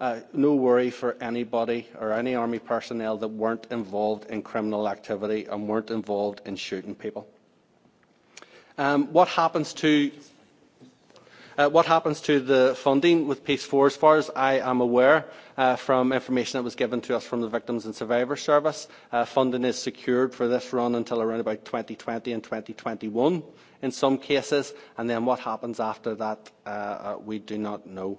Uh, no worry for anybody or any army personnel that weren't involved in criminal activity and weren't involved in shooting people. Um, what happens to uh, what happens to the funding with Peace Four? As far as I am aware, uh, from information that was given to us from the Victims and Survivors Service, uh, funding is secured for this run until around about 2020 and 2021 in some cases, and then what happens after that, uh, uh we do not know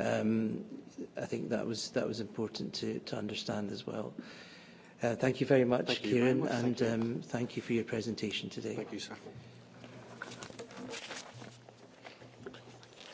um, I think that was that was important to, to understand as well. Uh, thank you very much, thank Kieran, you very much. and thank you. Um, thank you for your presentation today. Thank you, sir.